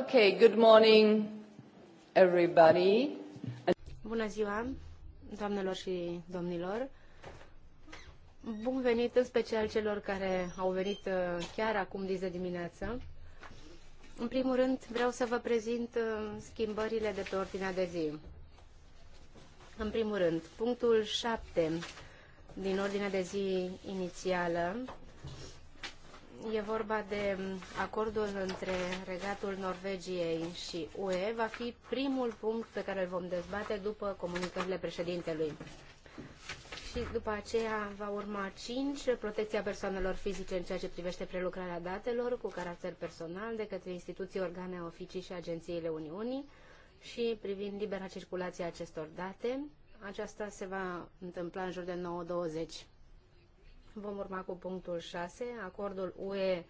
Okay, good morning, everybody. Bună ziua, doamnelor și domnilor. Bun venit în special celor care au venit uh, chiar acum de dimineață. În primul rând, vreau să vă prezint uh, schimbările de pe ordinea de zi. În primul rând, punctul 7 din ordinea de zi inițială E vorba de acordul între Regatul Norvegiei și UE. Va fi primul punct pe care îl vom dezbate după comunicările președintelui. Și după aceea va urma 5, protecția persoanelor fizice în ceea ce privește prelucrarea datelor cu caracter personal de către instituții, organe, oficii și agențiile Uniunii și privind libera circulație a acestor date. Aceasta se va întâmpla în jur de 9.20. Vom urma cu punctul 6, acordul UE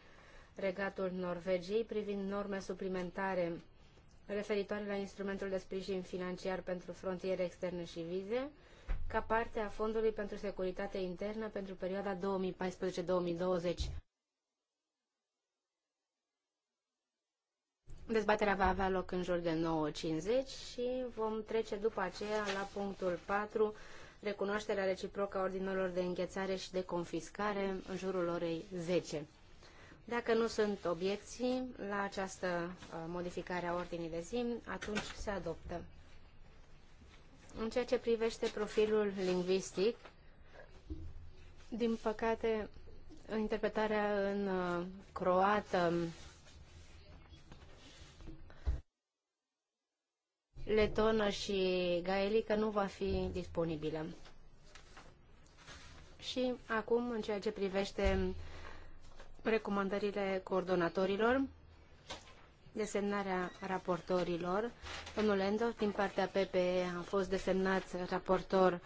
Regatul Norvegiei privind norme suplimentare referitoare la instrumentul de sprijin financiar pentru frontiere externe și vize, ca parte a Fondului pentru Securitate Internă pentru perioada 2014-2020. Dezbaterea va avea loc în jur de 9.50 și vom trece după aceea la punctul 4, recunoașterea reciprocă a ordinelor de înghețare și de confiscare în jurul orei 10. Dacă nu sunt obiecții la această uh, modificare a ordinii de zi, atunci se adoptă. În ceea ce privește profilul lingvistic, din păcate, interpretarea în uh, croată, letonă și gaelică nu va fi disponibilă. Și acum, în ceea ce privește recomandările coordonatorilor, desemnarea raportorilor. Domnul Endo, din partea PPE, a fost desemnat raportor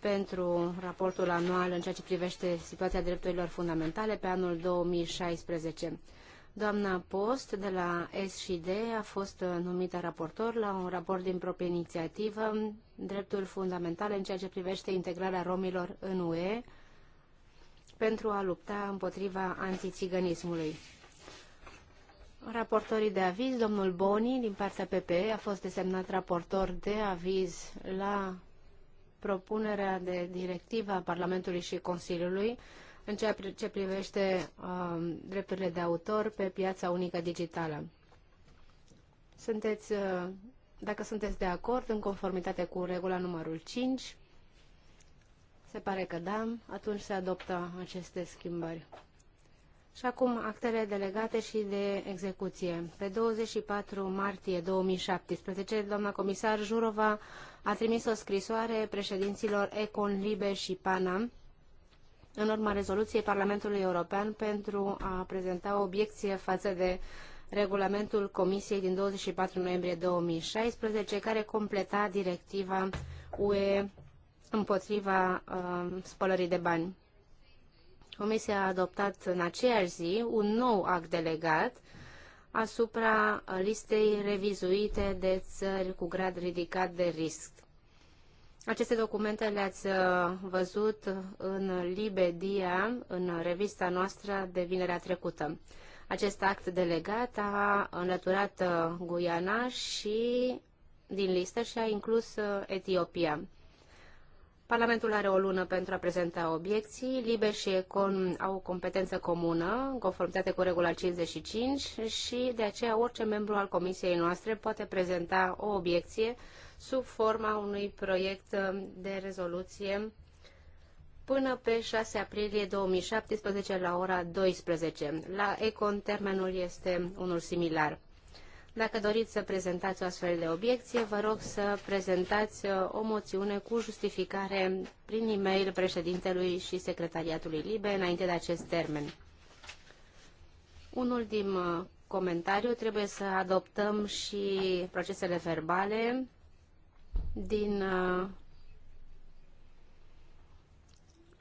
pentru raportul anual în ceea ce privește situația drepturilor fundamentale pe anul 2016. Doamna Post de la SD a fost uh, numită raportor la un raport din proprie inițiativă, drepturi fundamentale în ceea ce privește integrarea romilor în UE pentru a lupta împotriva antițiganismului. Raportorii de aviz, domnul Boni din partea PP a fost desemnat raportor de aviz la propunerea de directivă a Parlamentului și Consiliului în ceea ce privește uh, drepturile de autor pe piața unică digitală. Sunteți, uh, dacă sunteți de acord, în conformitate cu regula numărul 5, se pare că da, atunci se adoptă aceste schimbări. Și acum actele delegate și de execuție. Pe 24 martie 2017, doamna comisar Jurova a trimis o scrisoare președinților Econ, Libe și Panam, în urma rezoluției Parlamentului European pentru a prezenta o obiecție față de regulamentul Comisiei din 24 noiembrie 2016, care completa directiva UE împotriva uh, spălării de bani. Comisia a adoptat în aceeași zi un nou act delegat asupra listei revizuite de țări cu grad ridicat de risc. Aceste documente le-ați uh, văzut în Libedia, în revista noastră de vinerea trecută. Acest act delegat a înlăturat uh, Guiana și din listă și a inclus uh, Etiopia. Parlamentul are o lună pentru a prezenta obiecții. Liber și Econ au o competență comună, conformitate cu regula 55, și de aceea orice membru al comisiei noastre poate prezenta o obiecție sub forma unui proiect um, de rezoluție până pe 6 aprilie 2017 la ora 12. La Econ termenul este unul similar. Dacă doriți să prezentați o astfel de obiecție, vă rog să prezentați uh, o moțiune cu justificare prin e-mail președintelui și secretariatului LIBE înainte de acest termen. Un ultim uh, comentariu, trebuie să adoptăm și procesele verbale din uh,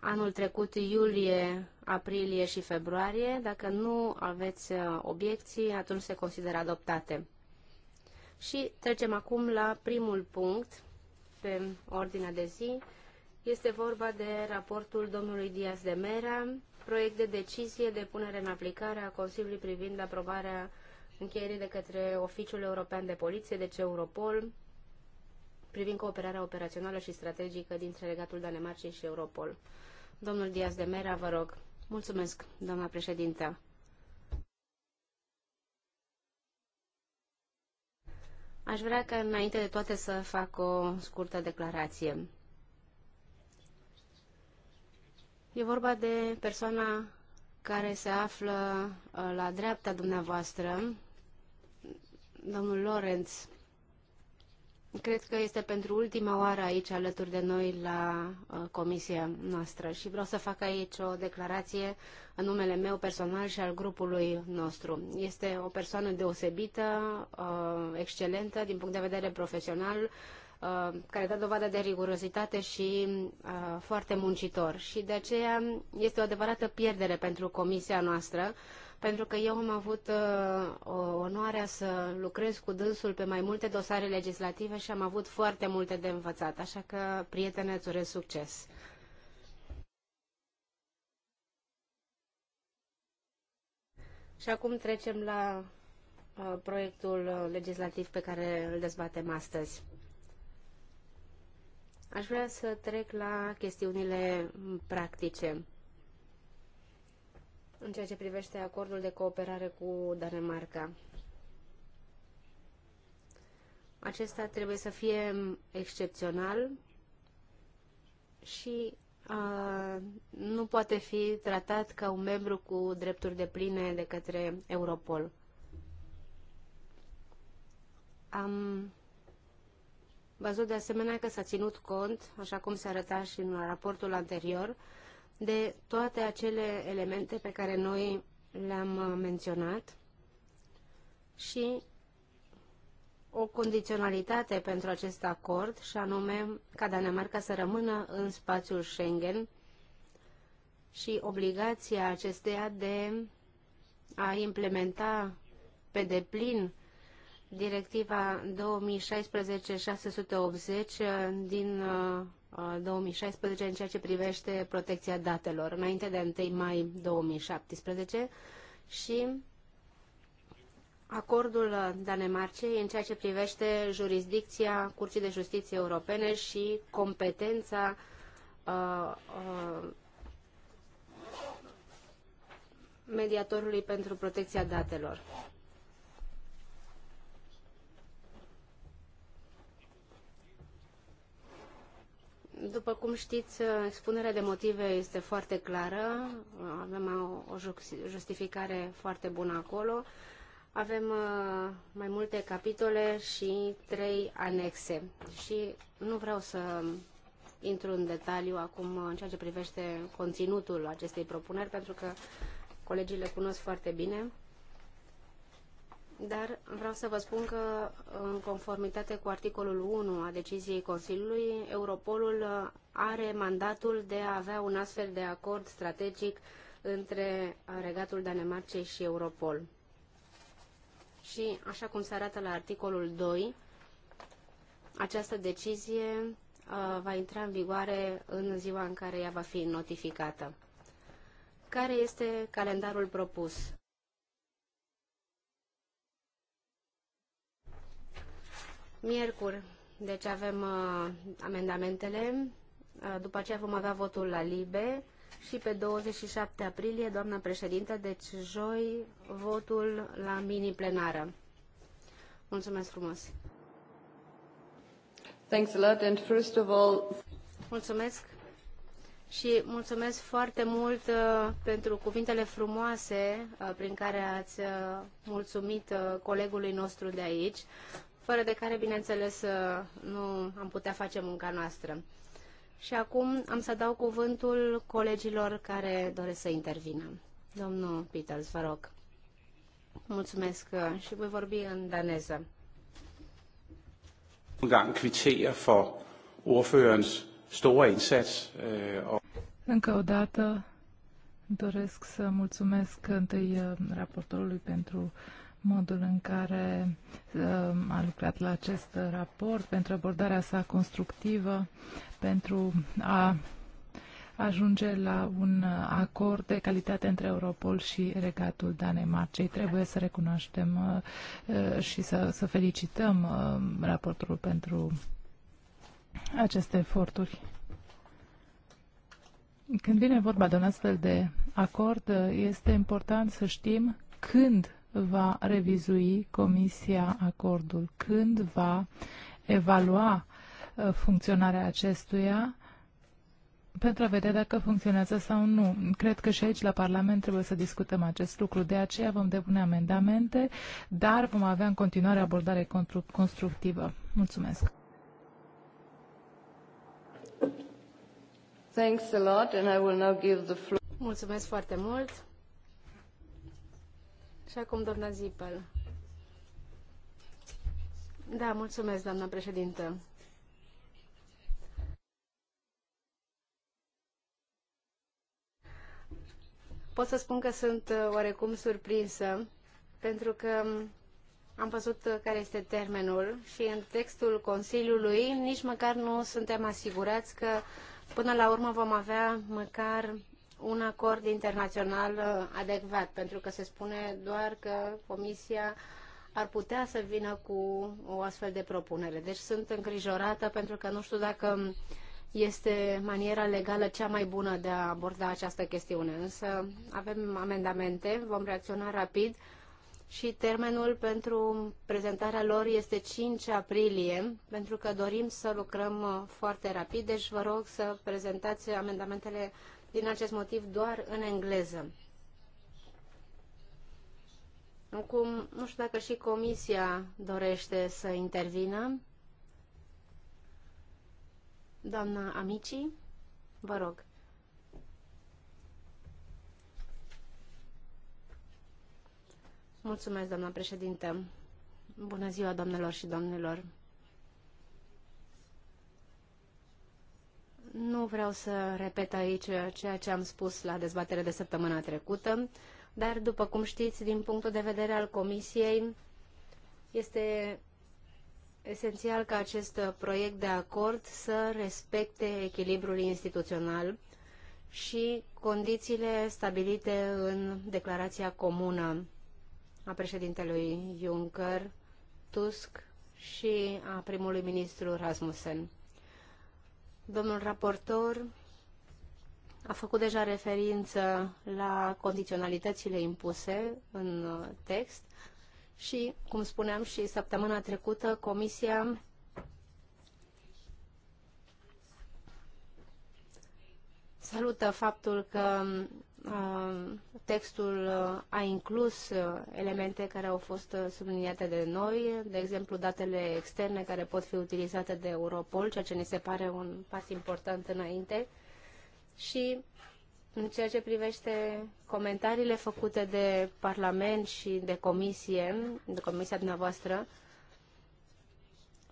anul trecut, iulie, aprilie și februarie. Dacă nu aveți uh, obiecții, atunci se consideră adoptate. Și trecem acum la primul punct pe ordinea de zi. Este vorba de raportul domnului Diaz de Mera, proiect de decizie de punere în aplicare a Consiliului privind aprobarea încheierii de către Oficiul European de Poliție, deci Europol, privind cooperarea operațională și strategică dintre Regatul Danemarcei și Europol. Domnul Diaz de Mera, vă rog. Mulțumesc, doamna președintă. Aș vrea ca înainte de toate să fac o scurtă declarație. E vorba de persoana care se află uh, la dreapta dumneavoastră, domnul Lorenz, Cred că este pentru ultima oară aici alături de noi la uh, comisia noastră și vreau să fac aici o declarație în numele meu personal și al grupului nostru. Este o persoană deosebită, uh, excelentă din punct de vedere profesional, uh, care dă dovadă de rigurozitate și uh, foarte muncitor. Și de aceea este o adevărată pierdere pentru comisia noastră uh, pentru că eu am avut uh, onoarea să lucrez cu dânsul pe mai multe dosare legislative și am avut foarte multe de învățat, așa că, prietene, îți urez succes! Și acum trecem la uh, proiectul uh, legislativ pe care îl dezbatem astăzi. Aș vrea să trec la chestiunile practice în ceea ce privește acordul de cooperare cu Danemarca. Acesta trebuie să fie excepțional și a, nu poate fi tratat ca un membru cu drepturi de pline de către Europol. Am văzut de asemenea că s-a ținut cont, așa cum se arăta și în raportul anterior, de toate acele elemente pe care noi le-am uh, menționat și o condiționalitate pentru acest acord, și anume ca Danemarca să rămână în spațiul Schengen și obligația acesteia de a implementa pe deplin Directiva 2016-680 uh, din uh, 2016 uh, în ceea ce privește protecția datelor, înainte de 1 mai 2017 și acordul Danemarcei în ceea ce privește jurisdicția Curții de Justiție Europene și competența uh, uh, mediatorului pentru protecția datelor. După cum știți, expunerea de motive este foarte clară, avem o, justificare foarte bună acolo, avem uh, mai multe capitole și trei anexe. Și nu vreau să intru în detaliu acum în ceea ce privește conținutul acestei propuneri, pentru că colegii le cunosc foarte bine dar vreau să vă spun că, în conformitate cu articolul 1 a deciziei Consiliului, Europolul are mandatul de a avea un astfel de acord strategic între Regatul Danemarcei și Europol. Și, așa cum se arată la articolul 2, această decizie uh, va intra în vigoare în ziua în care ea va fi notificată. Care este calendarul propus? Miercuri, deci avem uh, amendamentele, uh, după aceea vom avea votul la LIBE și pe 27 aprilie, doamna președintă, deci joi, votul la mini-plenară. Mulțumesc frumos! Thanks a lot and first of all... Mulțumesc și mulțumesc foarte mult uh, pentru cuvintele frumoase uh, prin care ați uh, mulțumit uh, colegului nostru de aici fără de care, bineînțeles, uh, nu am putea face munca noastră. Și acum am să dau cuvântul colegilor care doresc să intervină. Domnul Peters, vă rog. Mulțumesc uh, și voi vorbi în daneză. gang kvittere for ordførerens store indsats. Øh, Încă o dată doresc să mulțumesc întâi uh, raportorului pentru uh, modul în care uh, a lucrat la acest raport, pentru abordarea sa constructivă, pentru a ajunge la un acord de calitate între Europol și Regatul Danemarcei. Trebuie să recunoaștem uh, uh, și să, să felicităm raportul pentru aceste eforturi. Când vine vorba de un astfel de acord, este important să știm când va revizui Comisia acordul, când va evalua uh, funcționarea acestuia pentru a vedea dacă funcționează sau nu. Cred că și aici la Parlament trebuie să discutăm acest lucru. De aceea vom depune amendamente, dar vom avea în continuare abordare constructivă. Mulțumesc! Thanks a lot and I will now give the floor. Mulțumesc foarte mult! Și acum doamna Zipel. Da, mulțumesc, doamna președintă. Pot să spun că sunt uh, oarecum surprinsă, pentru că um, am văzut uh, care este termenul și în textul Consiliului nici măcar nu suntem asigurați că până la urmă vom avea măcar un acord internațional uh, adecvat, pentru că se spune doar că Comisia ar putea să vină cu o astfel de propunere. Deci sunt îngrijorată pentru că nu știu dacă este maniera legală cea mai bună de a aborda această chestiune. Însă avem amendamente, vom reacționa rapid și termenul pentru prezentarea lor este 5 aprilie, pentru că dorim să lucrăm uh, foarte rapid, deci vă rog să prezentați amendamentele din acest motiv doar în engleză. Acum, nu știu dacă și Comisia dorește să intervină. Doamna Amici, vă rog. Mulțumesc, doamna președintă. Bună ziua, doamnelor și domnilor. Nu vreau să repet aici ceea ce am spus la dezbatere de săptămâna trecută, dar, după cum știți, din punctul de vedere al Comisiei, este esențial ca acest proiect de acord să respecte echilibrul instituțional și condițiile stabilite în declarația comună a președintelui Juncker, Tusk și a primului ministru Rasmussen. Domnul raportor a făcut deja referință la condiționalitățile impuse în uh, text și, cum spuneam și săptămâna trecută, Comisia salută faptul că um, Uh, textul uh, a inclus uh, elemente care au fost subliniate de noi, de exemplu datele externe care pot fi utilizate de Europol, ceea ce ne se pare un pas important înainte. Și în ceea ce privește comentariile făcute de Parlament și de Comisie, de Comisia dumneavoastră, uh,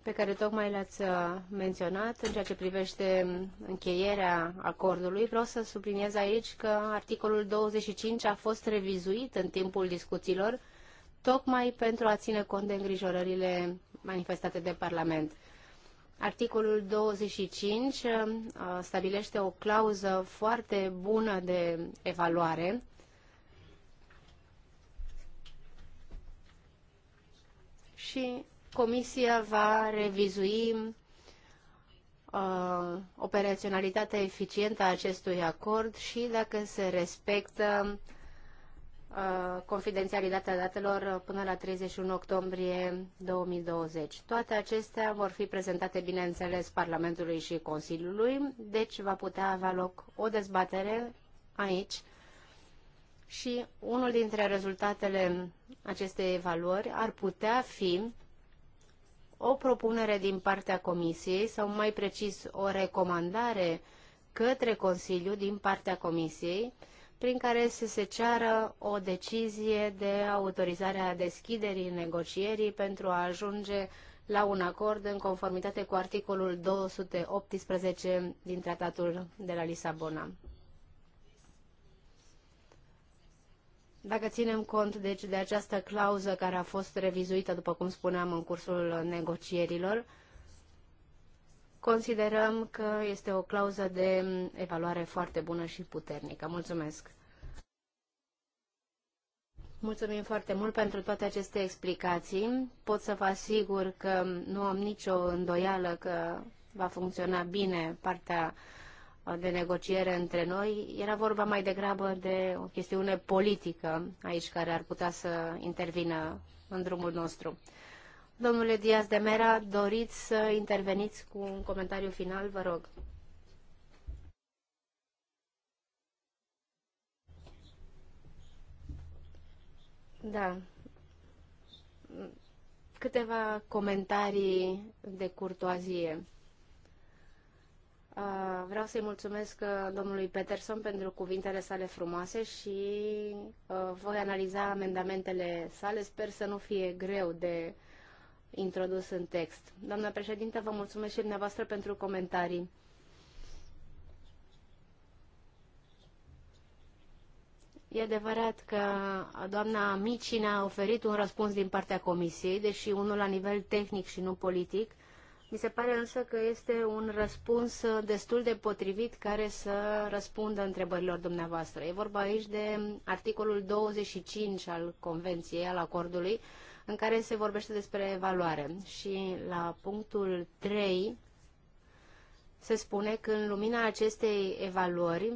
pe care tocmai le-ați uh, menționat în ceea ce privește încheierea acordului. Vreau să subliniez aici că articolul 25 a fost revizuit în timpul discuțiilor tocmai pentru a ține cont de îngrijorările manifestate de Parlament. Articolul 25 uh, stabilește o clauză foarte bună de evaluare și Comisia va revizui uh, operaționalitatea eficientă a acestui acord și dacă se respectă uh, confidențialitatea datelor până la 31 octombrie 2020. Toate acestea vor fi prezentate, bineînțeles, Parlamentului și Consiliului, deci va putea avea loc o dezbatere aici și unul dintre rezultatele acestei evaluări ar putea fi o propunere din partea Comisiei sau mai precis o recomandare către Consiliu din partea Comisiei prin care să se ceară o decizie de autorizare a deschiderii negocierii pentru a ajunge la un acord în conformitate cu articolul 218 din Tratatul de la Lisabona. Dacă ținem cont deci de această clauză care a fost revizuită, după cum spuneam, în cursul negocierilor, considerăm că este o clauză de evaluare foarte bună și puternică. Mulțumesc! Mulțumim foarte mult pentru toate aceste explicații. Pot să vă asigur că nu am nicio îndoială că va funcționa bine partea de negociere între noi. Era vorba mai degrabă de o chestiune politică aici care ar putea să intervină în drumul nostru. Domnule Diaz de Mera, doriți să interveniți cu un comentariu final, vă rog. Da. Câteva comentarii de curtoazie. Vreau să-i mulțumesc domnului Peterson pentru cuvintele sale frumoase și voi analiza amendamentele sale. Sper să nu fie greu de introdus în text. Doamna președintă, vă mulțumesc și dumneavoastră pentru comentarii. E adevărat că doamna Micina a oferit un răspuns din partea Comisiei, deși unul la nivel tehnic și nu politic – mi se pare însă că este un răspuns destul de potrivit care să răspundă întrebărilor dumneavoastră. E vorba aici de articolul 25 al Convenției, al acordului, în care se vorbește despre evaluare. Și la punctul 3 se spune că în lumina acestei evaluări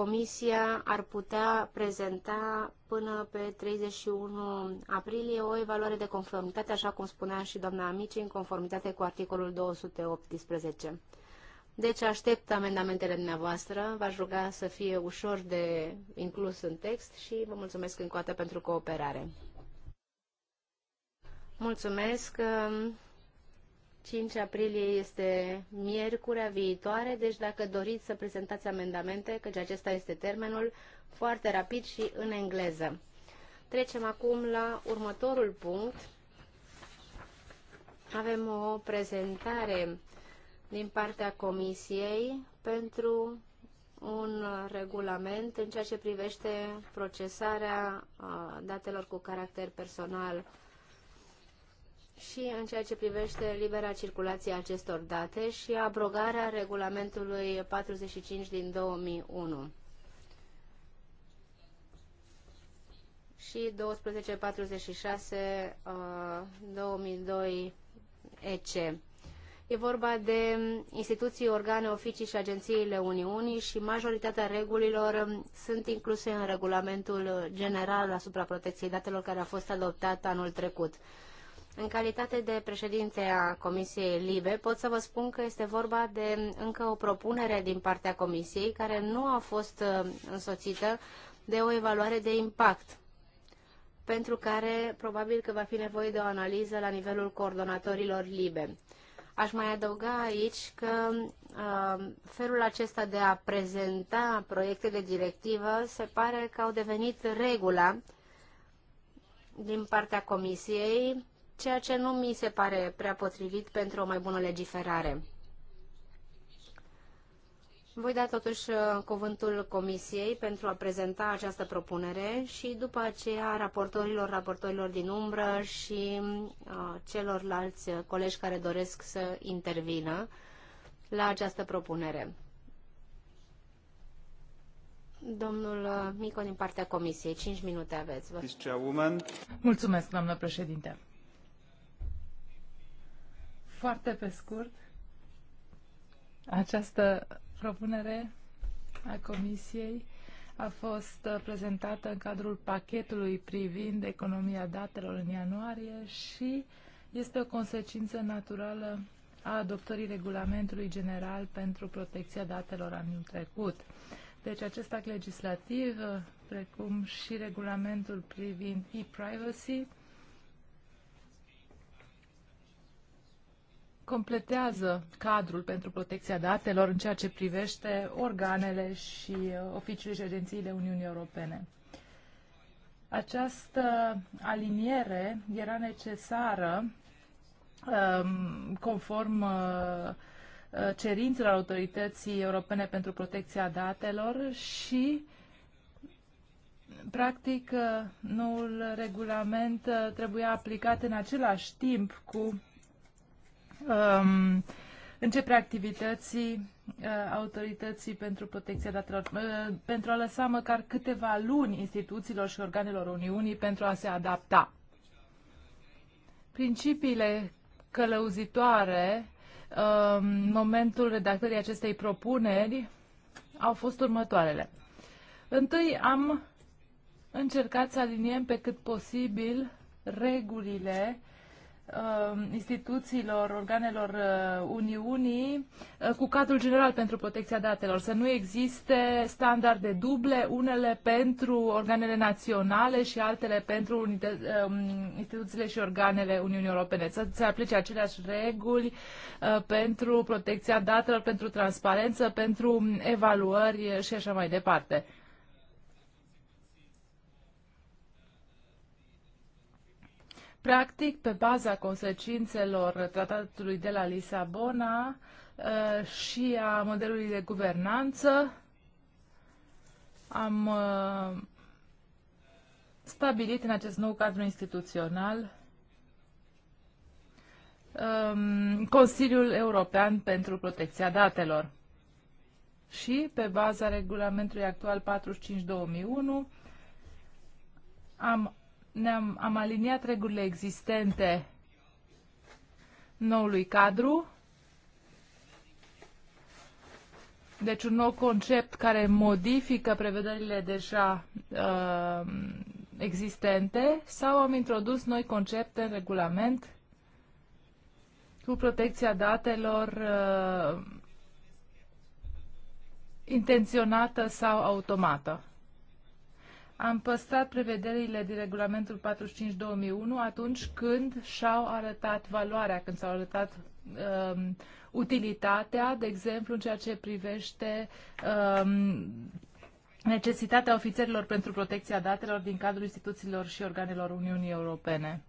Comisia ar putea prezenta până pe 31 aprilie o evaluare de conformitate, așa cum spunea și doamna Amici, în conformitate cu articolul 218. Deci aștept amendamentele dumneavoastră, v-aș ruga să fie ușor de inclus în text și vă mulțumesc încă o dată pentru cooperare. Mulțumesc. 5 aprilie este miercurea viitoare, deci dacă doriți să prezentați amendamente, căci acesta este termenul, foarte rapid și în engleză. Trecem acum la următorul punct. Avem o prezentare din partea Comisiei pentru un regulament în ceea ce privește procesarea datelor cu caracter personal și în ceea ce privește libera circulație a acestor date și abrogarea regulamentului 45 din 2001 și 1246 2002 EC. E vorba de instituții, organe, oficii și agențiile Uniunii și majoritatea regulilor sunt incluse în regulamentul general asupra protecției datelor care a fost adoptat anul trecut. În calitate de președinte a Comisiei Libe, pot să vă spun că este vorba de încă o propunere din partea Comisiei care nu a fost uh, însoțită de o evaluare de impact, pentru care probabil că va fi nevoie de o analiză la nivelul coordonatorilor Libe. Aș mai adăuga aici că uh, felul acesta de a prezenta proiecte de directivă se pare că au devenit regula din partea Comisiei ceea ce nu mi se pare prea potrivit pentru o mai bună legiferare. Voi da totuși uh, cuvântul Comisiei pentru a prezenta această propunere și după aceea raportorilor, raportorilor din umbră și uh, celorlalți colegi care doresc să intervină la această propunere. Domnul uh, Mico din partea Comisiei, 5 minute aveți. Vă. Mulțumesc, doamnă președinte. Foarte pe scurt, această propunere a Comisiei a fost uh, prezentată în cadrul pachetului privind economia datelor în ianuarie și este o consecință naturală a adoptării regulamentului general pentru protecția datelor anul trecut. Deci acest act legislativ, uh, precum și regulamentul privind e-privacy, completează cadrul pentru protecția datelor în ceea ce privește organele și uh, oficiile și agențiile Uniunii Europene. Această aliniere era necesară um, conform uh, uh, cerințelor Autorității Europene pentru Protecția Datelor și practic noul regulament trebuia aplicat în același timp cu um, începerea activității uh, autorității pentru protecția datelor, uh, pentru a lăsa măcar câteva luni instituțiilor și organelor Uniunii pentru a se adapta. Principiile călăuzitoare uh, um, în momentul redactării acestei propuneri au fost următoarele. Întâi am încercat să aliniem pe cât posibil regulile uh, Uh, instituțiilor, organelor uh, Uniunii uh, cu cadrul general pentru protecția datelor, să nu existe standarde duble, unele pentru organele naționale și altele pentru um, instituțiile și organele Uniunii Europene. Să se aplice aceleași reguli pentru protecția datelor, pentru transparență, pentru evaluări și așa mai departe. Practic, pe baza consecințelor tratatului de la Lisabona uh, și a modelului de guvernanță, am uh, stabilit în acest nou cadru instituțional um, Consiliul European pentru Protecția Datelor. Și, pe baza regulamentului actual 45-2001, am ne-am am aliniat regulile existente noului cadru. Deci un nou concept care modifică prevederile deja uh, existente sau am introdus noi concepte în regulament cu protecția datelor uh, intenționată sau automată am păstrat prevederile din regulamentul 45-2001 atunci când și-au arătat valoarea, când s-au arătat um, utilitatea, de exemplu în ceea ce privește um, necesitatea ofițerilor pentru protecția datelor din cadrul instituțiilor și organelor Uniunii Europene.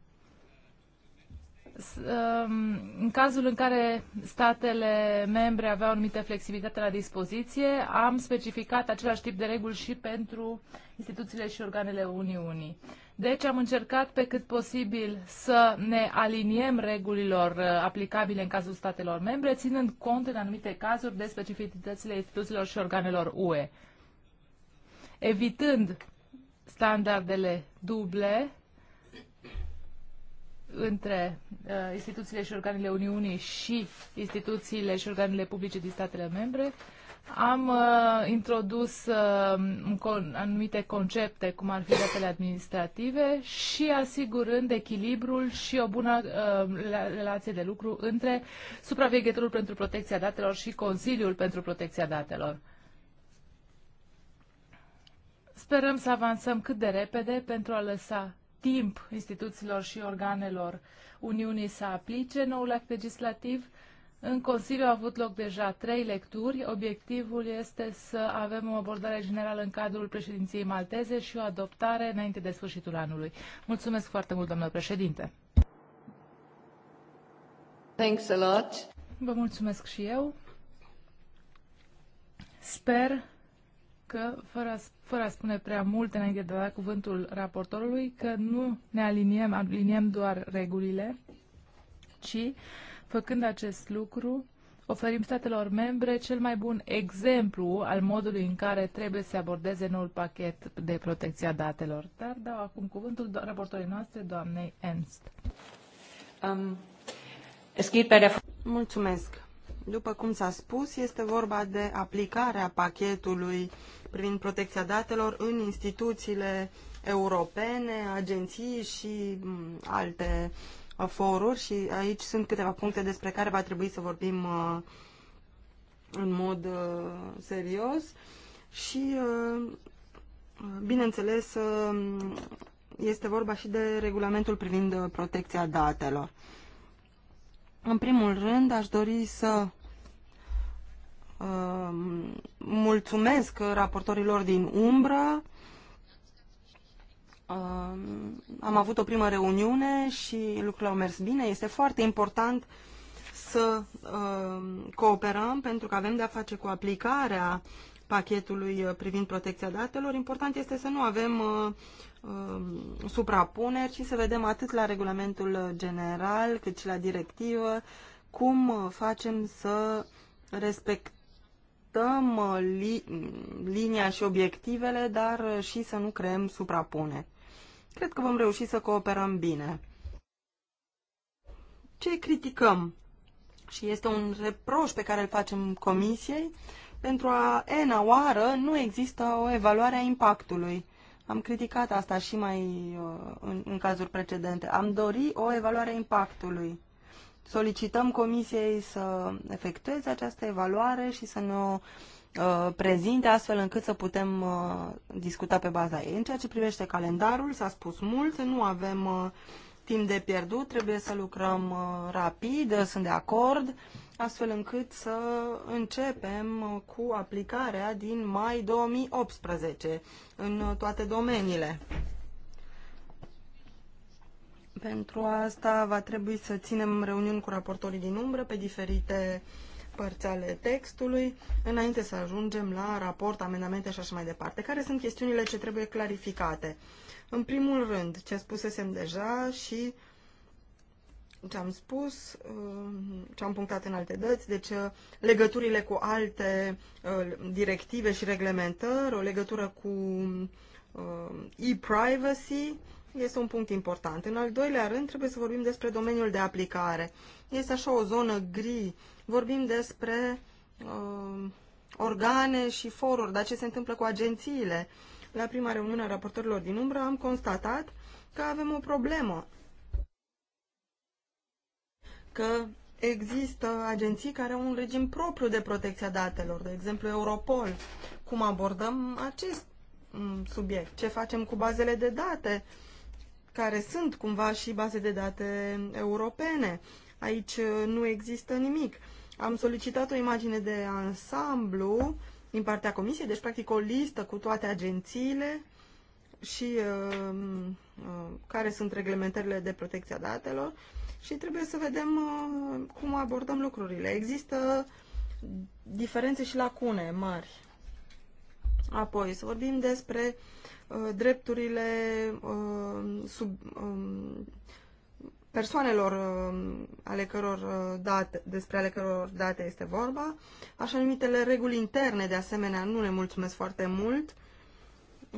Um, în cazul în care statele membre aveau anumită flexibilitate la dispoziție, am specificat același tip de reguli și pentru instituțiile și organele Uniunii. Deci am încercat pe cât posibil să ne aliniem regulilor uh, aplicabile în cazul statelor membre, ținând cont în anumite cazuri de specificitățile instituțiilor și organelor UE, evitând standardele duble între uh, instituțiile și organele Uniunii și instituțiile și organele publice din statele membre. Am uh, introdus uh, con anumite concepte, cum ar fi datele administrative, și asigurând echilibrul și o bună uh, relație de lucru între supraveghetorul pentru protecția datelor și Consiliul pentru protecția datelor. Sperăm să avansăm cât de repede pentru a lăsa timp instituțiilor și organelor Uniunii să aplice noul act legislativ. În Consiliu au avut loc deja trei lecturi. Obiectivul este să avem o abordare generală în cadrul președinției malteze și o adoptare înainte de sfârșitul anului. Mulțumesc foarte mult, domnule președinte! Thanks a lot. Vă mulțumesc și eu. Sper că, fără, fără a spune prea mult înainte de a da cuvântul raportorului, că nu ne aliniem, aliniem doar regulile, ci, făcând acest lucru, oferim statelor membre cel mai bun exemplu al modului în care trebuie să abordeze noul pachet de protecția datelor. Dar dau acum cuvântul raportorii noastre, doamnei Ernst. Um, Mulțumesc. După cum s-a spus, este vorba de aplicarea pachetului privind protecția datelor în instituțiile europene, agenții și mm, alte uh, foruri și aici sunt câteva puncte despre care va trebui să vorbim uh, în mod uh, serios și, bineînțeles, este vorba și de regulamentul privind protecția datelor. În primul rând, aș dori să uh, mulțumesc raportorilor din umbră. Uh, am avut o primă reuniune și lucrurile au mers bine. Este foarte important să uh, cooperăm pentru că avem de-a face cu aplicarea pachetului uh, privind protecția datelor. Important este să nu avem uh, Um, suprapuneri și să vedem atât la regulamentul general cât și la directivă cum facem să respectăm uh, li, linia și obiectivele, dar și să nu creăm suprapune. Cred că vom reuși să cooperăm bine. Ce criticăm? Și este un reproș pe care îl facem comisiei. Pentru a ena oară nu există o evaluare a impactului. Am criticat asta și mai uh, în, în cazuri precedente. Am dori o evaluare a impactului. Solicităm comisiei să efectueze această evaluare și să ne o uh, prezinte astfel încât să putem uh, discuta pe baza ei. În ceea ce privește calendarul, s-a spus mult, nu avem uh, timp de pierdut, trebuie să lucrăm uh, rapid, sunt de acord astfel încât să începem cu aplicarea din mai 2018 în toate domeniile. Pentru asta va trebui să ținem reuniuni cu raportorii din umbră pe diferite părți ale textului, înainte să ajungem la raport, amendamente și așa mai departe. Care sunt chestiunile ce trebuie clarificate? În primul rând, ce spusesem deja și ce am spus, um, ce am punctat în alte dăți, deci uh, legăturile cu alte uh, directive și reglementări, o legătură cu um, e-privacy este un punct important. În al doilea rând, trebuie să vorbim despre domeniul de aplicare. Este așa o zonă gri. Vorbim despre uh, organe și foruri, dar ce se întâmplă cu agențiile. La prima reuniune a raportorilor din umbră am constatat că avem o problemă că există agenții care au un regim propriu de protecția datelor, de exemplu Europol. Cum abordăm acest mm, subiect? Ce facem cu bazele de date, care sunt cumva și baze de date europene? Aici uh, nu există nimic. Am solicitat o imagine de ansamblu din partea comisiei, deci practic o listă cu toate agențiile și um, uh, care sunt reglementările de protecție a datelor și trebuie să vedem uh, cum abordăm lucrurile. Există diferențe și lacune mari. Apoi, să vorbim despre uh, drepturile uh, sub, um, persoanelor uh, ale căror uh, date, despre ale căror date este vorba. Așa numitele reguli interne, de asemenea, nu ne mulțumesc foarte mult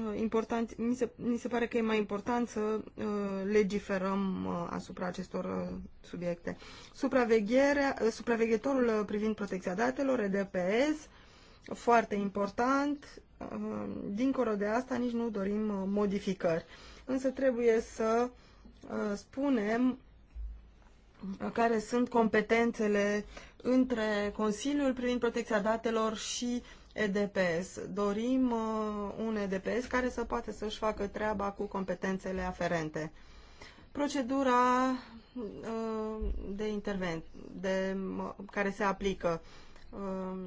Uh, important, mi se, mi se pare că e mai important să uh, legiferăm uh, asupra acestor uh, subiecte. Supravegherea, uh, supraveghetorul uh, privind protecția datelor, EDPS, foarte important. Uh, dincolo de asta, nici nu dorim uh, modificări. Însă trebuie să uh, spunem uh, care sunt competențele între Consiliul privind protecția datelor și EDPS. Dorim uh, un EDPS care să poată să-și facă treaba cu competențele aferente. Procedura uh, de intervent de, care se aplică. Uh,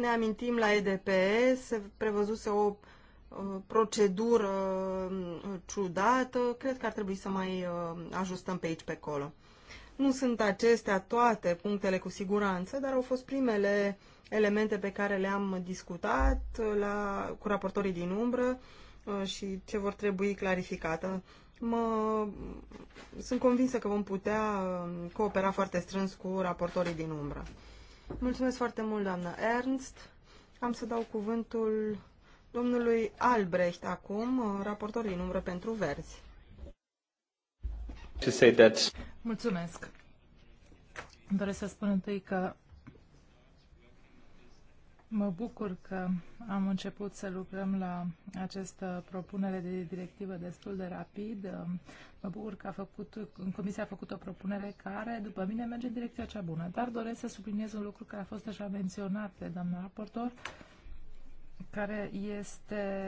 ne amintim la EDPS, se prevăzuse o procedură ciudată, cred că ar trebui să mai ajustăm pe aici, pe acolo. Nu sunt acestea toate punctele cu siguranță, dar au fost primele uh, elemente pe care le-am discutat uh, la, cu raportorii din umbră uh, și ce vor trebui clarificată. Mă, sunt convinsă că vom putea uh, coopera foarte strâns cu raportorii din umbră. Mulțumesc foarte mult, doamnă Ernst. Am să dau cuvântul domnului Albrecht acum, raportor din umbră pentru verzi. Mulțumesc. Îmi doresc să spun întâi că Mă bucur că am început să lucrăm la această propunere de directivă destul de rapid. Mă bucur că a făcut, Comisia a făcut o propunere care, după mine, merge în direcția cea bună. Dar doresc să subliniez un lucru care a fost deja menționat de doamna raportor, care este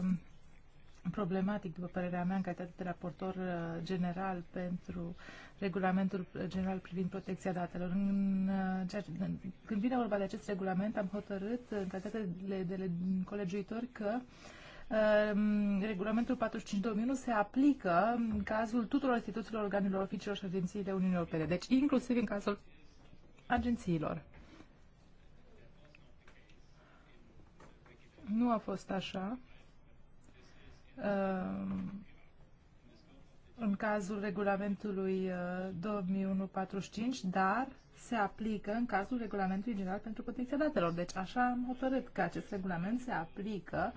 uh, problematic, după părerea mea, în calitate de raportor uh, general pentru regulamentul general privind protecția datelor. În, uh, ce, când vine vorba de acest regulament, am hotărât, în calitate de, de, de colegiuitori, că um, Regulamentul 45-2001 se aplică în cazul tuturor instituțiilor, organelor, oficiilor și de Uniunii Europene, deci inclusiv în cazul agențiilor. Nu a fost așa. Ehm, în cazul regulamentului 2145, uh, dar se aplică în cazul regulamentului general pentru protecția datelor. Deci așa am hotărât că acest regulament se aplică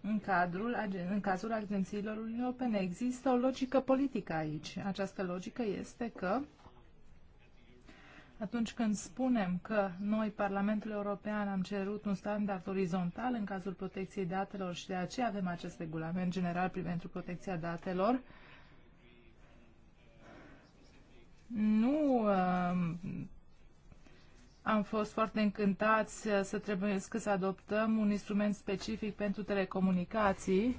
în, cadrul, în cazul agențiilor Uniunii Europene. Există o logică politică aici. Această logică este că atunci când spunem că noi, Parlamentul European, am cerut un standard orizontal în cazul protecției datelor și de aceea avem acest regulament general pentru protecția datelor, nu uh, am fost foarte încântați să trebuie să adoptăm un instrument specific pentru telecomunicații,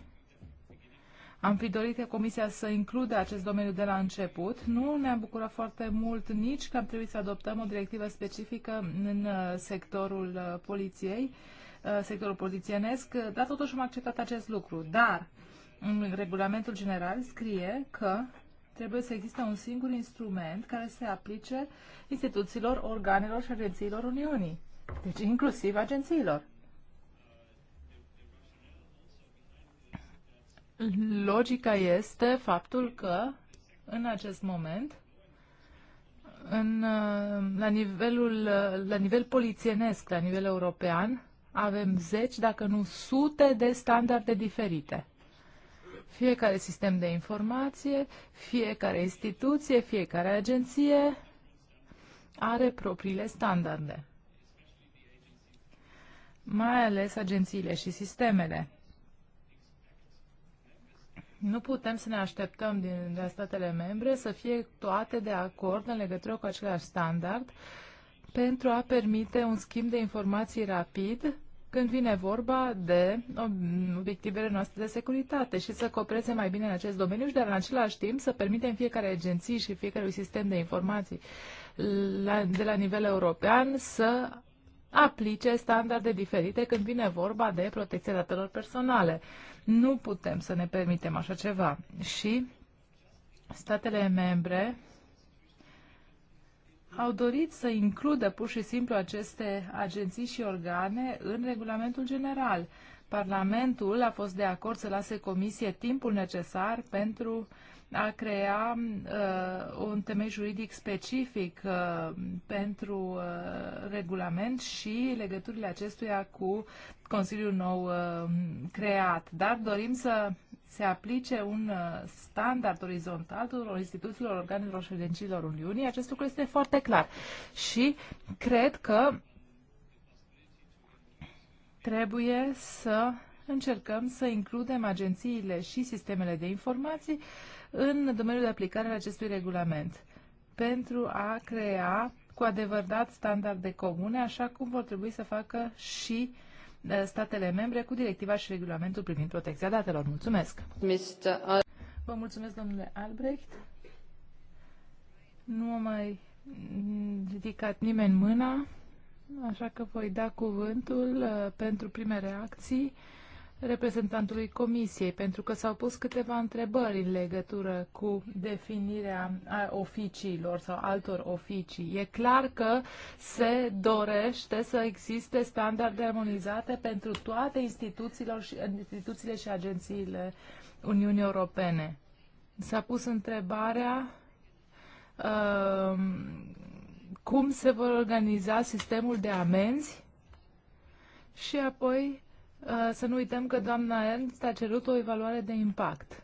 am fi dorit Comisia să includă acest domeniu de la început. Nu ne-am bucurat foarte mult nici că am trebuit să adoptăm o directivă specifică în uh, sectorul uh, poliției, uh, sectorul polițienesc, dar totuși am acceptat acest lucru. Dar în regulamentul general scrie că trebuie să existe un singur instrument care se aplice instituțiilor, organelor și agențiilor Uniunii. Deci inclusiv agențiilor. Logica este faptul că în acest moment în, la, nivelul, la nivel polițienesc, la nivel european, avem zeci, dacă nu sute de standarde diferite. Fiecare sistem de informație, fiecare instituție, fiecare agenție are propriile standarde, mai ales agențiile și sistemele. Nu putem să ne așteptăm din de statele membre să fie toate de acord în legătură cu același standard pentru a permite un schimb de informații rapid când vine vorba de obiectivele noastre de securitate și să copreze mai bine în acest domeniu și, dar în același timp, să permitem fiecare agenție și fiecărui sistem de informații la, de la nivel european să aplice standarde diferite când vine vorba de protecția datelor personale. Nu putem să ne permitem așa ceva. Și statele membre au dorit să includă pur și simplu aceste agenții și organe în regulamentul general. Parlamentul a fost de acord să lase comisie timpul necesar pentru uh, a crea uh, un temei juridic specific uh, pentru uh, regulament și legăturile acestuia cu Consiliul nou uh, creat. Dar dorim să se aplice un uh, standard orizontal tuturor instituțiilor, organelor și agențiilor Uniunii. Acest lucru este foarte clar. Și cred că trebuie să încercăm să includem agențiile și sistemele de informații uh, în domeniul de aplicare al acestui regulament pentru a crea cu adevărat standarde comune, așa cum vor trebui să facă și uh, statele membre cu directiva și regulamentul privind protecția datelor. Mulțumesc! Vă mulțumesc, domnule Albrecht. Nu a mai ridicat nimeni mâna, așa că voi da cuvântul uh, pentru prime reacții reprezentantului Comisiei, pentru că s-au pus câteva întrebări în legătură cu definirea oficiilor sau altor oficii. E clar că se dorește să existe standarde armonizate pentru toate instituțiilor și, instituțiile și agențiile Uniunii Europene. S-a pus întrebarea uh, cum se vor organiza sistemul de amenzi și apoi Uh, să nu uităm că doamna Ernst a cerut o evaluare de impact.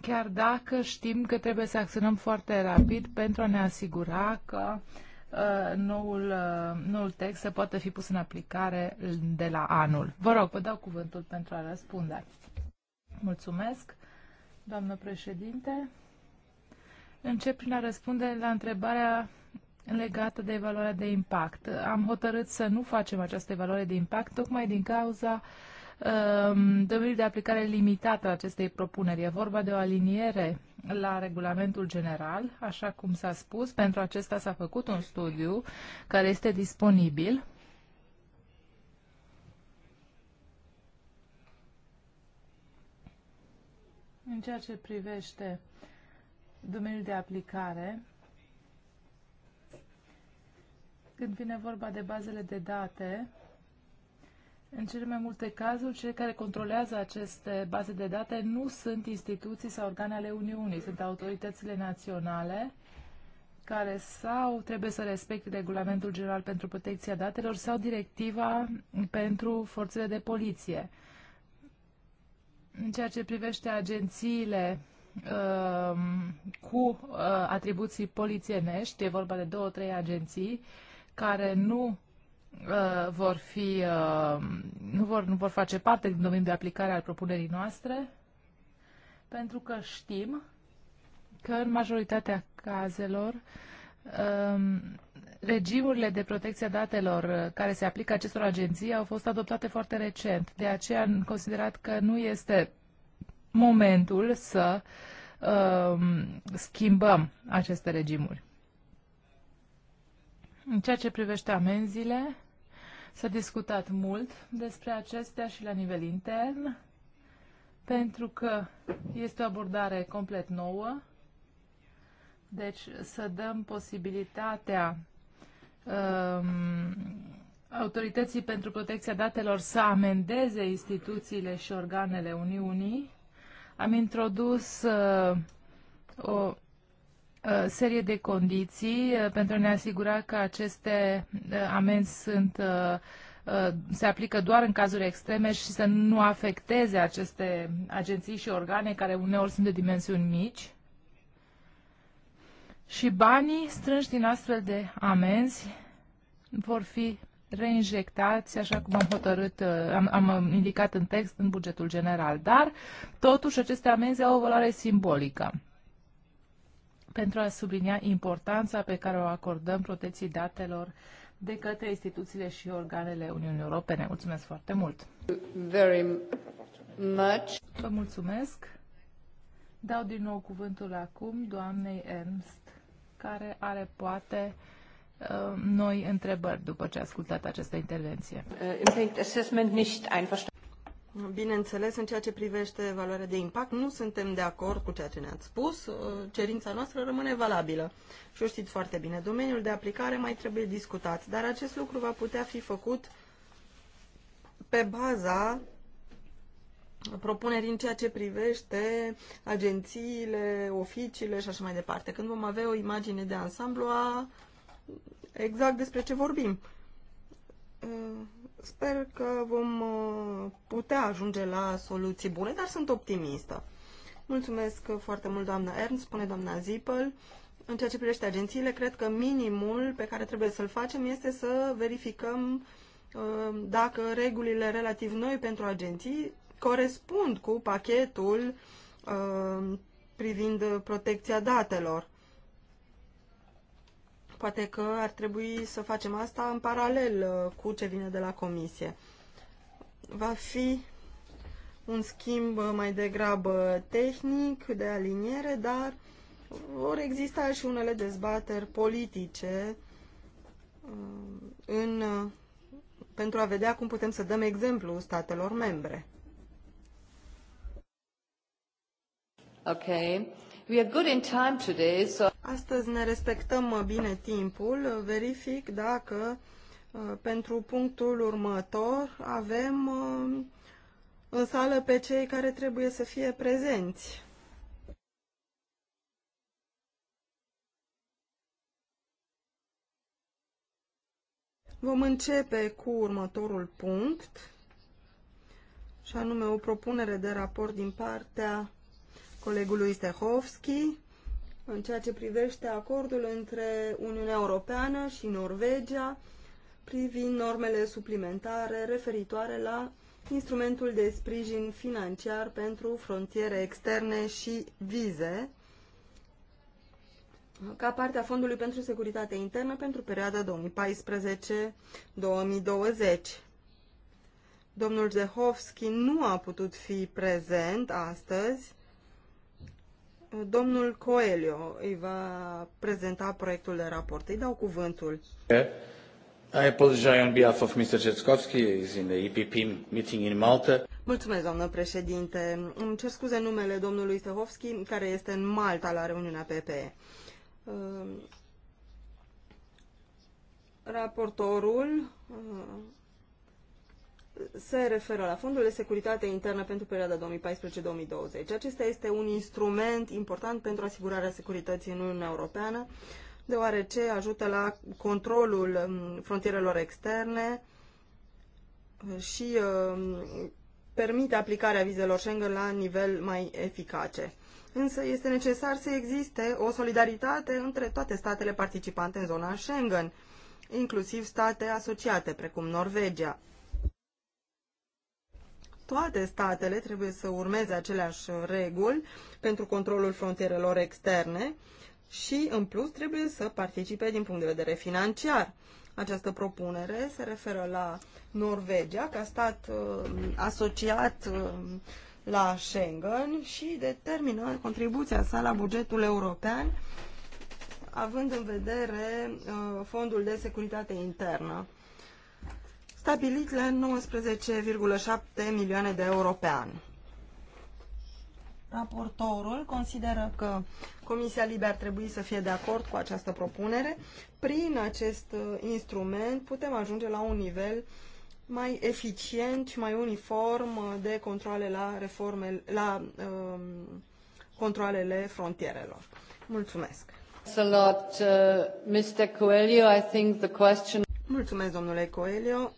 Chiar dacă știm că trebuie să acționăm foarte rapid pentru a ne asigura că uh, noul, uh, noul text se poate fi pus în aplicare de la anul. Vă rog, vă dau cuvântul pentru a răspunde. Mulțumesc, doamnă președinte. Încep prin a răspunde la întrebarea legată de evaluarea de impact. Am hotărât să nu facem această evaluare de impact tocmai din cauza um, domeniul de aplicare limitată a acestei propuneri. E vorba de o aliniere la regulamentul general, așa cum s-a spus. Pentru acesta s-a făcut un studiu care este disponibil. În ceea ce privește domeniul de aplicare, Când vine vorba de bazele de date, în cele mai multe cazuri, cei care controlează aceste baze de date nu sunt instituții sau organe ale Uniunii, sunt autoritățile naționale care sau trebuie să respecte regulamentul general pentru protecția datelor sau directiva pentru forțele de poliție. În ceea ce privește agențiile uh, cu uh, atribuții polițienești, e vorba de două, trei agenții, uh, care nu uh, vor fi, uh, nu, vor, nu vor face parte din domeniul de aplicare al propunerii noastre, pentru că știm că în majoritatea cazelor um, regimurile de protecție a datelor uh, care se aplică acestor agenții au fost adoptate foarte recent. De aceea am considerat că nu este momentul să um, schimbăm aceste regimuri. În ceea ce privește amenziile, s-a discutat mult despre acestea și la nivel intern, pentru că este o abordare complet nouă, deci să dăm posibilitatea um, autorității pentru protecția datelor să amendeze instituțiile și organele Uniunii. Am introdus uh, o Uh, serie de condiții uh, pentru a ne asigura că aceste uh, amenzi sunt se aplică doar în cazuri extreme și să nu afecteze aceste agenții și organe care uneori sunt de dimensiuni mici. Și banii strânși din astfel de amenzi vor fi reinjectați, așa cum am hotărât, am, am indicat în text, în bugetul general. Dar, totuși, aceste amenzi au o valoare simbolică pentru a sublinia importanța pe care o acordăm protecției datelor de către instituțiile și organele Uniunii Europene. Mulțumesc foarte mult! Very much. Vă mulțumesc! Dau din nou cuvântul acum doamnei Ernst, care are poate uh, noi întrebări după ce a ascultat această intervenție. Uh, Bineînțeles, în ceea ce privește valoarea de impact, nu suntem de acord cu ceea ce ne-ați spus. Uh, cerința noastră rămâne valabilă. Și o știți foarte bine, domeniul de aplicare mai trebuie discutat, dar acest lucru va putea fi făcut pe baza propuneri în ceea ce privește agențiile, oficiile și așa mai departe. Când vom avea o imagine de ansamblu a exact despre ce vorbim uh, Sper că vom uh, putea ajunge la soluții bune, dar sunt optimistă. Mulțumesc foarte mult, doamna Ernst, spune doamna Zipel. În ceea ce privește agențiile, cred că minimul pe care trebuie să-l facem este să verificăm uh, dacă regulile relativ noi pentru agenții corespund cu pachetul uh, privind protecția datelor. Poate că ar trebui să facem asta în paralel uh, cu ce vine de la comisie. Va fi un schimb uh, mai degrabă tehnic de aliniere, dar vor exista și unele dezbateri politice uh, în, pentru a vedea cum putem să dăm exemplu statelor membre. Okay. We are good in time today, so... Astăzi ne respectăm uh, bine timpul. Verific dacă uh, pentru punctul următor avem uh, în sală pe cei care trebuie să fie prezenți. Vom începe cu următorul punct, și anume o propunere de raport din partea colegului Stehovski în ceea ce privește acordul între Uniunea Europeană și Norvegia privind normele suplimentare referitoare la instrumentul de sprijin financiar pentru frontiere externe și vize ca parte a Fondului pentru Securitate Internă pentru perioada 2014-2020. Domnul Zehovski nu a putut fi prezent astăzi Domnul Coelho îi va prezenta proiectul de raport. Îi dau cuvântul. I apologize on behalf of Mr. Cetkovski, is in the EPP meeting in Malta. Mulțumesc, doamnă președinte. Îmi cer scuze numele domnului Stehovski, care este în Malta la reuniunea PPE. Raportorul se referă la Fondul de Securitate Internă pentru perioada 2014-2020. Acesta este un instrument important pentru asigurarea securității în Uniunea Europeană, deoarece ajută la controlul um, frontierelor externe și um, permite aplicarea vizelor Schengen la nivel mai eficace. Însă este necesar să existe o solidaritate între toate statele participante în zona Schengen, inclusiv state asociate, precum Norvegia toate statele trebuie să urmeze aceleași reguli pentru controlul frontierelor externe și, în plus, trebuie să participe din punct de vedere financiar. Această propunere se referă la Norvegia ca stat uh, asociat uh, la Schengen și determină contribuția sa la bugetul european, având în vedere uh, fondul de securitate internă stabilit la 19,7 milioane de euro pe an. Raportorul consideră că Comisia Libe ar trebui să fie de acord cu această propunere. Prin acest uh, instrument putem ajunge la un nivel mai eficient și mai uniform uh, de controle la, reforme, la um, controlele frontierelor. Mulțumesc! Uh, Mulțumesc, domnule Coelho.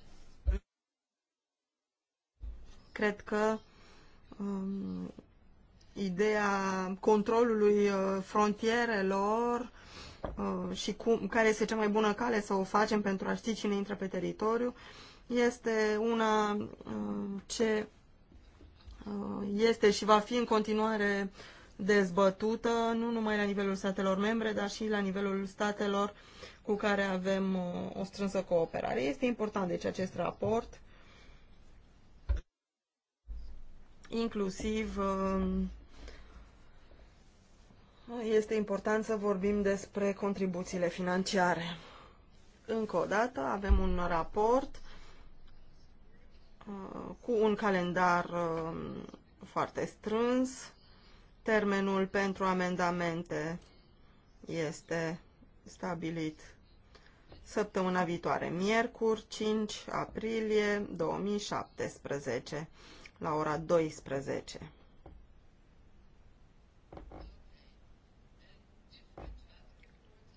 Cred că um, ideea controlului uh, frontierelor uh, și cum, care este cea mai bună cale să o facem pentru a ști cine intră pe teritoriu este una uh, ce uh, este și va fi în continuare dezbătută, nu numai la nivelul statelor membre, dar și la nivelul statelor cu care avem uh, o strânsă cooperare. Este important, deci, acest raport inclusiv um, este important să vorbim despre contribuțiile financiare. Încă o dată avem un raport uh, cu un calendar um, foarte strâns. Termenul pentru amendamente este stabilit săptămâna viitoare, miercuri, 5 aprilie 2017 la ora 12.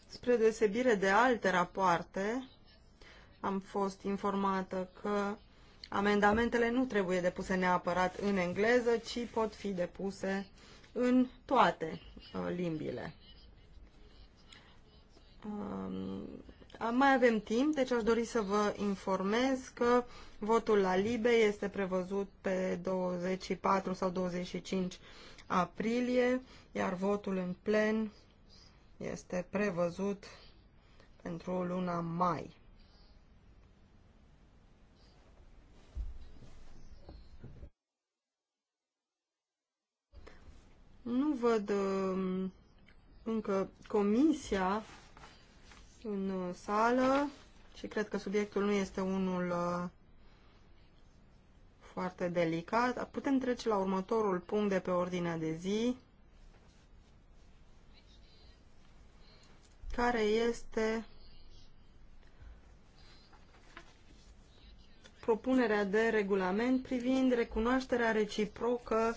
Spre deosebire de alte rapoarte, am fost informată că amendamentele nu trebuie depuse neapărat în engleză, ci pot fi depuse în toate uh, limbile. Um, mai avem timp, deci aș dori să vă informez că Votul la Libe este prevăzut pe 24 sau 25 aprilie, iar votul în plen este prevăzut pentru luna mai. Nu văd um, încă comisia în sală și cred că subiectul nu este unul uh, foarte delicat. Putem trece la următorul punct de pe ordinea de zi, care este propunerea de regulament privind recunoașterea reciprocă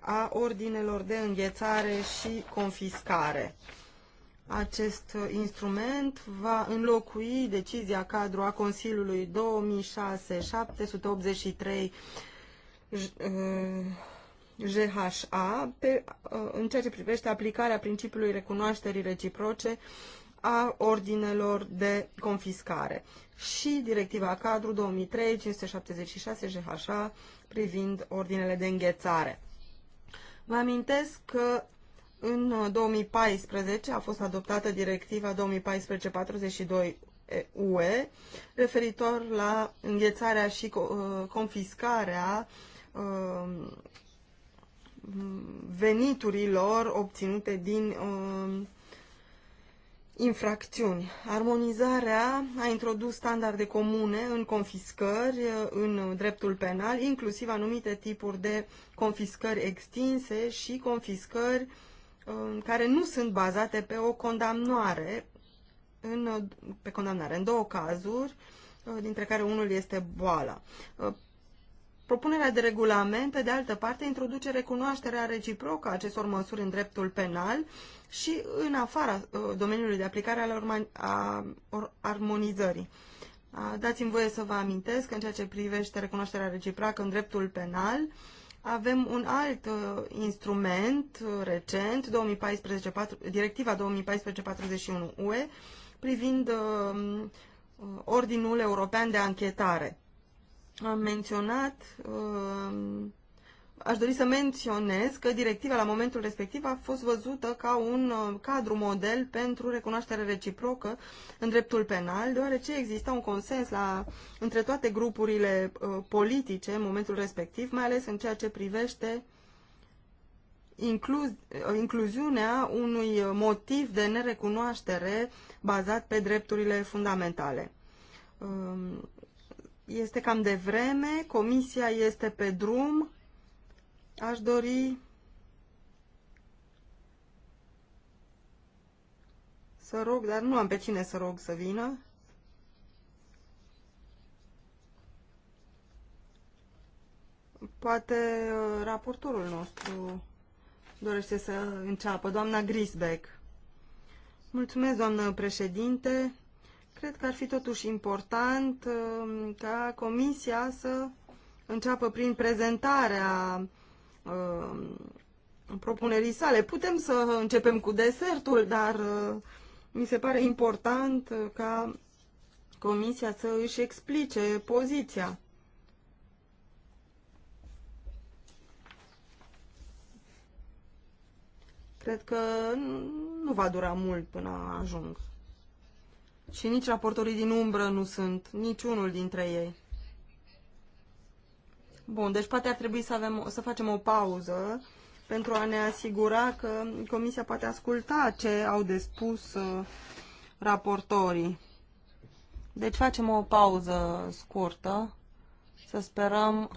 a ordinelor de înghețare și confiscare. Acest uh, instrument va înlocui decizia cadru a Consiliului 2006-783 uh, GHA pe, uh, în ceea ce privește aplicarea principiului recunoașterii reciproce a ordinelor de confiscare și directiva cadru 2003-576 GHA privind ordinele de înghețare. Vă amintesc că în 2014 uh, a fost adoptată directiva 2014-42 UE referitor la înghețarea și uh, confiscarea uh, veniturilor obținute din infracțiuni. Armonizarea a introdus standarde comune în confiscări, în dreptul penal, inclusiv anumite tipuri de confiscări extinse și confiscări uh, Um, care nu sunt bazate pe o condamnare, în, pe condamnare, în două cazuri, uh, dintre care unul este boala. Uh, propunerea de regulament, pe de altă parte, introduce recunoașterea reciprocă a acestor măsuri în dreptul penal și în afara uh, domeniului de aplicare al armonizării. Dați-mi voie să vă amintesc că în ceea ce privește recunoașterea reciprocă în dreptul penal, avem un alt uh, instrument uh, recent, 2014, 4, Directiva 2014-41 UE, privind uh, uh, Ordinul European de Anchetare. Am menționat uh, aș dori să menționez că directiva la momentul respectiv a fost văzută ca un uh, cadru model pentru recunoaștere reciprocă în dreptul penal, deoarece exista un consens la, între toate grupurile uh, politice în momentul respectiv, mai ales în ceea ce privește inclu, uh, incluziunea unui motiv de nerecunoaștere bazat pe drepturile fundamentale. Uh, este cam de vreme, comisia este pe drum, Aș dori să rog, dar nu am pe cine să rog să vină. Poate uh, raportorul nostru dorește să înceapă, doamna Grisbeck. Mulțumesc, doamnă președinte. Cred că ar fi totuși important uh, ca comisia să înceapă prin prezentarea Uh, propunerii sale. Putem să începem cu desertul, dar uh, mi se pare important uh, ca Comisia să își explice poziția. Cred că nu va dura mult până ajung. Și nici raportorii din umbră nu sunt, niciunul dintre ei. Bun, deci poate ar trebui să, avem, să facem o pauză pentru a ne asigura că Comisia poate asculta ce au de spus uh, raportorii. Deci facem o pauză scurtă, să sperăm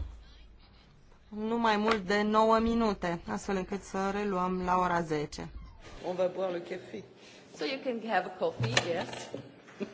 nu mai mult de 9 minute, astfel încât să reluăm la ora 10. On va boire le café. So you can have a coffee, yes.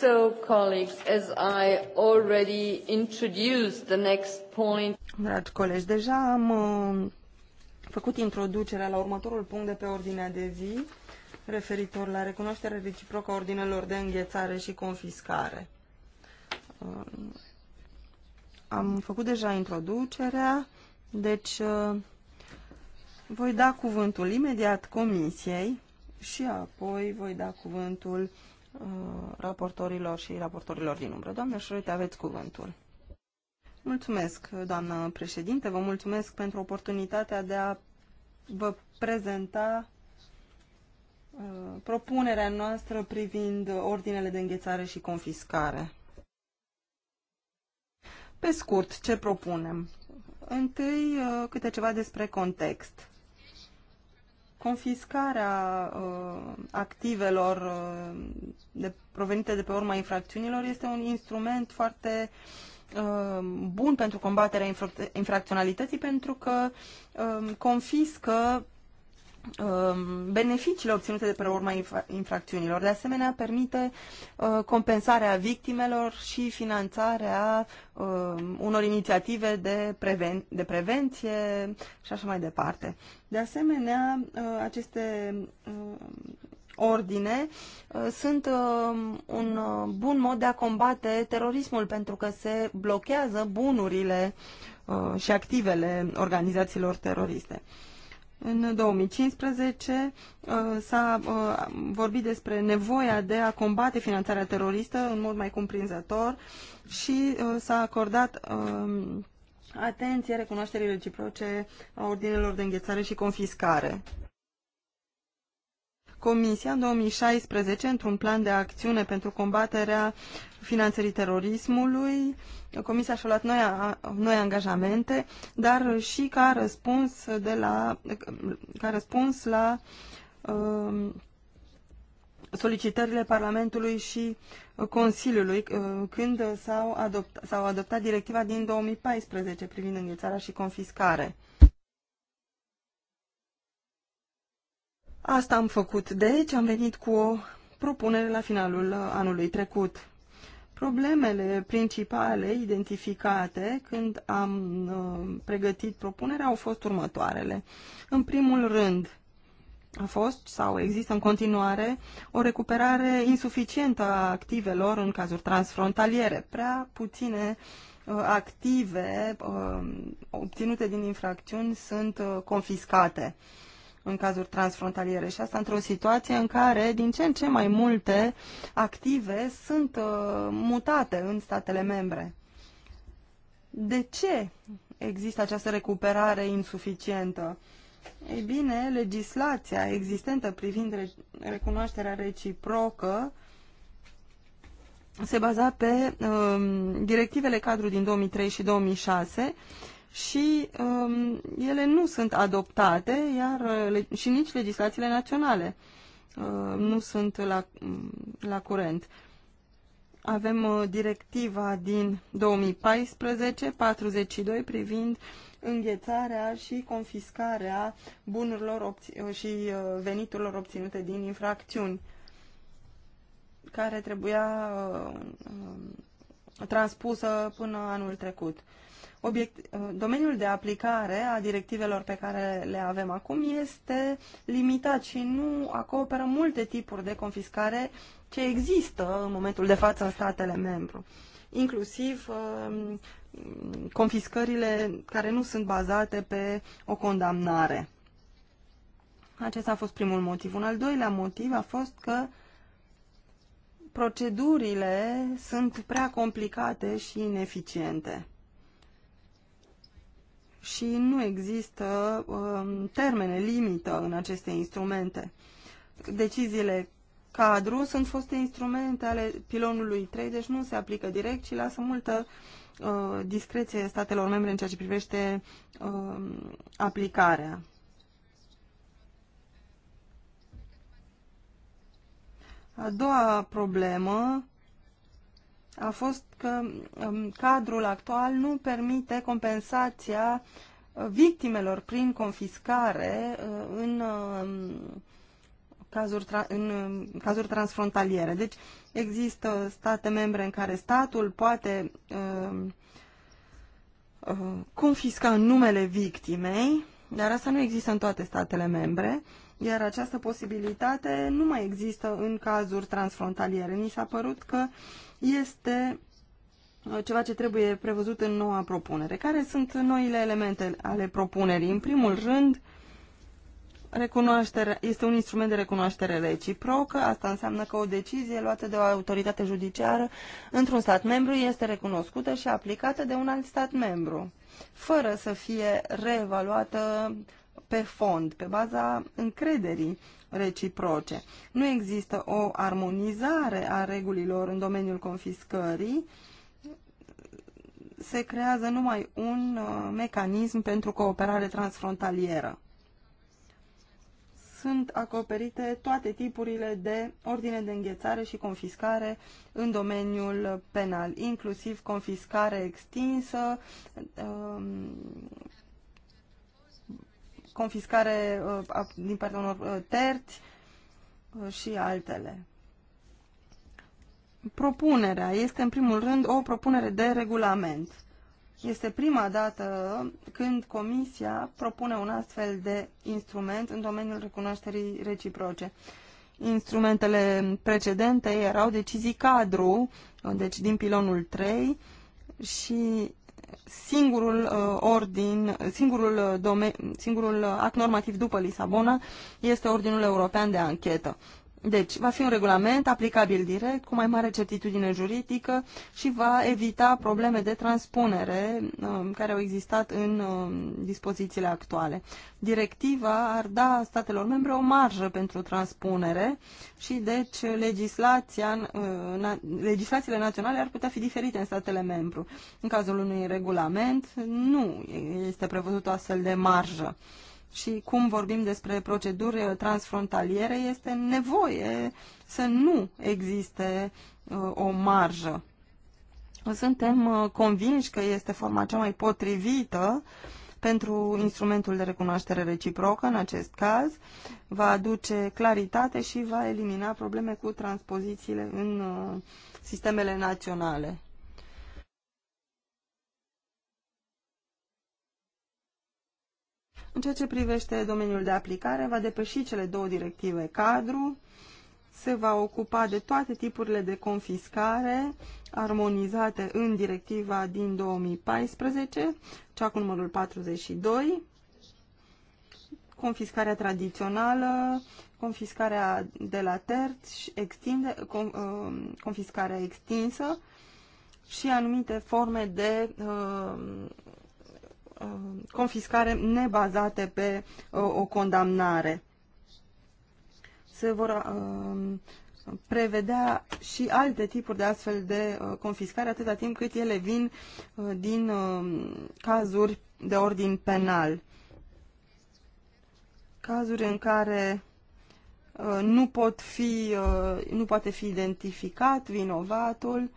So, colleagues, as I already introduced the next point... Dragi colegi, deja am uh, făcut introducerea la următorul punct de pe ordinea de zi referitor la recunoașterea reciprocă a ordinelor de înghețare și confiscare. Uh, am făcut deja introducerea, deci uh, voi da cuvântul imediat comisiei și apoi voi da cuvântul Uh, raportorilor și raportorilor din umbră. Doamne Șurete, aveți cuvântul. Mulțumesc, doamnă președinte, vă mulțumesc pentru oportunitatea de a vă prezenta uh, propunerea noastră privind ordinele de înghețare și confiscare. Pe scurt, ce propunem? Întâi uh, câte ceva despre context confiscarea uh, activelor uh, de, provenite de pe urma infracțiunilor este un instrument foarte uh, bun pentru combaterea infracționalității pentru că uh, confiscă Um, beneficiile obținute de pe urma infracțiunilor. De asemenea, permite uh, compensarea victimelor și finanțarea um, unor inițiative de, preven- de prevenție și așa mai departe. De asemenea, uh, aceste uh, ordine sunt um, un bun mod de a combate terorismul pentru că se blochează bunurile și activele organizațiilor teroriste. În 2015 uh, s-a uh, vorbit despre nevoia de a combate finanțarea teroristă în mod mai cumprinzător și uh, s-a acordat um, atenție recunoașterii reciproce a ordinelor de înghețare și confiscare. Comisia în 2016, într-un plan de acțiune pentru combaterea finanțării terorismului, Comisia și-a luat noi, noi angajamente, dar și ca răspuns, de la, ca răspuns la um, solicitările Parlamentului și Consiliului uh, când s au adoptat, adoptat directiva din 2014 privind înghețarea și confiscare. Asta am făcut. Deci am venit cu o propunere la finalul uh, anului trecut. Problemele principale identificate când am uh, pregătit propunerea au fost următoarele. În primul rând, a fost sau există în continuare o recuperare insuficientă a activelor în cazuri transfrontaliere. Prea puține uh, active uh, obținute din infracțiuni sunt uh, confiscate. Uh, în cazuri transfrontaliere și asta într-o situație în care din ce în ce mai multe active sunt uh, mutate în statele membre. De ce există această recuperare insuficientă? Ei bine, legislația existentă privind recunoașterea reciprocă se baza pe uh, directivele cadru din 2003 și 2006 și um, ele nu sunt adoptate iar, uh, le, și nici legislațiile naționale uh, nu sunt la, um, la curent. Avem uh, directiva din 2014, 42, privind înghețarea și confiscarea bunurilor uh, și uh, veniturilor obținute din infracțiuni, care trebuia uh, um, transpusă până anul trecut. Obiect, uh, domeniul de aplicare a directivelor pe care le avem acum este limitat și nu acoperă multe tipuri de confiscare ce există în momentul de față în statele membru, inclusiv um, confiscările care nu sunt bazate pe o condamnare. Acesta a fost primul motiv. Un al doilea motiv a fost că procedurile sunt prea complicate și ineficiente și nu există um, termene limită în aceste instrumente. Deciziile cadru sunt foste instrumente ale pilonului 3, deci nu se aplică direct și lasă multă uh, discreție statelor membre în ceea ce privește uh, aplicarea. A doua problemă a fost că um, cadrul actual nu permite compensația uh, victimelor prin confiscare uh, în um, cazuri, în um, cazuri transfrontaliere. Deci există state membre în care statul poate uh, uh, confisca numele victimei, dar asta nu există în toate statele membre, iar această posibilitate nu mai există în cazuri transfrontaliere. Ni s-a părut că este uh, ceva ce trebuie prevăzut în noua propunere. Care sunt noile elemente ale propunerii? În primul rând, recunoaștere, este un instrument de recunoaștere reciprocă. Asta înseamnă că o decizie luată de o autoritate judiciară într-un stat membru este recunoscută și aplicată de un alt stat membru, fără să fie reevaluată pe fond, pe baza încrederii reciproce. Nu există o armonizare a regulilor în domeniul confiscării, se creează numai un uh, mecanism pentru cooperare transfrontalieră. Sunt acoperite toate tipurile de ordine de înghețare și confiscare în domeniul penal, inclusiv confiscare extinsă, um, confiscare uh, din partea unor uh, terți uh, și altele. Propunerea este în primul rând o propunere de regulament. Este prima dată când Comisia propune un astfel de instrument în domeniul recunoașterii reciproce. Instrumentele precedente erau decizii cadru, deci din pilonul 3 și singurul uh, ordin, singurul, uh, dome, singurul act normativ după Lisabona este Ordinul European de Anchetă. Deci, va fi un regulament aplicabil direct, cu mai mare certitudine juridică și va evita probleme de transpunere um, care au existat în um, dispozițiile actuale. Directiva ar da statelor membre o marjă pentru transpunere și, deci, legislația, uh, legislațiile naționale ar putea fi diferite în statele membru. În cazul unui regulament, nu este prevăzut o astfel de marjă și cum vorbim despre proceduri uh, transfrontaliere, este nevoie să nu existe uh, o marjă. Suntem uh, convinși că este forma cea mai potrivită pentru instrumentul de recunoaștere reciprocă, în acest caz, va aduce claritate și va elimina probleme cu transpozițiile în sistemele naționale. În ceea ce privește domeniul de aplicare, va depăși cele două directive cadru, se va ocupa de toate tipurile de confiscare armonizate în directiva din 2014, cea cu numărul 42, confiscarea tradițională, confiscarea de la terț extinde, uh, confiscarea extinsă și anumite forme de uh, Uh, confiscare nebazate pe uh, o condamnare. Se vor uh, prevedea și alte tipuri de astfel de confiscare atâta timp cât ele vin din cazuri de ordin penal. Cazuri în care nu, pot fi, nu poate fi identificat vinovatul,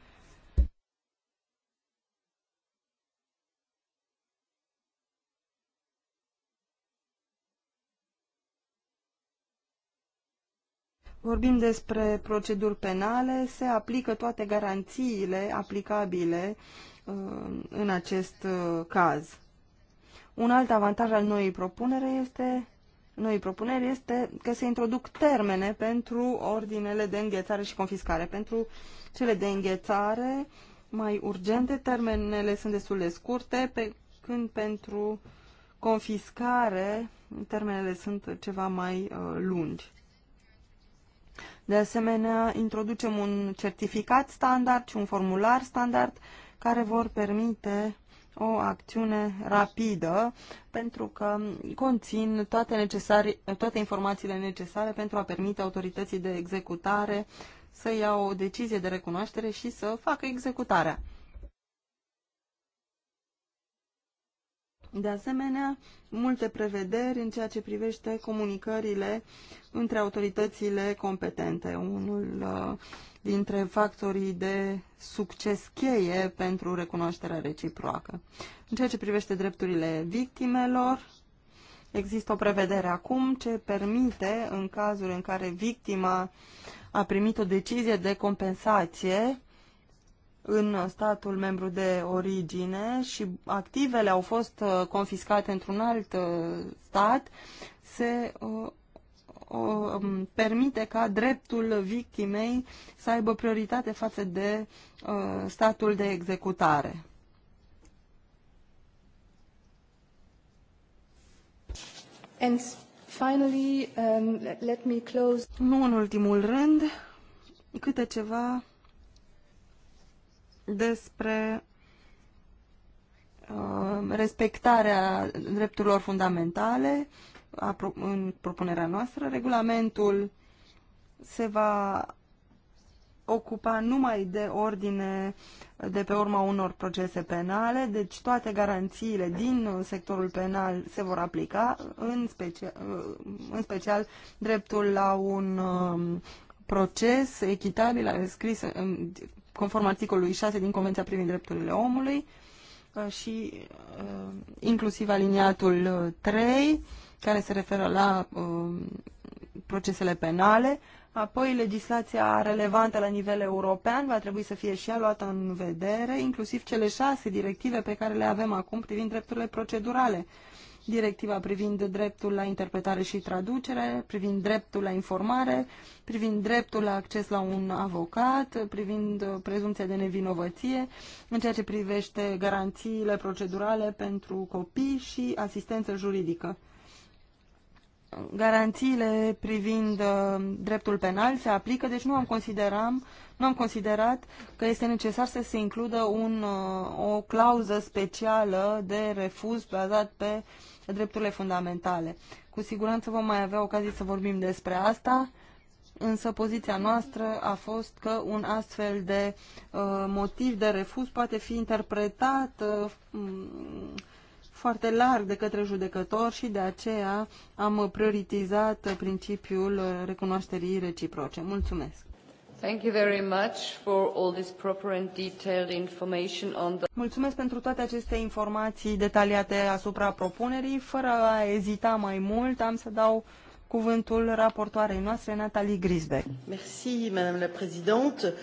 vorbim despre proceduri penale, se aplică toate garanțiile aplicabile uh, în acest uh, caz. Un alt avantaj al noii propuneri este noi propuneri este că se introduc termene pentru ordinele de înghețare și confiscare. Pentru cele de înghețare mai urgente, termenele sunt destul de scurte, pe când pentru confiscare termenele sunt ceva mai uh, lungi. De asemenea, introducem un certificat standard și un formular standard care vor permite o acțiune rapidă pentru că conțin toate, necesare, toate informațiile necesare pentru a permite autorității de executare să ia o decizie de recunoaștere și să facă executarea. De asemenea, multe prevederi în ceea ce privește comunicările între autoritățile competente. Unul uh, dintre factorii de succes cheie pentru recunoașterea reciproacă. În ceea ce privește drepturile victimelor, există o prevedere acum ce permite, în cazul în care victima a primit o decizie de compensație, în statul membru de origine și activele au fost uh, confiscate într-un alt uh, stat, se uh, um, permite ca dreptul victimei să aibă prioritate față de statul de executare. And finally, um, let me close. Nu în ultimul rând, câte ceva despre uh, respectarea drepturilor fundamentale în propunerea noastră. Regulamentul se va ocupa numai de ordine de pe urma unor procese penale, deci toate garanțiile din sectorul penal se vor aplica, în special, uh, în special dreptul la un um, proces echitabil, scris, um, conform articolului 6 din Convenția privind drepturile omului uh, și uh, inclusiv aliniatul 3, uh, care se referă la procesele penale. Apoi, legislația relevantă la nivel european va trebui să fie și ea luată în vedere, inclusiv cele șase directive pe care le avem acum privind drepturile procedurale directiva privind dreptul la interpretare și traducere, privind dreptul la informare, privind dreptul la acces la un avocat, privind prezumția de nevinovăție, în ceea ce privește garanțiile procedurale pentru copii și asistență juridică. Garanțiile privind uh, dreptul penal se aplică, deci nu am, consideram, nu am considerat că este necesar să se includă un, uh, o clauză specială de refuz bazat pe uh, drepturile fundamentale. Cu siguranță vom mai avea ocazie să vorbim despre asta, însă poziția noastră a fost că un astfel de uh, motiv de refuz poate fi interpretat uh, foarte larg de către judecător și de aceea am prioritizat uh, principiul uh, recunoașterii reciproce. Mulțumesc! Thank you very much for all this proper and detailed information on the... Mulțumesc pentru toate aceste informații detaliate asupra propunerii. Fără a ezita mai mult, am să dau cuvântul raportoarei noastre, Natalie Grisbeck. Merci, Madame la Présidente.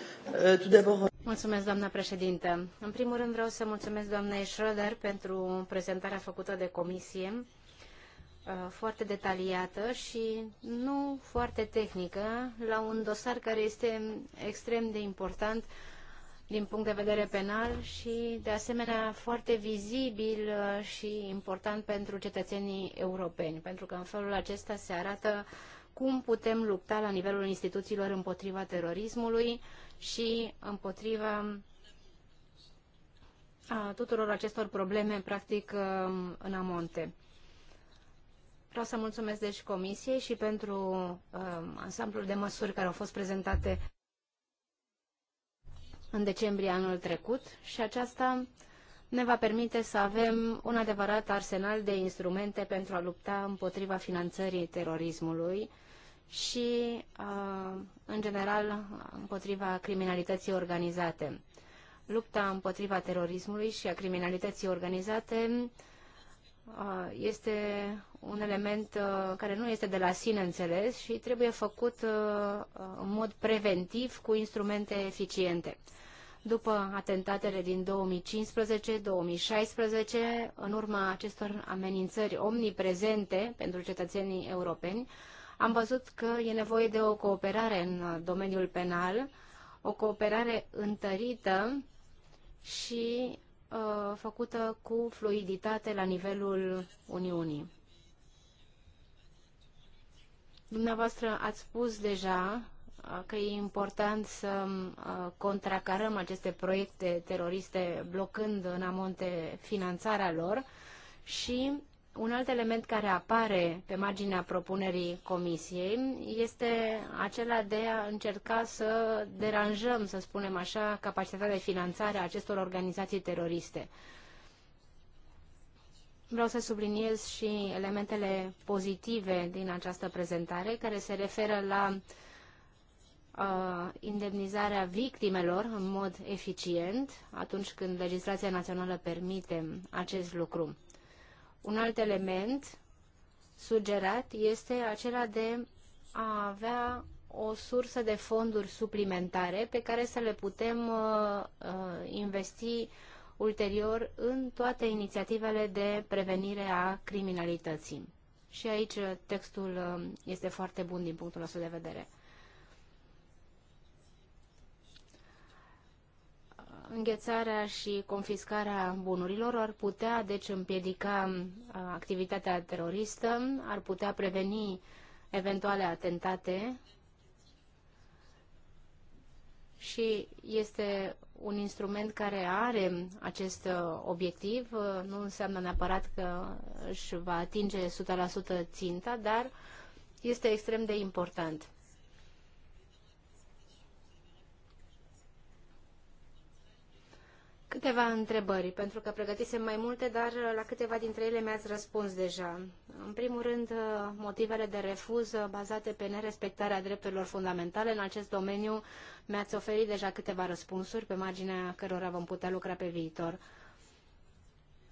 Euh, tout d'abord... Euh, mulțumesc, doamna președintă. În primul rând vreau să mulțumesc doamnei Schroeder pentru prezentarea făcută de comisie Uh, foarte detaliată și nu foarte tehnică la un dosar care este extrem de important din punct de vedere penal și, de asemenea, foarte vizibil uh, și important pentru cetățenii europeni, pentru că în felul acesta se arată cum putem lupta la nivelul instituțiilor împotriva terorismului și împotriva a uh, tuturor acestor probleme, practic, în amonte. Vreau să mulțumesc deci Comisiei și pentru um, ansamblul de măsuri care au fost prezentate în decembrie anul trecut și aceasta ne va permite să avem un adevărat arsenal de instrumente pentru a lupta împotriva finanțării terorismului și, uh, în general, împotriva criminalității organizate. Lupta împotriva terorismului și a criminalității organizate Uh, este un element uh, care nu este de la sine înțeles și trebuie făcut uh, în mod preventiv cu instrumente eficiente. După atentatele din 2015-2016, în urma acestor amenințări omniprezente pentru cetățenii europeni, am văzut că e nevoie de o cooperare în domeniul penal, o cooperare întărită și Uh, făcută cu fluiditate la nivelul Uniunii. Dumneavoastră ați spus deja uh, că e important să uh, contracarăm aceste proiecte teroriste blocând în amonte finanțarea lor și un alt element care apare pe marginea propunerii comisiei este acela de a încerca să deranjăm, să spunem așa, capacitatea de finanțare a acestor organizații teroriste. Vreau să subliniez și elementele pozitive din această prezentare, care se referă la uh, indemnizarea victimelor în mod eficient atunci când legislația națională permite acest lucru. Un alt element sugerat este acela de a avea o sursă de fonduri suplimentare pe care să le putem uh, uh investi ulterior în toate inițiativele de prevenire a criminalității. Și aici uh, textul uh, este foarte bun din punctul nostru de vedere. înghețarea și confiscarea bunurilor ar putea, deci, împiedica uh, activitatea teroristă, ar putea preveni eventuale atentate și este un instrument care are acest uh, obiectiv. Uh, nu înseamnă neapărat că își va atinge 100% ținta, dar este extrem de important. Câteva întrebări, pentru că pregătisem mai multe, dar la câteva dintre ele mi-ați răspuns deja. În primul rând, motivele de refuz bazate pe nerespectarea drepturilor fundamentale. În acest domeniu mi-ați oferit deja câteva răspunsuri, pe marginea cărora vom putea lucra pe viitor.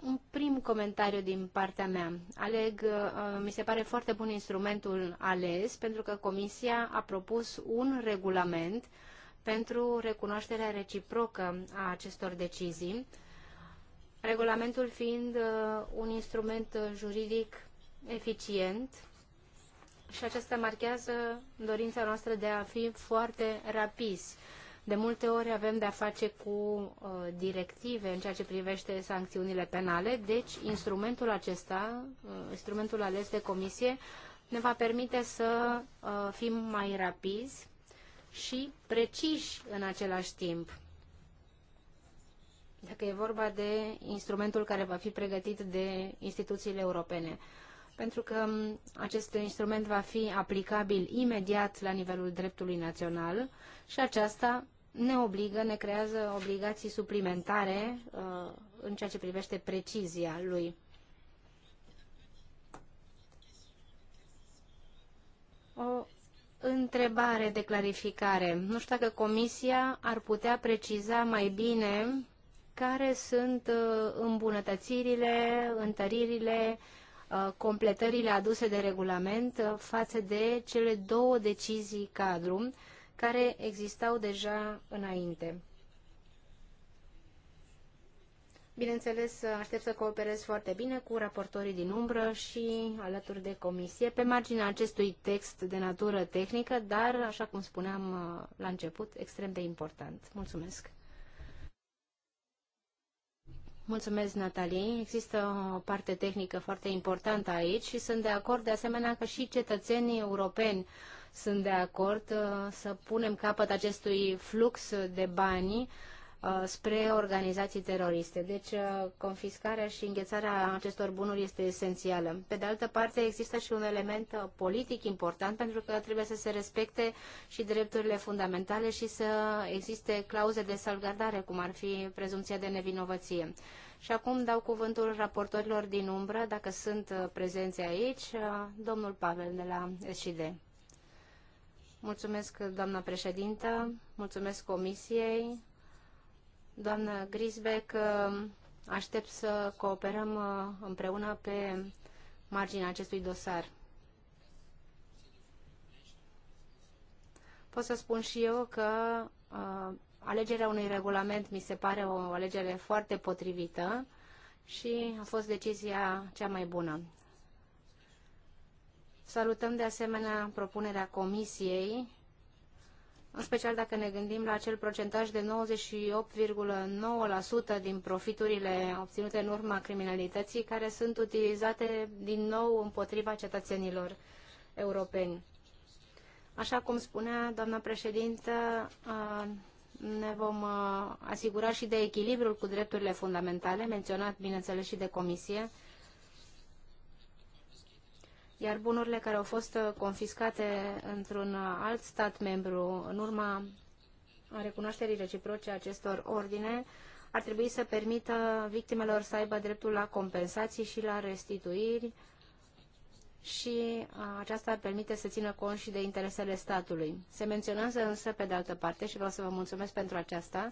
Un prim comentariu din partea mea. Aleg, uh, mi se pare foarte bun instrumentul ales, pentru că Comisia a propus un regulament uh, pentru recunoașterea reciprocă a acestor decizii, regulamentul fiind uh, un instrument juridic eficient și aceasta marchează dorința noastră de a fi foarte rapizi. De multe ori avem de-a face cu uh, directive în ceea ce privește sancțiunile penale, deci instrumentul acesta, uh, instrumentul ales de comisie, ne va permite să fim mai rapizi și preciși în același timp. Dacă e vorba de instrumentul care va fi pregătit de instituțiile europene. Pentru că acest instrument va fi aplicabil imediat la nivelul dreptului național și aceasta ne obligă, ne creează obligații suplimentare uh, în ceea ce privește precizia lui. O întrebare de clarificare. Nu știu dacă Comisia ar putea preciza mai bine care sunt uh, îmbunătățirile, întăririle, uh, completările aduse de regulament uh, față de cele două decizii cadru care existau deja înainte. Bineînțeles, aștept să cooperez foarte bine cu raportorii din umbră și alături de comisie pe marginea acestui text de natură tehnică, dar, așa cum spuneam la început, extrem de important. Mulțumesc! Mulțumesc, Natalie. Există o parte tehnică foarte importantă aici și sunt de acord de asemenea că și cetățenii europeni sunt de acord uh, să punem capăt acestui flux de bani uh, Uh, spre organizații teroriste. Deci, uh, confiscarea și înghețarea acestor bunuri este esențială. Pe de altă parte, există și un element uh, politic important pentru că trebuie să se respecte și drepturile fundamentale și să existe clauze de salvgardare, cum ar fi prezumția de nevinovăție. Și acum dau cuvântul raportorilor din umbră, dacă sunt prezenți aici, domnul Pavel de la SID. Mulțumesc, doamna președintă, mulțumesc comisiei, Doamnă Grisbeck, aștept să cooperăm uh, împreună pe marginea acestui dosar. Pot să spun și eu că uh, alegerea unui regulament mi se pare o alegere foarte potrivită și a fost decizia cea mai bună. Salutăm de asemenea propunerea Comisiei în special dacă ne gândim la acel procentaj de 98,9% din profiturile obținute în urma criminalității care sunt utilizate din nou împotriva cetățenilor europeni. Așa cum spunea doamna președintă, ne vom asigura și de echilibrul cu drepturile fundamentale, menționat bineînțeles și de comisie, iar bunurile care au fost uh, confiscate într-un uh, alt stat membru în urma recunoașterii reciproce acestor ordine ar trebui să permită victimelor să aibă dreptul la compensații și la restituiri și uh, aceasta ar permite să țină cont și de interesele statului. Se menționează însă, pe de altă parte, și vreau să vă mulțumesc pentru aceasta,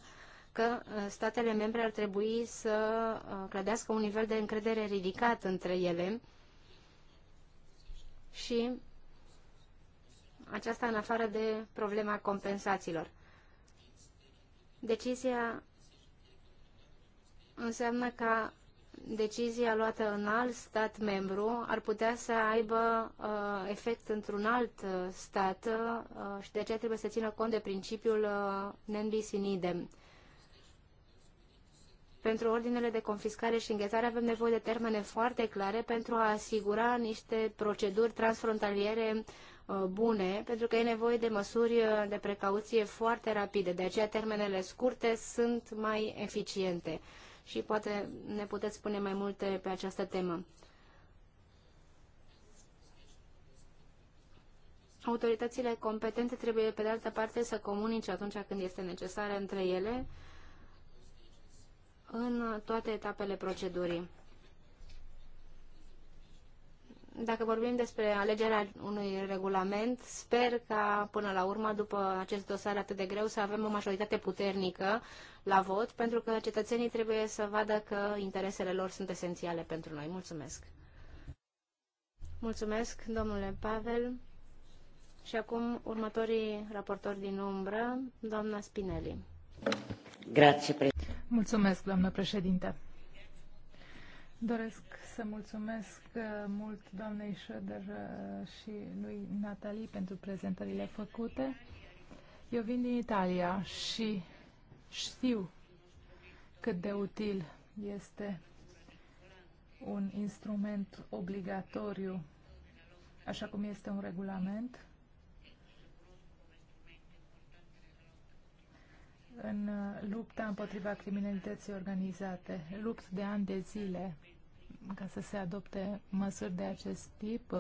că statele membre ar trebui să clădească un nivel de încredere ridicat între ele, și aceasta în afară de problema compensațiilor. Decizia înseamnă că decizia luată în alt stat membru ar putea să aibă uh, efect într-un alt uh, stat uh, și de aceea trebuie să țină cont de principiul uh, non bis in idem. Pentru ordinele de confiscare și înghețare avem nevoie de termene foarte clare pentru a asigura niște proceduri transfrontaliere uh, bune, pentru că e nevoie de măsuri uh, de precauție foarte rapide. De aceea termenele scurte sunt mai eficiente. Și poate ne puteți spune mai multe pe această temă. Autoritățile competente trebuie, pe de altă parte, să comunice atunci când este necesar între ele în toate etapele procedurii. Dacă vorbim despre alegerea unui regulament, sper ca până la urmă, după acest dosar atât de greu, să avem o majoritate puternică la vot, pentru că cetățenii trebuie să vadă că interesele lor sunt esențiale pentru noi. Mulțumesc! Mulțumesc, domnule Pavel. Și acum următorii raportori din umbră, doamna Spinelli. Grazie, Mulțumesc, doamnă președinte. Doresc să mulțumesc uh, mult doamnei Schroeder uh, și lui Natalie pentru prezentările făcute. Eu vin din Italia și știu cât de util este un instrument obligatoriu, așa cum este un regulament, în uh, lupta împotriva criminalității organizate. Lupt de ani de zile ca să se adopte măsuri de acest tip,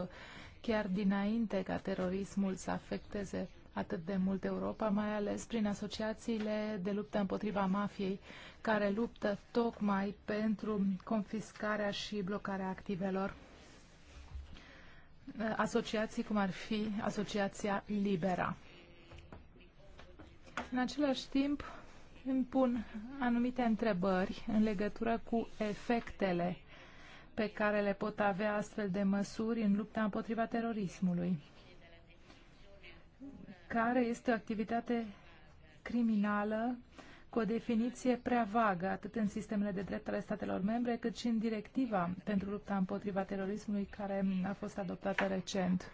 chiar dinainte ca terorismul să afecteze atât de mult Europa, mai ales prin asociațiile de luptă împotriva mafiei, care luptă tocmai pentru confiscarea și blocarea activelor. Uh, asociații cum ar fi Asociația Libera în același timp îmi pun anumite întrebări în legătură cu efectele pe care le pot avea astfel de măsuri în lupta împotriva terorismului, care este o activitate criminală cu o definiție prea vagă, atât în sistemele de drept ale statelor membre, cât și în directiva pentru lupta împotriva terorismului care a fost adoptată recent.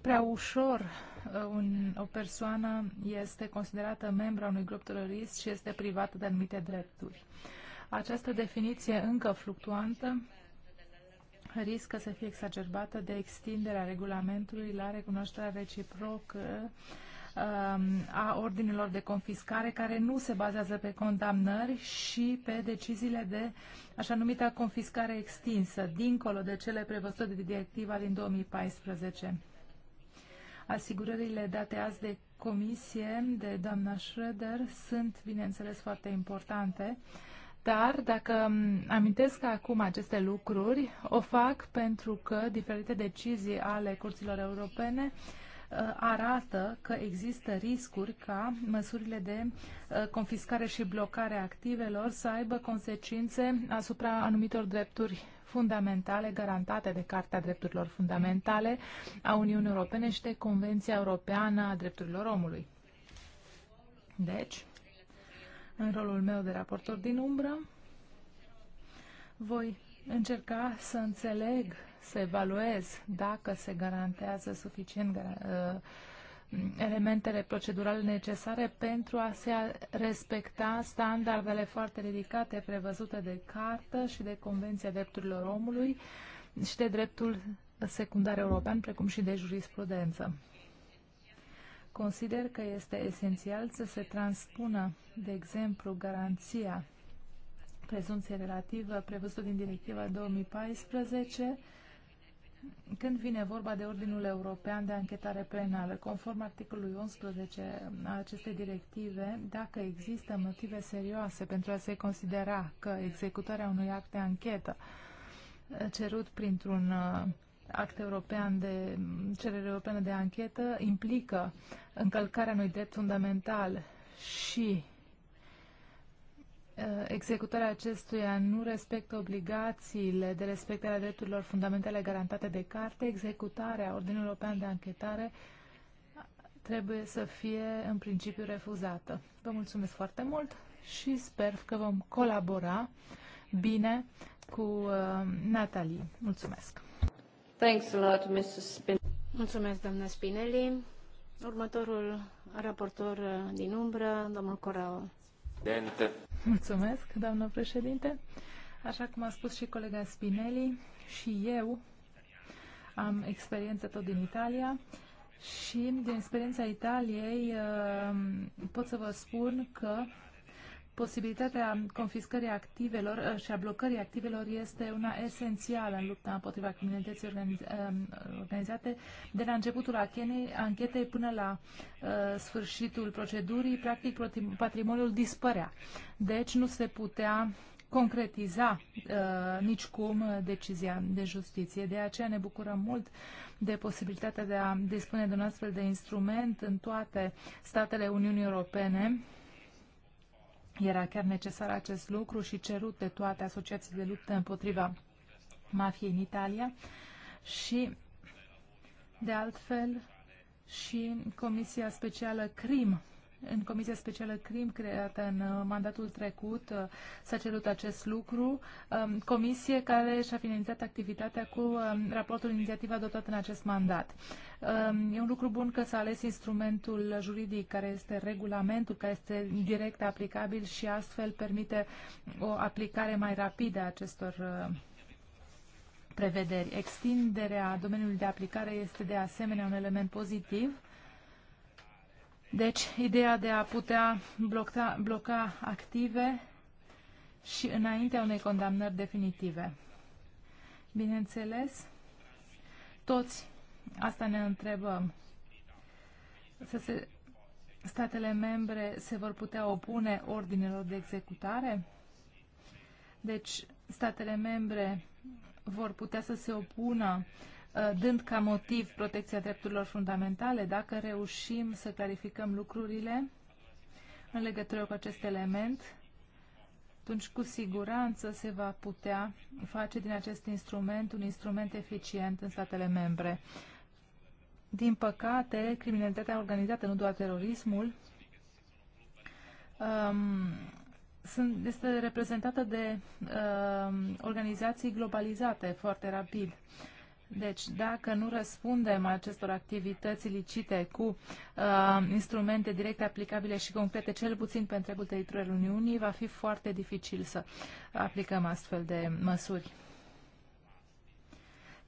prea ușor uh, un, o persoană este considerată membra unui grup terorist și este privată de anumite drepturi. Această definiție încă fluctuantă riscă să fie exacerbată de extinderea regulamentului la recunoașterea reciprocă um, a ordinelor de confiscare care nu se bazează pe condamnări și pe deciziile de așa numita confiscare extinsă, dincolo de cele prevăzute de directiva din 2014. Asigurările date azi de comisie, de doamna Schröder, sunt, bineînțeles, foarte importante. Dar dacă amintesc acum aceste lucruri, o fac pentru că diferite decizii ale curților europene uh, Uh, arată că există riscuri ca măsurile de uh, confiscare și blocare a activelor să aibă consecințe asupra anumitor drepturi fundamentale garantate de Carta Drepturilor Fundamentale a Uniunii Europene și de Convenția Europeană a Drepturilor Omului. Deci, în rolul meu de raportor din umbră, voi încerca să înțeleg să evaluez dacă se garantează suficient uh, elementele procedurale necesare pentru a se respecta standardele foarte ridicate prevăzute de cartă și de Convenția Drepturilor Omului și de dreptul secundar european, precum și de jurisprudență. Consider că este esențial să se transpună, de exemplu, garanția prezumției relativă prevăzută din Directiva 2014 când vine vorba de Ordinul European de Anchetare Penală, conform articolului 11 a acestei directive, dacă există motive serioase pentru a se considera că executarea unui act de anchetă eh, cerut printr-un eh, act european de cerere europeană de anchetă implică încălcarea unui drept fundamental și Uh, executarea acestuia nu respectă obligațiile de respectare a drepturilor fundamentale garantate de carte, executarea Ordinului European de Anchetare trebuie să fie în principiu refuzată. Vă mulțumesc foarte mult și sper că vom colabora bine cu uh, Natalie. Mulțumesc! Thanks a lot, Mrs. Mulțumesc, doamna Spinelli. Următorul raportor uh, din umbră, domnul Corao. Presidente. Mulțumesc, doamnă președinte. Așa cum a spus și colega Spinelli, și eu am experiență tot din Italia și din experiența Italiei uh, pot să vă spun că Posibilitatea confiscării activelor uh, și a blocării activelor este una esențială în lupta împotriva criminalității uh, organizate de la începutul anchetei până la uh, sfârșitul procedurii, practic patrimoniul dispărea. Deci nu se putea concretiza uh, nicicum decizia de justiție. De aceea ne bucurăm mult de posibilitatea de a dispune de un astfel de instrument în toate statele Uniunii Europene era chiar necesar acest lucru și cerut de toate asociațiile de luptă împotriva mafiei în Italia și, de altfel, și Comisia Specială CRIM în Comisia Specială CRIM, creată în uh, mandatul trecut, uh, s-a cerut acest lucru. Um, comisie care și-a finalizat activitatea cu um, raportul inițiativ adoptat în acest mandat. Um, e un lucru bun că s-a ales instrumentul juridic, care este regulamentul, care este direct aplicabil și astfel permite o aplicare mai rapidă a acestor uh, prevederi. Extinderea domeniului de aplicare este de asemenea un element pozitiv deci, ideea de a putea bloca, bloca active și înaintea unei condamnări definitive. Bineînțeles, toți asta ne întrebăm. Să se, statele membre se vor putea opune ordinelor de executare? Deci, statele membre vor putea să se opună uh, Uh, dând ca motiv protecția drepturilor fundamentale, dacă reușim să clarificăm lucrurile în legătură cu acest element, atunci cu siguranță se va putea face din acest instrument un instrument eficient în statele membre. Din păcate, criminalitatea organizată, nu doar terorismul, um, sunt, este reprezentată de um, organizații globalizate foarte rapid. Uh, deci, dacă nu răspundem acestor activități ilicite cu uh, instrumente direct aplicabile și concrete, cel puțin pe întregul teritoriul Uniunii, va fi foarte dificil să aplicăm astfel de măsuri.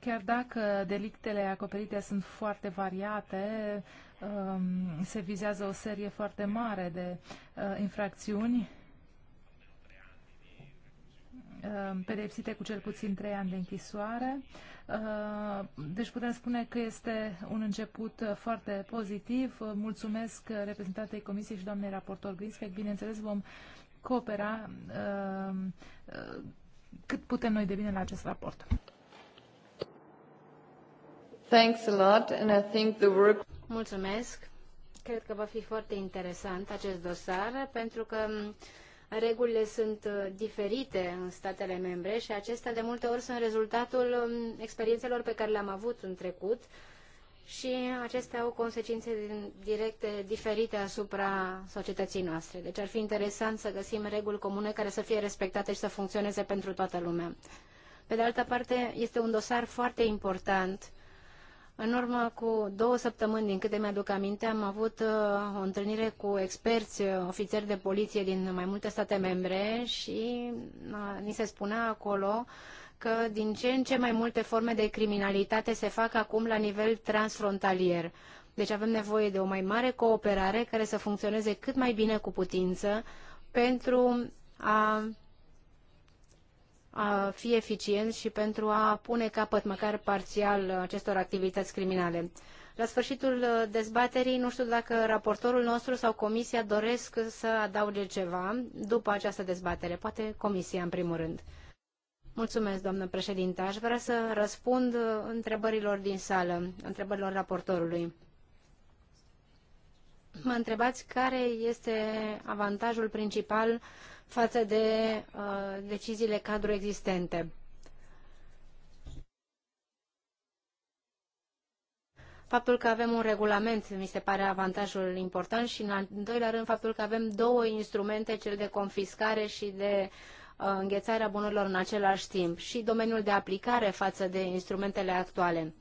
Chiar dacă delictele acoperite sunt foarte variate, um, se vizează o serie foarte mare de uh, infracțiuni, Uh, pedepsite cu cel puțin trei ani de închisoare. Uh, deci putem spune că este un început uh, foarte pozitiv. Mulțumesc reprezentantei Comisiei și doamnei raportor Grinspeck. Bineînțeles, vom coopera cât putem noi de bine la acest raport. Thanks a lot and I think the work... Mulțumesc. Cred că va fi foarte interesant acest dosar pentru că Regulile sunt uh, diferite în statele membre și acestea de multe ori sunt rezultatul um, experiențelor pe care le-am avut în trecut și acestea au consecințe directe diferite asupra societății noastre. Deci ar fi interesant să găsim reguli comune care să fie respectate și să funcționeze pentru toată lumea. Pe de altă parte, este un dosar foarte important în urmă cu două săptămâni, din câte mi-aduc aminte, am avut uh, o întâlnire cu experți, uh, ofițeri de poliție din mai multe state membre și uh, ni se spunea acolo că din ce în ce mai multe forme de criminalitate se fac acum la nivel transfrontalier. Deci avem nevoie de o mai mare cooperare care să funcționeze cât mai bine cu putință pentru a a fi eficient și pentru a pune capăt măcar parțial acestor activități criminale. La sfârșitul dezbaterii, nu știu dacă raportorul nostru sau comisia doresc să adauge ceva după această dezbatere, poate comisia în primul rând. Mulțumesc, doamnă președinte. Aș vrea să răspund întrebărilor din sală, întrebărilor raportorului. Mă întrebați care este avantajul principal față de uh, deciziile cadru existente. Faptul că avem un regulament mi se pare avantajul important și, în al doilea rând, faptul că avem două instrumente, cel de confiscare și de uh, înghețarea bunurilor în același timp și domeniul de aplicare față de instrumentele actuale.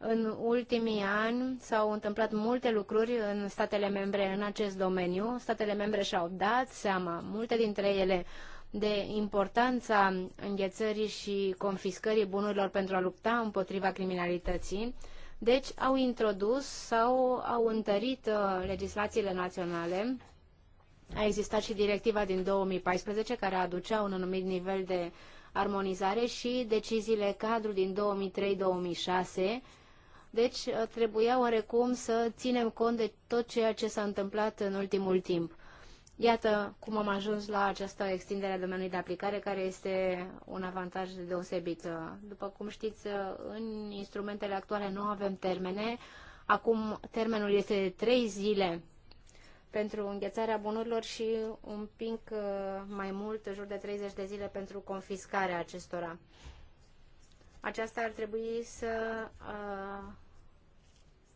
În ultimii ani s-au întâmplat multe lucruri în statele membre în acest domeniu. Statele membre și-au dat seama, multe dintre ele, de importanța înghețării și confiscării bunurilor pentru a lupta împotriva criminalității. Deci au introdus sau au întărit uh, legislațiile naționale. A existat și directiva din 2014 care aducea un anumit nivel de armonizare și deciziile cadru din 2003-2006 deci uh, trebuia oarecum să ținem cont de tot ceea ce s-a întâmplat în ultimul timp. Iată cum am ajuns la această extindere a domeniului de aplicare, care este un avantaj deosebit. Uh, după cum știți, uh, în instrumentele actuale nu avem termene. Acum termenul este de 3 zile pentru înghețarea bunurilor și un pic mai mult, jur de 30 de zile pentru confiscarea acestora. Aceasta ar trebui să uh,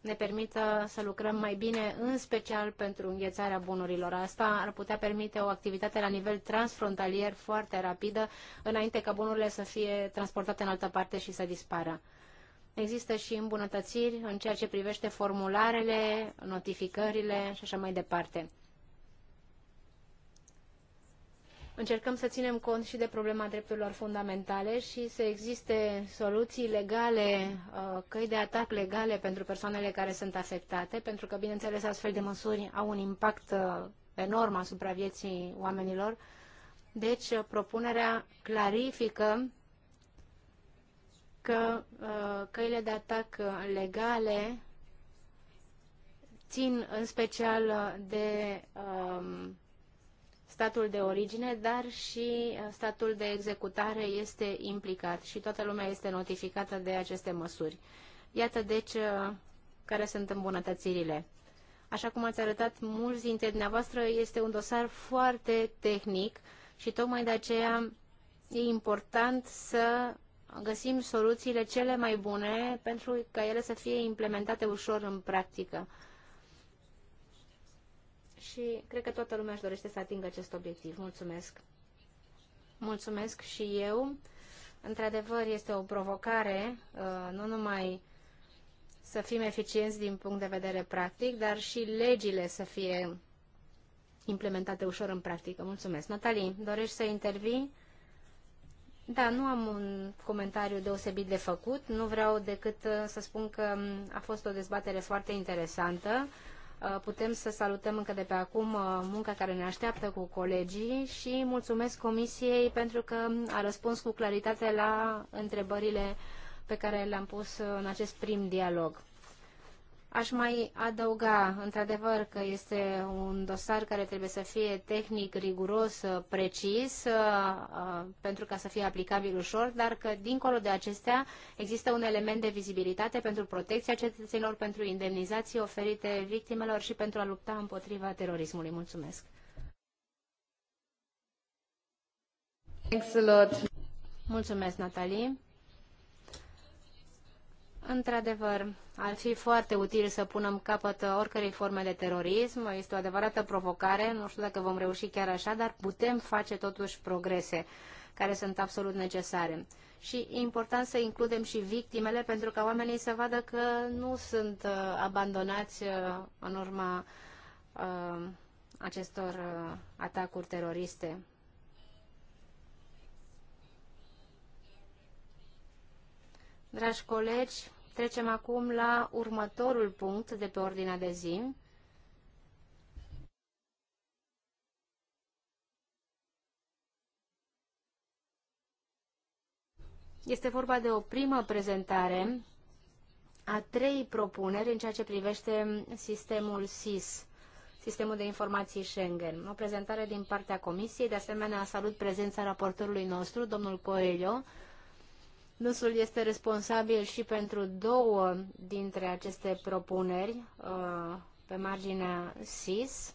ne permită să lucrăm mai bine, în special pentru înghețarea bunurilor. Asta ar putea permite o activitate la nivel transfrontalier foarte rapidă, înainte ca bunurile să fie transportate în altă parte și să dispară. Există și îmbunătățiri în ceea ce privește formularele, notificările și așa mai departe. Încercăm să inem cont și de problema drepturilor fundamentale și să existe soluții legale, uh, căi de atac legale pentru persoanele care sunt afectate, pentru că, bineînțeles, astfel de măsuri au un impact uh, enorm asupra vieții oamenilor. Deci, uh, propunerea clarifică că căile de atac legale țin în special de um, statul de origine, dar și uh, statul de executare este implicat și toată lumea este notificată de aceste măsuri. Iată deci uh, care sunt îmbunătățirile. Așa cum ați arătat mulți dintre dumneavoastră, este un dosar foarte tehnic și tocmai de aceea e important să găsim soluțiile cele mai bune pentru ca ele să fie implementate ușor în practică și cred că toată lumea își dorește să atingă acest obiectiv. Mulțumesc! Mulțumesc și eu! Într-adevăr, este o provocare, uh, nu numai să fim eficienți din punct de vedere practic, dar și legile să fie implementate ușor în practică. Mulțumesc. Natalie, dorești să intervii? Da, nu am un comentariu deosebit de făcut. Nu vreau decât uh, să spun că um, a fost o dezbatere foarte interesantă. Uh, putem să salutăm încă de pe acum uh, munca care ne așteaptă cu colegii și mulțumesc Comisiei pentru că a răspuns cu claritate la întrebările pe care le-am pus uh, în acest prim dialog. Aș mai adăuga, într-adevăr, că este un dosar care trebuie să fie tehnic, riguros, uh, precis, uh, uh, pentru ca să fie aplicabil ușor, dar că, dincolo de acestea, există un element de vizibilitate pentru protecția cetățenilor, pentru indemnizații oferite victimelor și pentru a lupta împotriva terorismului. Mulțumesc! Thanks a lot. Mulțumesc, Natalie! într-adevăr, ar fi foarte util să punem capăt oricărei forme de terorism. Este o adevărată provocare, nu știu dacă vom reuși chiar așa, dar putem face totuși progrese care sunt absolut necesare. Și e important să includem și victimele pentru ca oamenii să vadă că nu sunt uh, abandonați uh, în urma uh, acestor atacuri teroriste. Dragi colegi, Trecem acum la următorul punct de pe ordinea de zi. Este vorba de o primă prezentare a trei propuneri în ceea ce privește sistemul SIS, Sistemul de Informații Schengen. O prezentare din partea Comisiei, de asemenea salut prezența raportorului nostru, domnul Coelho, Dânsul este responsabil și pentru două dintre aceste propuneri uh, pe marginea SIS.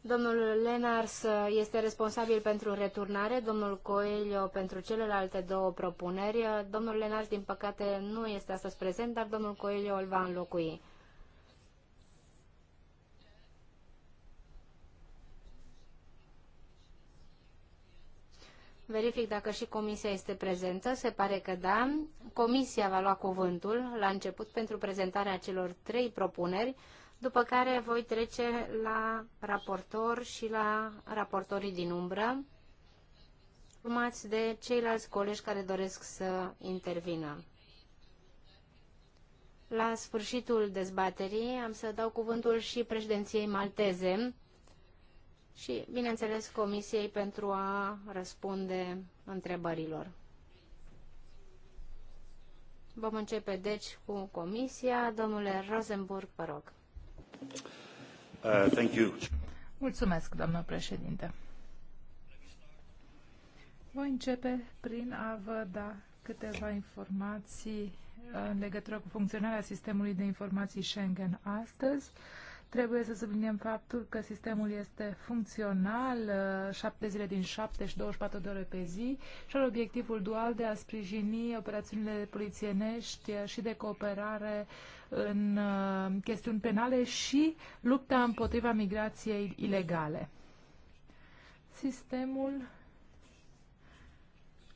Domnul Lenars este responsabil pentru returnare, domnul Coelho pentru celelalte două propuneri. Domnul Lenars, din păcate, nu este astăzi prezent, dar domnul Coelho îl va înlocui. Verific dacă și comisia este prezentă. Se pare că da. Comisia va lua cuvântul la început pentru prezentarea celor trei propuneri, după care voi trece la raportor și la raportorii din umbră, urmați de ceilalți colegi care doresc să intervină. La sfârșitul dezbaterii am să dau cuvântul și președinției malteze, și, bineînțeles, Comisiei pentru a răspunde întrebărilor. Vom începe, deci, cu Comisia. Domnule Rosenburg, vă rog. Uh, thank you. Mulțumesc, doamnă președinte. Voi începe prin a vă da câteva informații în legătură cu funcționarea sistemului de informații Schengen astăzi. Uh, Trebuie să subliniem faptul că sistemul este funcțional, 7 uh, zile din 7 și 24 de ore pe zi și are obiectivul dual de a sprijini operațiunile polițienești uh, și de cooperare în uh, chestiuni penale și lupta împotriva migrației ilegale. Sistemul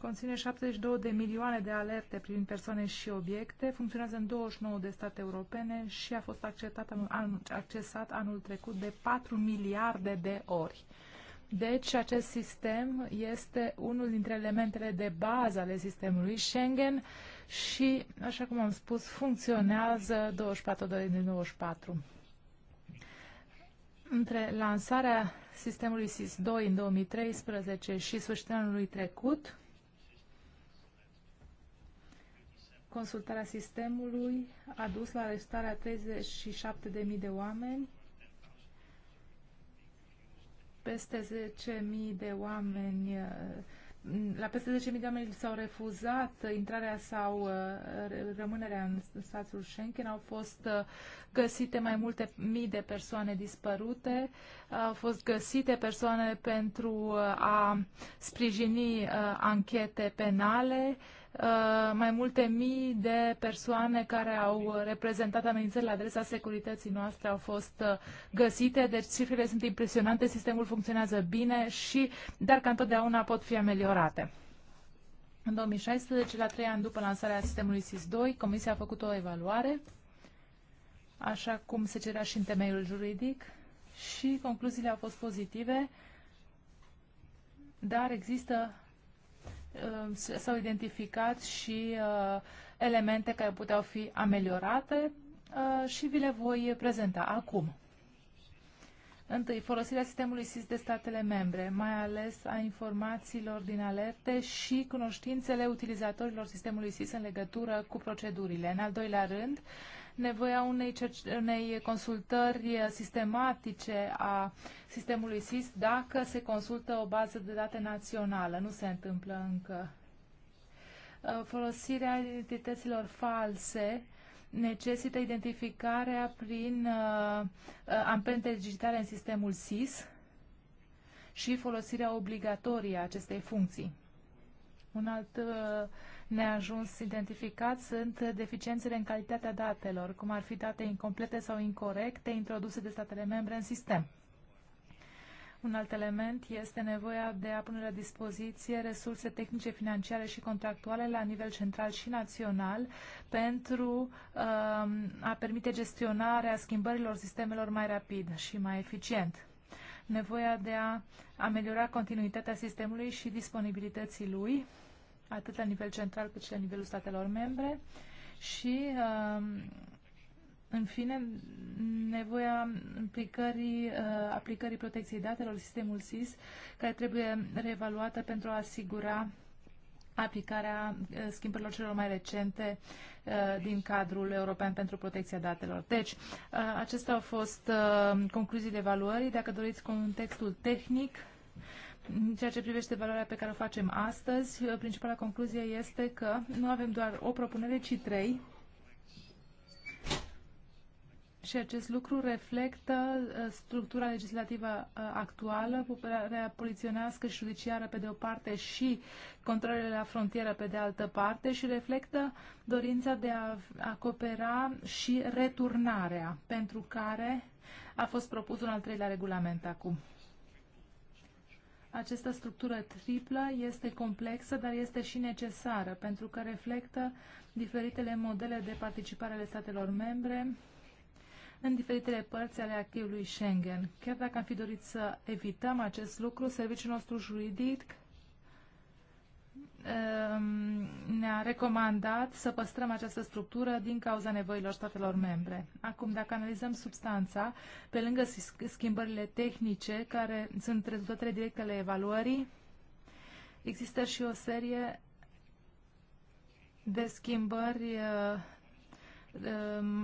conține 72 de milioane de alerte privind persoane și obiecte, funcționează în 29 de state europene și a fost acceptat anul, accesat anul trecut de 4 miliarde de ori. Deci, acest sistem este unul dintre elementele de bază ale sistemului Schengen și, așa cum am spus, funcționează 24 de 24. Între lansarea sistemului SIS-2 în 2013 și sfârșitul anului trecut, Consultarea sistemului a dus la arestarea 37.000 de oameni, peste 10.000 de oameni uh, la peste 10.000 de oameni s-au refuzat intrarea sau uh, rămânerea în statul Schengen. Au fost uh, găsite mai multe mii de persoane dispărute. Au fost găsite persoane pentru a sprijini anchete penale. Uh, mai multe mii de persoane care au reprezentat amenințări la adresa securității noastre au fost uh, găsite, deci cifrele sunt impresionante, sistemul funcționează bine și, dar ca întotdeauna pot fi ameliorate. În 2016, la trei ani după lansarea sistemului SIS-2, Comisia a făcut o evaluare, așa cum se cerea și în temeiul juridic, și concluziile au fost pozitive, dar există Um, s-au identificat și uh, elemente care puteau fi ameliorate uh, și vi le voi prezenta acum. Întâi, folosirea sistemului SIS de statele membre, mai ales a informațiilor din alerte și cunoștințele utilizatorilor sistemului SIS în legătură cu procedurile. În al doilea rând, nevoia unei, unei consultări sistematice a sistemului SIS dacă se consultă o bază de date națională. Nu se întâmplă încă. Uh, folosirea identităților false necesită identificarea prin uh, uh amprente digitale în sistemul SIS și folosirea obligatorie a acestei funcții. Un alt uh, neajuns identificat sunt deficiențele în calitatea datelor, cum ar fi date incomplete sau incorrecte introduse de statele membre în sistem. Un alt element este nevoia de a pune la dispoziție resurse tehnice, financiare și contractuale la nivel central și național pentru um, a permite gestionarea schimbărilor sistemelor mai rapid și mai eficient. Nevoia de a ameliora continuitatea sistemului și disponibilității lui atât la nivel central cât și la nivelul statelor membre și, um, în fine, nevoia aplicării, uh, aplicării protecției datelor, sistemul SIS, care trebuie reevaluată pentru a asigura aplicarea uh, schimbărilor celor mai recente uh, din cadrul european pentru protecția datelor. Deci, acestea au fost concluziile evaluării. Dacă doriți contextul tehnic, în ceea ce privește valoarea pe care o facem astăzi, principala concluzie este că nu avem doar o propunere, ci trei. Și acest lucru reflectă uh, structura legislativă uh, actuală, puterea poliționească și judiciară pe de o parte și controlele la frontieră pe de altă parte și reflectă dorința de a acopera și returnarea pentru care a fost propus un al treilea regulament acum. Această structură triplă este complexă, dar este și necesară, pentru că reflectă diferitele modele de participare ale statelor membre în diferitele părți ale activului Schengen. Chiar dacă am fi dorit să evităm acest lucru, serviciul nostru juridic Ehm, ne-a recomandat să păstrăm această structură din cauza nevoilor statelor membre. Acum, dacă analizăm substanța, pe lângă schimbările tehnice, care sunt rezultatele directe ale evaluării, există și o serie de schimbări eh, eh,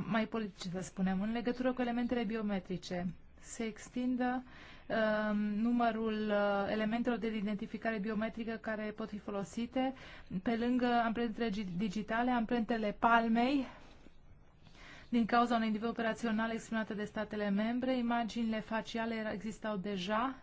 mai politice, să spunem, în legătură cu elementele biometrice. Se extindă Um, numărul uh, elementelor de identificare biometrică care pot fi folosite, pe lângă amprentele digitale, amprentele palmei, din cauza unui nivel operațional exprimată de statele membre, imaginile faciale existau deja,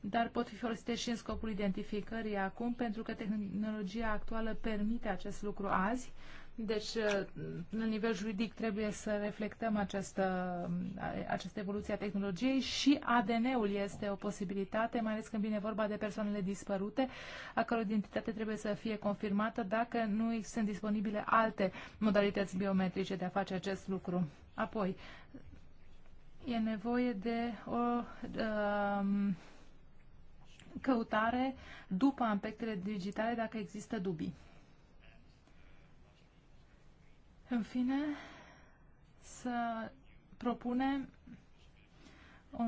dar pot fi folosite și în scopul identificării acum, pentru că tehnologia actuală permite acest lucru azi. Deci, uh, la nivel juridic, trebuie să reflectăm această, uh, această evoluție a tehnologiei și ADN-ul este o posibilitate, mai ales când vine vorba de persoanele dispărute, a căror identitate trebuie să fie confirmată dacă nu sunt disponibile alte modalități biometrice de a face acest lucru. Apoi, e nevoie de o um, căutare după aspectele digitale dacă există dubii. În fine, să propunem o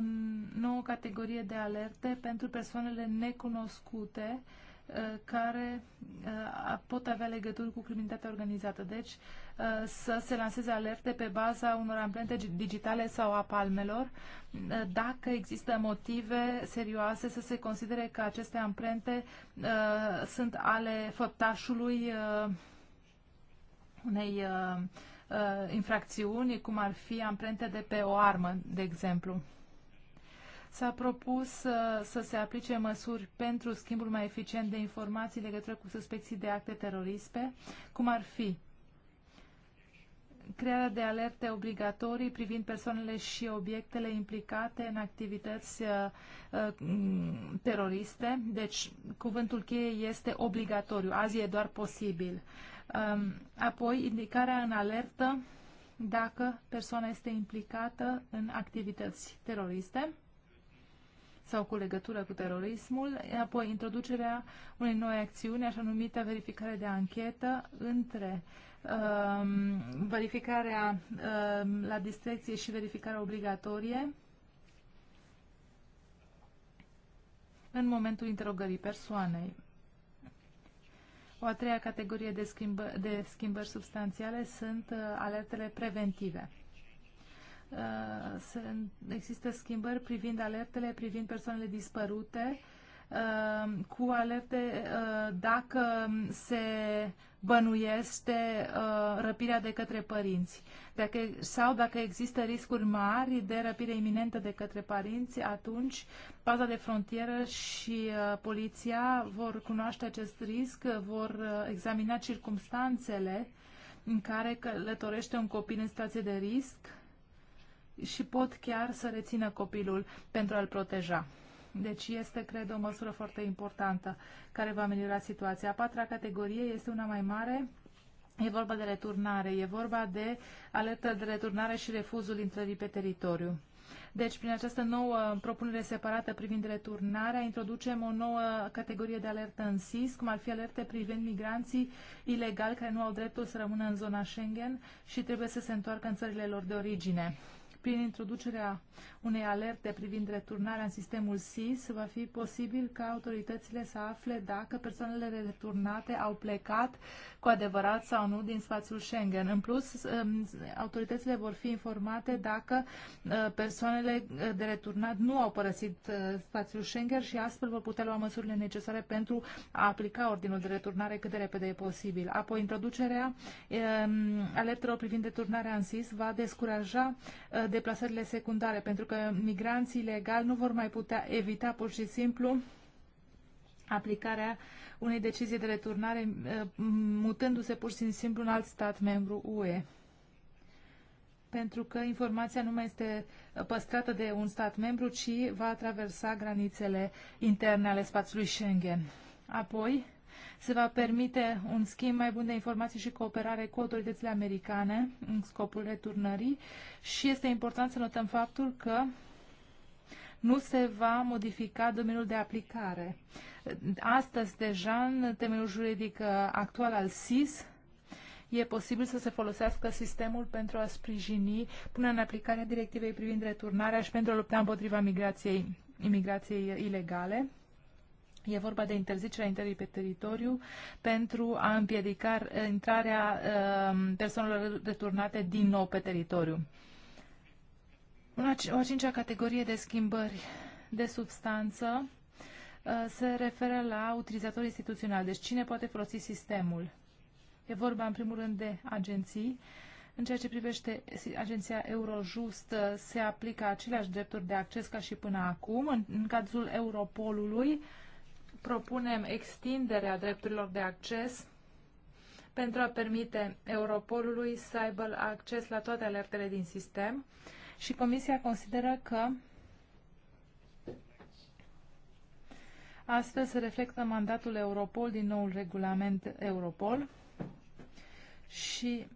nouă categorie de alerte pentru persoanele necunoscute uh, care uh, pot avea legături cu criminalitatea organizată. Deci uh, să se lanseze alerte pe baza unor amprente digitale sau a palmelor dacă există motive serioase să se considere că aceste amprente sunt ale făptașului unei uh, uh, infracțiuni, cum ar fi amprente de pe o armă, de exemplu. S-a propus uh, să se aplice măsuri pentru schimbul mai eficient de informații legătură cu suspecții de acte teroriste, cum ar fi crearea de alerte obligatorii privind persoanele și obiectele implicate în activități uh, uh teroriste. Deci, cuvântul cheie este obligatoriu. Azi e doar posibil. Um, apoi, indicarea în alertă dacă persoana este implicată în activități teroriste sau cu legătură cu terorismul, apoi introducerea unei noi acțiuni, așa numită verificare de anchetă, între um, verificarea um, la distracție și verificarea obligatorie în momentul interogării persoanei. O a treia categorie de, schimbă, de schimbări substanțiale sunt uh, alertele preventive. Uh, sunt, există schimbări privind alertele, privind persoanele dispărute, Um, cu alerte uh, dacă se bănuiește uh, răpirea de către părinți. Dacă, sau dacă există riscuri mari de răpire iminentă de către părinți, atunci paza de frontieră și uh, poliția vor cunoaște acest risc, vor examina circumstanțele în care călătorește un copil în situație de risc și pot chiar să rețină copilul pentru a-l proteja. Deci este, cred, o măsură foarte importantă care va ameliora situația. A patra categorie este una mai mare, E vorba de returnare, e vorba de alertă de returnare și refuzul intrării pe teritoriu. Deci, prin această nouă propunere separată privind returnarea, introducem o nouă categorie de alertă în SIS, cum ar fi alerte privind migranții ilegali care nu au dreptul să rămână în zona Schengen și trebuie să se întoarcă în țările lor de origine. Prin introducerea unei alerte privind returnarea în sistemul SIS, va fi posibil ca autoritățile să afle dacă persoanele returnate au plecat cu adevărat sau nu din spațiul Schengen. În plus, um, autoritățile vor fi informate dacă uh, persoanele uh, de returnat nu au părăsit uh, spațiul Schengen și astfel vor putea lua măsurile necesare pentru a aplica ordinul de returnare cât de repede e posibil. Apoi, introducerea um, alertelor privind returnarea în SIS va descuraja deplasările secundare, pentru că migranții ilegali nu vor mai putea evita pur și simplu aplicarea unei decizii de returnare, eh, mutându-se pur și simplu în alt stat membru UE. Pentru că informația nu mai este eh, păstrată de un stat membru, ci va traversa granițele interne ale spațiului Schengen. Apoi, se va permite un schimb mai bun de informații și cooperare cu autoritățile americane în scopul returnării și este important să notăm faptul că nu se va modifica domeniul de aplicare. Astăzi, deja, în temeiul juridic uh, actual al SIS, e posibil să se folosească sistemul pentru a sprijini până în aplicarea directivei privind returnarea și pentru a lupta împotriva migrației, imigrației ilegale. E vorba de interzicerea intrării pe teritoriu pentru a împiedica intrarea um, persoanelor returnate din nou pe teritoriu. Una, o a cincea categorie de schimbări de substanță uh, se referă la utilizatorii instituționali, deci cine poate folosi sistemul. E vorba în primul rând de agenții. În ceea ce privește agenția Eurojust, uh, se aplică aceleași drepturi de acces ca și până acum. În, cazul Europolului, propunem extinderea drepturilor de acces pentru a permite Europolului să aibă acces la toate alertele din sistem și Comisia consideră că astfel se reflectă mandatul Europol din noul regulament Europol și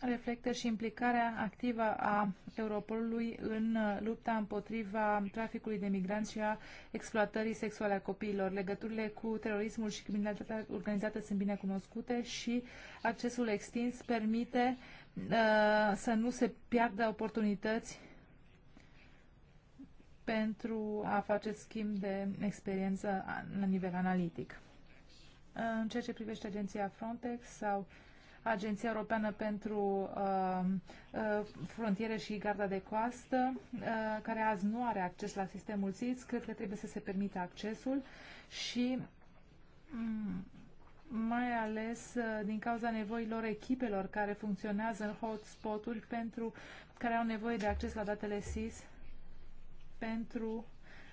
reflectă și implicarea activă a Europolului în uh, lupta împotriva traficului de migranți și a exploatării sexuale a copiilor. Legăturile cu terorismul și criminalitatea organizată sunt bine cunoscute și accesul extins permite uh, să nu se piardă oportunități pentru a face schimb de experiență la nivel analitic. În ceea ce privește agenția Frontex sau Agenția Europeană pentru uh, uh, Frontiere și Garda de Coastă, uh, care azi nu are acces la sistemul SIS, cred că trebuie să se permită accesul și um, mai ales uh, din cauza nevoilor echipelor care funcționează în hotspot-uri pentru care au nevoie de acces la datele SIS pentru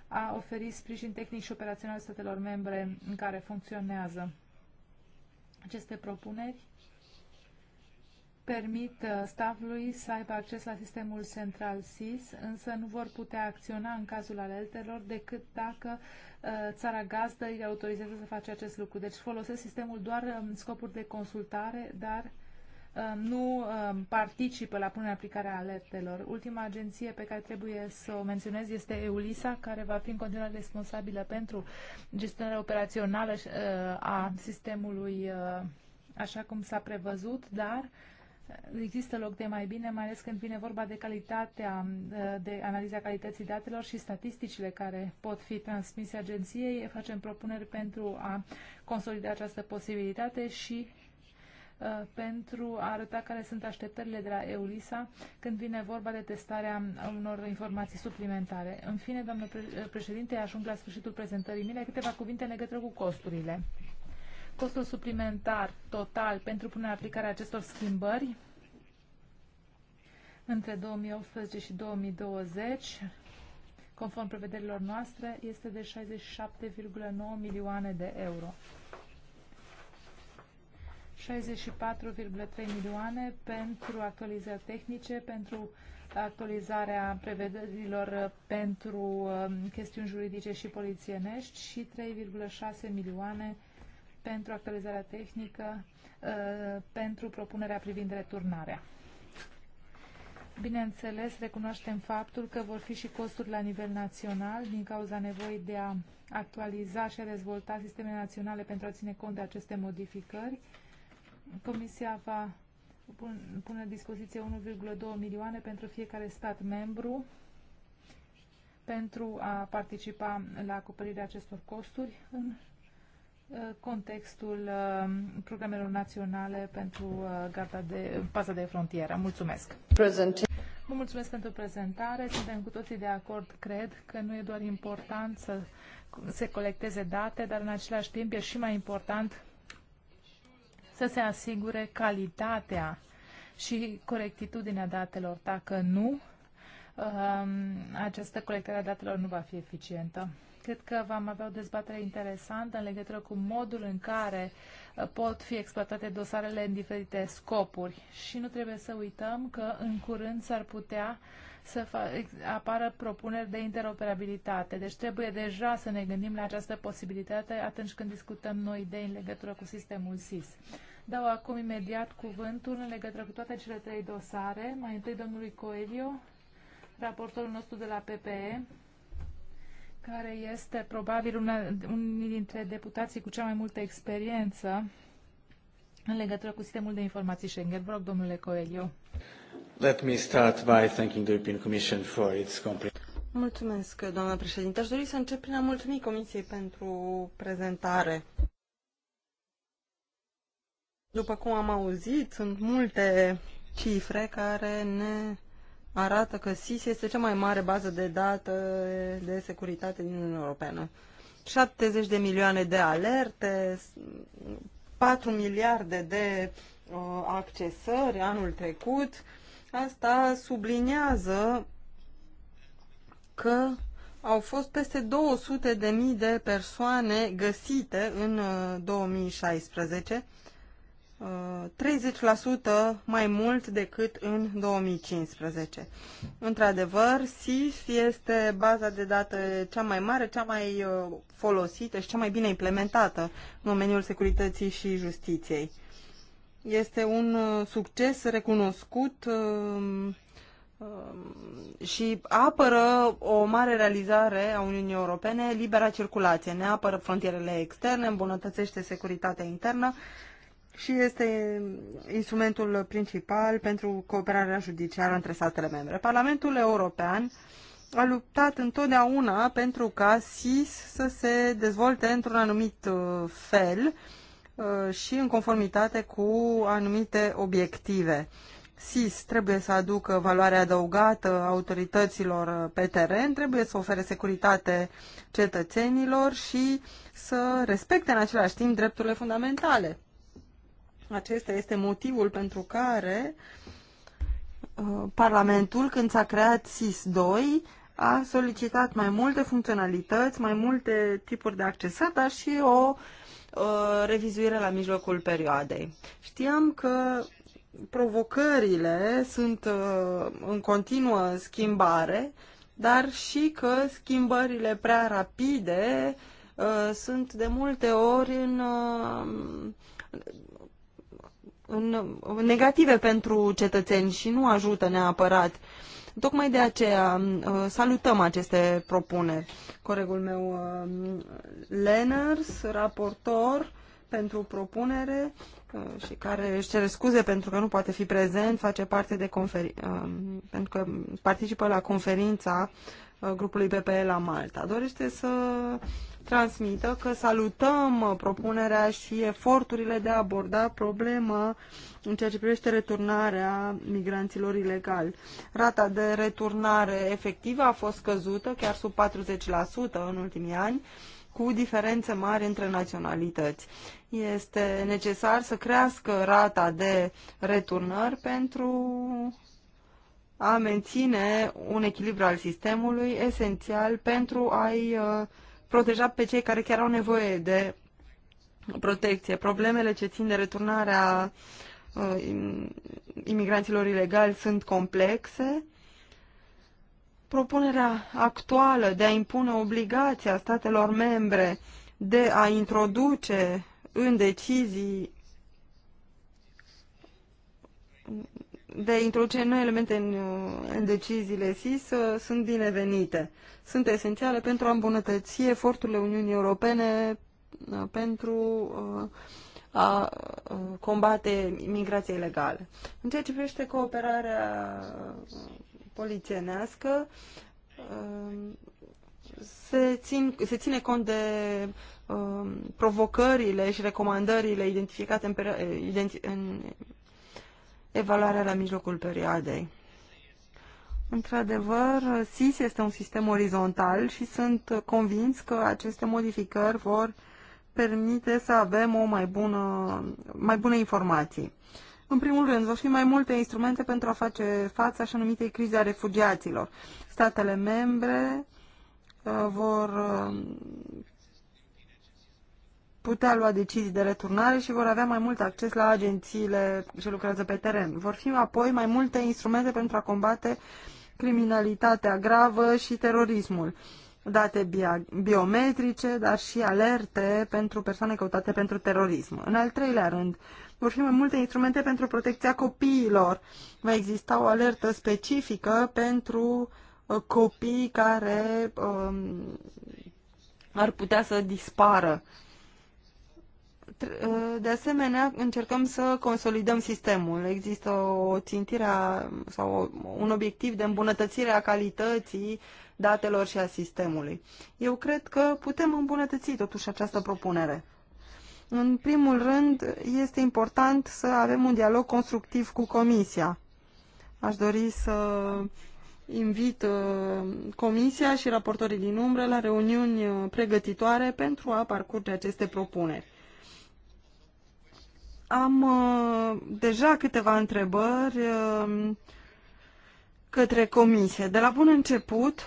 a oferi sprijin tehnic și operațional statelor membre în care funcționează. Aceste propuneri permit uh, staffului să aibă acces la sistemul central SIS, însă nu vor putea acționa în cazul alertelor decât dacă uh, țara gazdă îi autorizează să face acest lucru. Deci folosesc sistemul doar în scopuri de consultare, dar um, nu um, participă la punerea aplicare a alertelor. Ultima agenție pe care trebuie să o menționez este EULISA, care va fi în continuare responsabilă pentru gestionarea operațională uh, a sistemului așa cum s-a prevăzut, dar uh, există loc de mai bine, mai ales când vine vorba de calitatea, de analiza calității datelor și statisticile care pot fi transmise agenției. Facem propuneri pentru a consolida această posibilitate și uh, pentru a arăta care sunt așteptările de la EULISA când vine vorba de testarea unor informații suplimentare. În fine, doamnă președinte, ajung la sfârșitul prezentării mele câteva cuvinte legătură cu costurile. Costul suplimentar total pentru punerea aplicare acestor schimbări între 2018 și 2020, conform prevederilor noastre, este de 67,9 milioane de euro. 64,3 milioane pentru actualizări tehnice, pentru actualizarea prevederilor uh, pentru uh, chestiuni juridice și polițienești și 3,6 milioane pentru actualizarea tehnică, uh, pentru propunerea privind returnarea. Bineînțeles, recunoaștem faptul că vor fi și costuri la nivel național din cauza nevoii de a actualiza și a dezvolta sistemele naționale pentru a ține cont de aceste modificări. Comisia va pune la dispoziție 1,2 milioane pentru fiecare stat membru pentru a participa la acoperirea acestor costuri în Uh, contextul uh, programelor naționale pentru uh, garda de, paza de frontieră. Mulțumesc! Present. Vă mulțumesc pentru prezentare. Suntem cu toții de acord, cred, că nu e doar important să se colecteze date, dar în același timp e și mai important să se asigure calitatea și corectitudinea datelor. Dacă nu, um, această colectare a datelor nu va fi eficientă. Cred că vom avea o dezbatere interesantă în legătură cu modul în care uh, pot fi exploatate dosarele în diferite scopuri. Și nu trebuie să uităm că în curând s-ar putea să apară propuneri de interoperabilitate. Deci trebuie deja să ne gândim la această posibilitate atunci când discutăm noi idei în legătură cu sistemul SIS. Dau acum imediat cuvântul în legătură cu toate cele trei dosare. Mai întâi domnului Coelio, raportorul nostru de la PPE, care este probabil una, unii dintre deputații cu cea mai multă experiență în legătură cu sistemul de informații Schengen. Vă rog, domnule Coelho. Let me start by thanking the European Commission for its complete... Mulțumesc, doamna președinte. Aș dori să încep prin a mulțumi Comisiei pentru prezentare. După cum am auzit, sunt multe cifre care ne arată că SIS este cea mai mare bază de date de securitate din Uniunea Europeană. 70 de milioane de alerte, 4 miliarde de uh, accesări anul trecut. Asta subliniază că au fost peste 200 de mii de persoane găsite în 2016 uh, 30% mai mult decât în 2015. Într-adevăr, SIF este baza de date cea mai mare, cea mai uh, folosită și cea mai bine implementată în domeniul securității și justiției. Este un uh, succes recunoscut um, um, și apără o mare realizare a Uniunii Europene, libera circulație, ne apără frontierele externe, îmbunătățește securitatea internă și este instrumentul principal pentru cooperarea judiciară între statele membre. Parlamentul European a luptat întotdeauna pentru ca SIS să se dezvolte într-un anumit uh, fel uh, și în conformitate cu anumite obiective. SIS trebuie să aducă valoare adăugată autorităților uh, pe teren, trebuie să ofere securitate cetățenilor și să respecte în același timp drepturile fundamentale. Acesta este motivul pentru care uh, Parlamentul, când s-a creat SIS-2, a solicitat mai multe funcționalități, mai multe tipuri de accesat, dar și o uh, revizuire la mijlocul perioadei. Știam că provocările sunt uh, în continuă schimbare, dar și că schimbările prea rapide sunt de multe ori în negative pentru cetățeni și nu ajută neapărat. Tocmai de aceea uh, salutăm aceste propuneri. Colegul meu uh, Lenners, raportor pentru propunere uh, și care își cere scuze pentru că nu poate fi prezent, face parte de conferi- pentru că participă la conferința grupului PPE la Malta. Dorește să transmită că salutăm uh, propunerea și eforturile de a aborda problema în ceea ce privește returnarea migranților ilegali. Rata de returnare efectivă a fost scăzută chiar sub 40% în ultimii ani, cu diferențe mari între naționalități. Este necesar să crească rata de returnări pentru a menține un echilibru al sistemului esențial pentru a-i uh, proteja pe cei care chiar au nevoie de protecție. Problemele ce țin de returnarea uh, imigranților ilegali sunt complexe. Propunerea actuală de a impune obligația statelor membre de a introduce în decizii de a introduce noi elemente în, în deciziile SIS uh, sunt binevenite. Sunt esențiale pentru a îmbunătăți eforturile Uniunii Europene uh, pentru uh, a combate migrația ilegală. În ceea ce privește cooperarea polițienească, se, țin, se ține cont de provocările și recomandările identificate în, în evaluarea la mijlocul perioadei. Într-adevăr, SIS este un sistem orizontal și sunt convins că aceste modificări vor permite să avem o mai bună, mai bune informații. În primul rând, vor fi mai multe instrumente pentru a face față așa numitei crize a refugiaților. Statele membre uh, vor uh, putea lua decizii de returnare și vor avea mai mult acces la agențiile ce lucrează pe teren. Vor fi apoi mai multe instrumente pentru a combate criminalitatea gravă și terorismul, date biometrice, dar și alerte pentru persoane căutate pentru terorism. În al treilea rând, vor fi mai multe instrumente pentru protecția copiilor. Va exista o alertă specifică pentru uh, copii care um, ar putea să dispară Ă, de asemenea, încercăm să consolidăm sistemul. Există o țintire sau un obiectiv de îmbunătățire a calității datelor și a sistemului. Eu cred că putem îmbunătăți totuși această propunere. În primul rând, este important să avem un dialog constructiv cu Comisia. Aș dori să invit ă, Comisia și raportorii din umbră la reuniuni ă, pregătitoare pentru a parcurge aceste propuneri. Am uh, deja câteva întrebări uh, către comisie. De la bun început,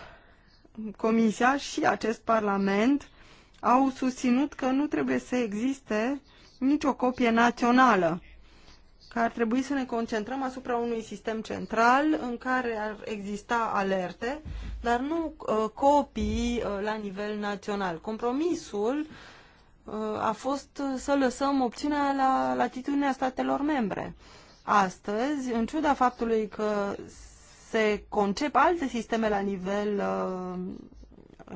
comisia și acest parlament au susținut că nu trebuie să existe nicio copie națională, că ar trebui să ne concentrăm asupra unui sistem central în care ar exista alerte, dar nu uh, copii la nivel național. Compromisul uh, Uh, a fost să lăsăm opțiunea la latitudinea statelor membre. Astăzi, în ciuda faptului că se concep alte sisteme la nivel uh,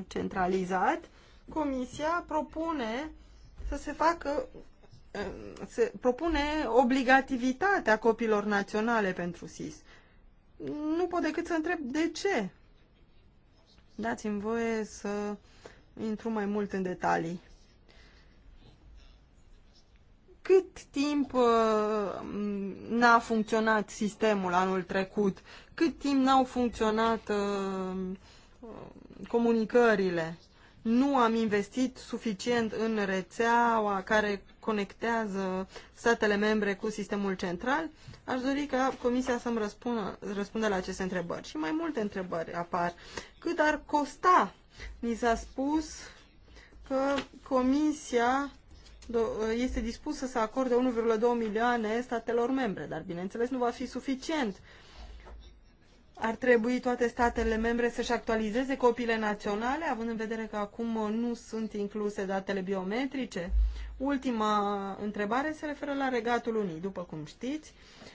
centralizat, Comisia propune să se facă uh, se propune obligativitatea copilor naționale pentru SIS. Nu pot decât să întreb de ce. Dați-mi voie să intru mai mult în detalii cât timp uh, n-a funcționat sistemul anul trecut, cât timp n-au funcționat uh, uh, comunicările. Nu am investit suficient în rețeaua care conectează statele membre cu sistemul central. Aș dori ca Comisia să-mi răspundă, răspundă la aceste întrebări. Și mai multe întrebări apar. Cât ar costa? Mi s-a spus că Comisia este dispusă să acorde 1,2 milioane statelor membre, dar bineînțeles nu va fi suficient. Ar trebui toate statele membre să-și actualizeze copiile naționale, având în vedere că acum nu sunt incluse datele biometrice. Ultima întrebare se referă la Regatul Unii. După cum știți,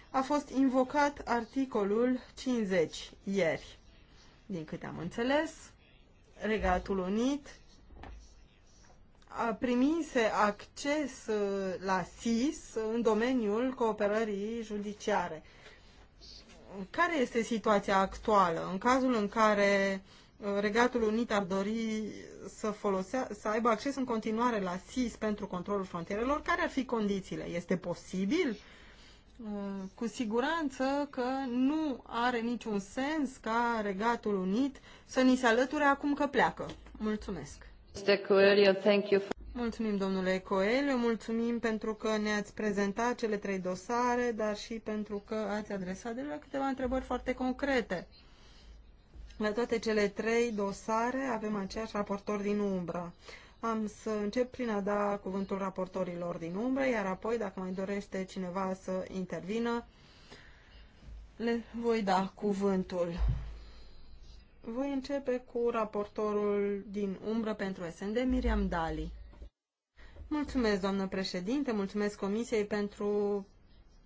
a fost invocat articolul 50 ieri. Din câte am înțeles, Regatul Unit primise acces uh, la SIS în domeniul cooperării judiciare. Care este situația actuală în cazul în care uh, Regatul Unit ar dori să, folosea, să aibă acces în continuare la SIS pentru controlul frontierelor? Care ar fi condițiile? Este posibil? Uh, cu siguranță că nu are niciun sens ca Regatul Unit să ni se alăture acum că pleacă. Mulțumesc! Mulțumim, domnule Coelho, mulțumim pentru că ne-ați prezentat cele trei dosare, dar și pentru că ați adresat de la câteva întrebări foarte concrete. La toate cele trei dosare avem aceeași raportor din umbră. Am să încep prin a da cuvântul raportorilor din umbră, iar apoi, dacă mai dorește cineva să intervină, le voi da cuvântul. Voi începe cu raportorul din umbră pentru SND, Miriam Dali. Mulțumesc, doamnă președinte, mulțumesc Comisiei pentru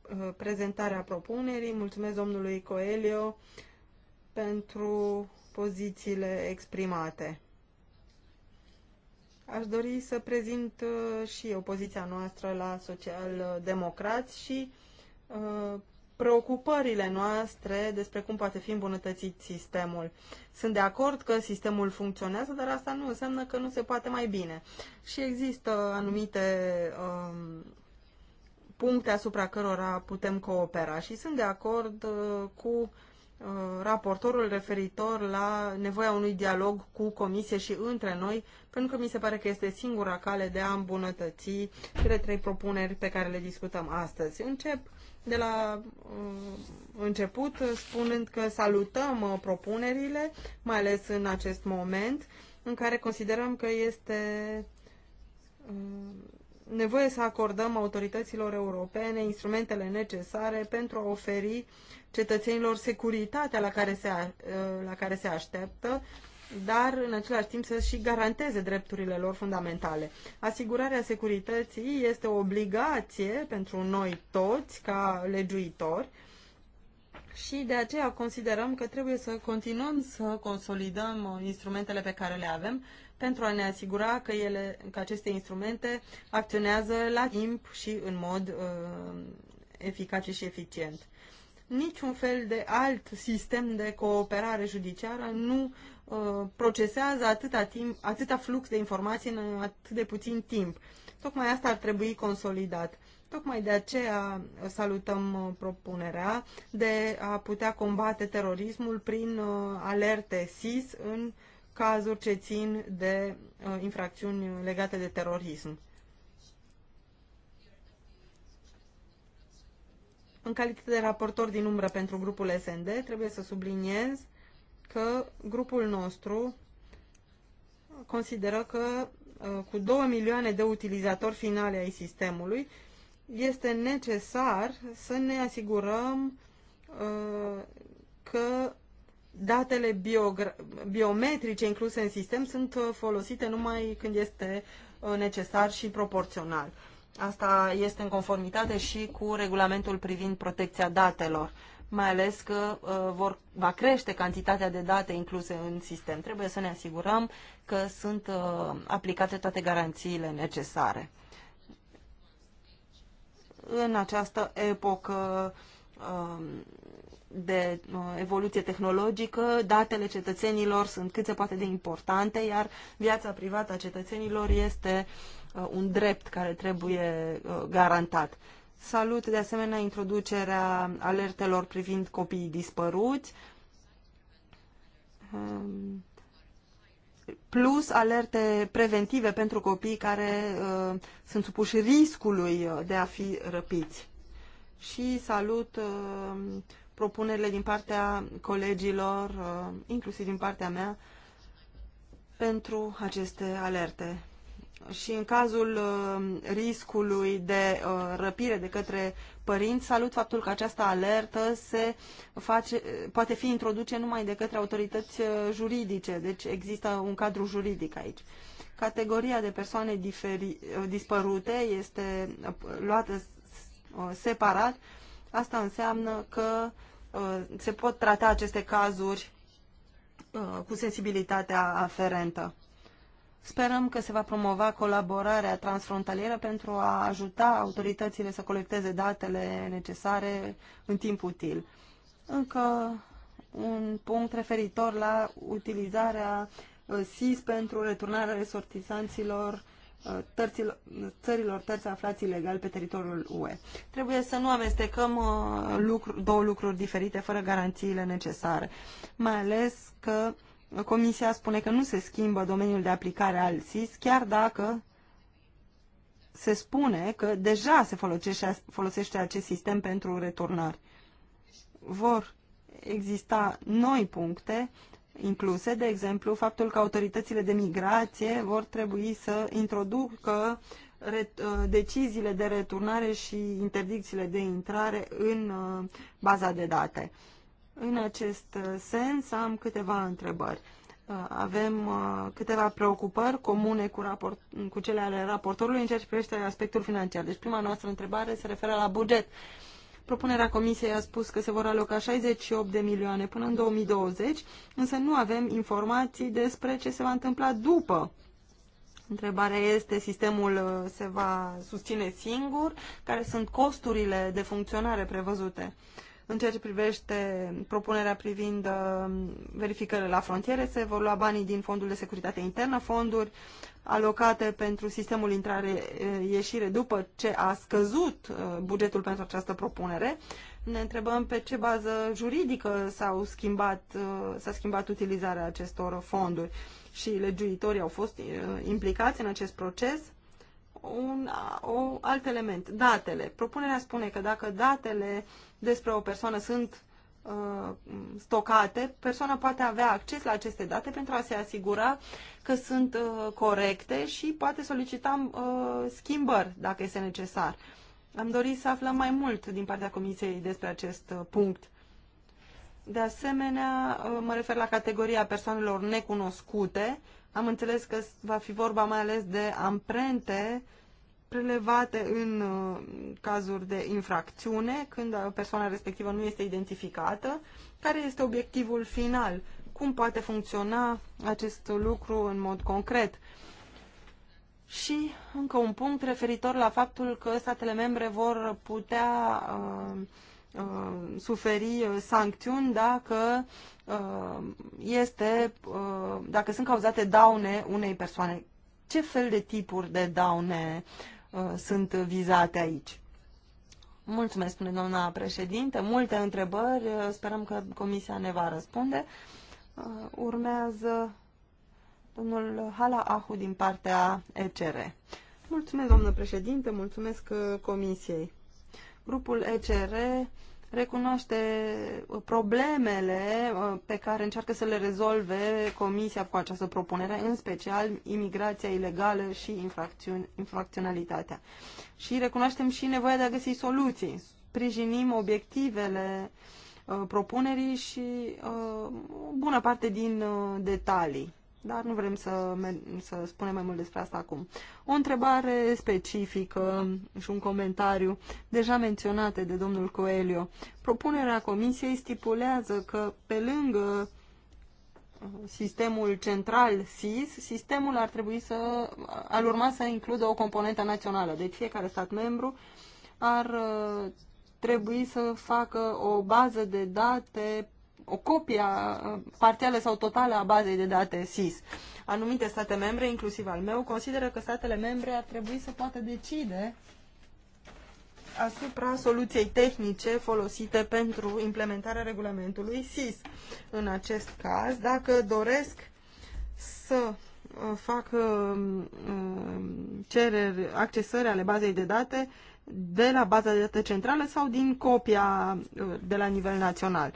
uh, prezentarea propunerii, mulțumesc domnului Coelio pentru pozițiile exprimate. Aș dori să prezint uh, și eu poziția noastră la social-democrați uh, și uh, preocupările noastre despre cum poate fi îmbunătățit sistemul. Sunt de acord că sistemul funcționează, dar asta nu înseamnă că nu se poate mai bine. Și există anumite um, puncte asupra cărora putem coopera și sunt de acord uh, cu uh, raportorul referitor la nevoia unui dialog cu comisie și între noi, pentru că mi se pare că este singura cale de a îmbunătăți cele trei propuneri pe care le discutăm astăzi. Încep de la uh, început spunând că salutăm uh, propunerile, mai ales în acest moment în care considerăm că este uh, nevoie să acordăm autorităților europene instrumentele necesare pentru a oferi cetățenilor securitatea la care se, uh, la care se așteaptă dar în același timp să și garanteze drepturile lor fundamentale. Asigurarea securității este o obligație pentru noi toți ca legiuitori și de aceea considerăm că trebuie să continuăm să consolidăm instrumentele pe care le avem pentru a ne asigura că, ele, că aceste instrumente acționează la timp și în mod uh, eficace și eficient niciun fel de alt sistem de cooperare judiciară nu uh, procesează atâta, timp, atâta flux de informații în atât de puțin timp. Tocmai asta ar trebui consolidat. Tocmai de aceea salutăm uh, propunerea de a putea combate terorismul prin uh, alerte SIS în cazuri ce țin de infracțiuni legate de terorism. În calitate de raportor din umbră pentru grupul SND, trebuie să subliniez că grupul nostru consideră că uh, cu 2 milioane de utilizatori finale ai sistemului, este necesar să ne asigurăm uh, că datele biometrice incluse în sistem sunt uh, folosite numai când este necesar și proporțional. Asta este în conformitate și cu regulamentul privind protecția datelor, mai ales că uh, vor, va crește cantitatea de date incluse în sistem. Trebuie să ne asigurăm că sunt uh, aplicate toate garanțiile necesare. În această epocă um, uh, de evoluție tehnologică, datele cetățenilor sunt cât se poate de importante, iar viața privată a cetățenilor este uh, Uh, un drept care trebuie uh, garantat. Salut de asemenea introducerea alertelor privind copiii dispăruți, um, plus alerte preventive pentru copii care uh, sunt supuși riscului de a fi răpiți. Și salut propunerile din partea colegilor, inclusiv din partea mea, pentru aceste alerte și în cazul uh, riscului de uh, răpire de către părinți, salut faptul că această alertă se face, poate fi introduce numai de către autorități uh, juridice, deci există un cadru juridic aici. Categoria de persoane diferi, dispărute este luată separat. Asta înseamnă că se pot trata aceste cazuri cu sensibilitatea aferentă. Sperăm că se va promova colaborarea transfrontalieră pentru a ajuta autoritățile să colecteze datele necesare în timp util. Încă un punct referitor la utilizarea uh, SIS pentru returnarea resortizanților uh, țărilor terțe aflați ilegal pe teritoriul UE. Trebuie să nu amestecăm uh, lucru, două lucruri diferite fără garanțiile necesare, mai ales că Comisia spune că nu se schimbă domeniul de aplicare al SIS, chiar dacă se spune că deja se folosește, folosește acest sistem pentru returnări. Vor exista noi puncte incluse, de exemplu, faptul că autoritățile de migrație vor trebui să introducă uh, deciziile de returnare și interdicțiile de intrare în uh, baza de date. În acest uh, sens am câteva întrebări. Uh, avem uh, câteva preocupări comune cu, raport, cu cele ale raportorului în ceea ce privește aspectul financiar. Deci prima noastră întrebare se referă la buget. Propunerea Comisiei a spus că se vor aloca 68 de milioane până în 2020, însă nu avem informații despre ce se va întâmpla după. Întrebarea este, sistemul se va susține singur? Care sunt costurile de funcționare prevăzute? Uh, în ceea ce privește propunerea privind uh, verificările la frontiere, se vor lua banii din Fondul de Securitate Internă, fonduri alocate pentru sistemul intrare-ieșire uh, după ce a scăzut uh, bugetul pentru această propunere. Ne întrebăm pe ce bază juridică s-a schimbat, s-a schimbat utilizarea acestor fonduri și legiuitorii au fost implicați în acest proces un o, alt element, datele. Propunerea spune că dacă datele despre o persoană sunt uh, stocate, persoana poate avea acces la aceste date pentru a se asigura că sunt uh, corecte și poate solicita uh, schimbări dacă este necesar. Am dorit să aflăm mai mult din partea Comisiei despre acest uh, punct. De asemenea, uh, mă refer la categoria persoanelor necunoscute, am înțeles că va fi vorba mai ales de amprente prelevate în uh, cazuri de infracțiune, când uh, persoana respectivă nu este identificată. Care este obiectivul final? Cum poate funcționa acest lucru în mod concret? Și încă un punct referitor la faptul că statele membre vor putea uh, uh, suferi uh, sancțiuni dacă uh, este, uh, dacă sunt cauzate daune unei persoane. Ce fel de tipuri de daune uh, sunt vizate aici? Mulțumesc, spune doamna președinte. Multe întrebări. Uh, sperăm că comisia ne va răspunde. Urmează domnul Hala Ahu din partea ECR. Mulțumesc, doamnă președinte, mulțumesc comisiei. Grupul ECR recunoaște uh, problemele uh, pe care încearcă să le rezolve Comisia cu această propunere, în special imigrația ilegală și infracționalitatea. Și recunoaștem și nevoia de a găsi soluții. Sprijinim obiectivele uh, propunerii și o bună parte din detalii dar nu vrem să, să spunem mai mult despre asta acum. O întrebare specifică și un comentariu deja menționate de domnul Coelio. Propunerea comisiei stipulează că pe lângă uh, sistemul central SIS, sistemul ar trebui să ar urma să includă o componentă națională. Deci fiecare stat membru ar uh, trebui să facă o bază de date o copie parțială sau totală a bazei de date SIS. Anumite state membre, inclusiv al meu, consideră că statele membre ar trebui să poată decide asupra soluției tehnice folosite pentru implementarea regulamentului SIS. În acest caz, dacă doresc să fac cereri, accesări ale bazei de date de la baza de date centrală sau din copia de la nivel național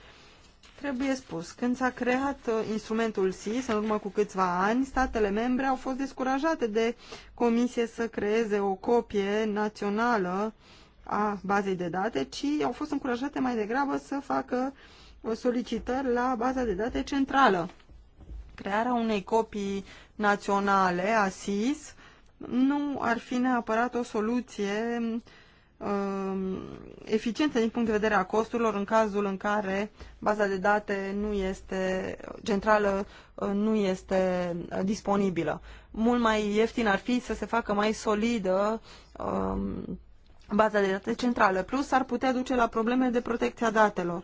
trebuie spus. Când s-a creat uh, instrumentul SIS, în urmă cu câțiva ani, statele membre au fost descurajate de comisie să creeze o copie națională a bazei de date, ci au fost încurajate mai degrabă să facă uh, solicitări la baza de date centrală. Crearea unei copii naționale a SIS nu ar fi neapărat o soluție uh, Um, eficiență din punct de vedere a costurilor în cazul în care baza de date nu este centrală uh, nu este uh, disponibilă. Mult mai ieftin ar fi să se facă mai solidă um, baza de date centrală, plus ar putea duce la probleme de protecția datelor.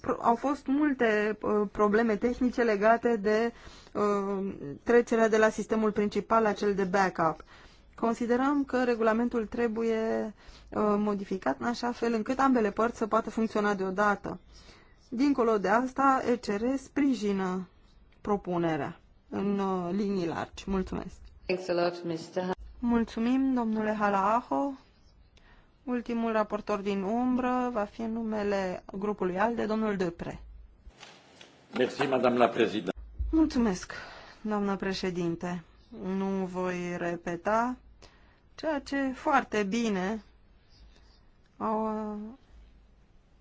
Pro au fost multe uh, probleme tehnice legate de uh, Uh, trecerea de la sistemul principal la cel de backup. Considerăm că regulamentul trebuie uh, modificat în așa fel încât ambele părți să poată funcționa deodată. Dincolo de asta, ECR sprijină propunerea în uh, linii largi. Mulțumesc! Mulțumim, domnule Halaaho. Ultimul raportor din umbră va fi în numele grupului ALDE, domnul Depre. Merci, madame la președinte. Mulțumesc, doamnă președinte. Nu voi repeta ceea ce foarte bine a,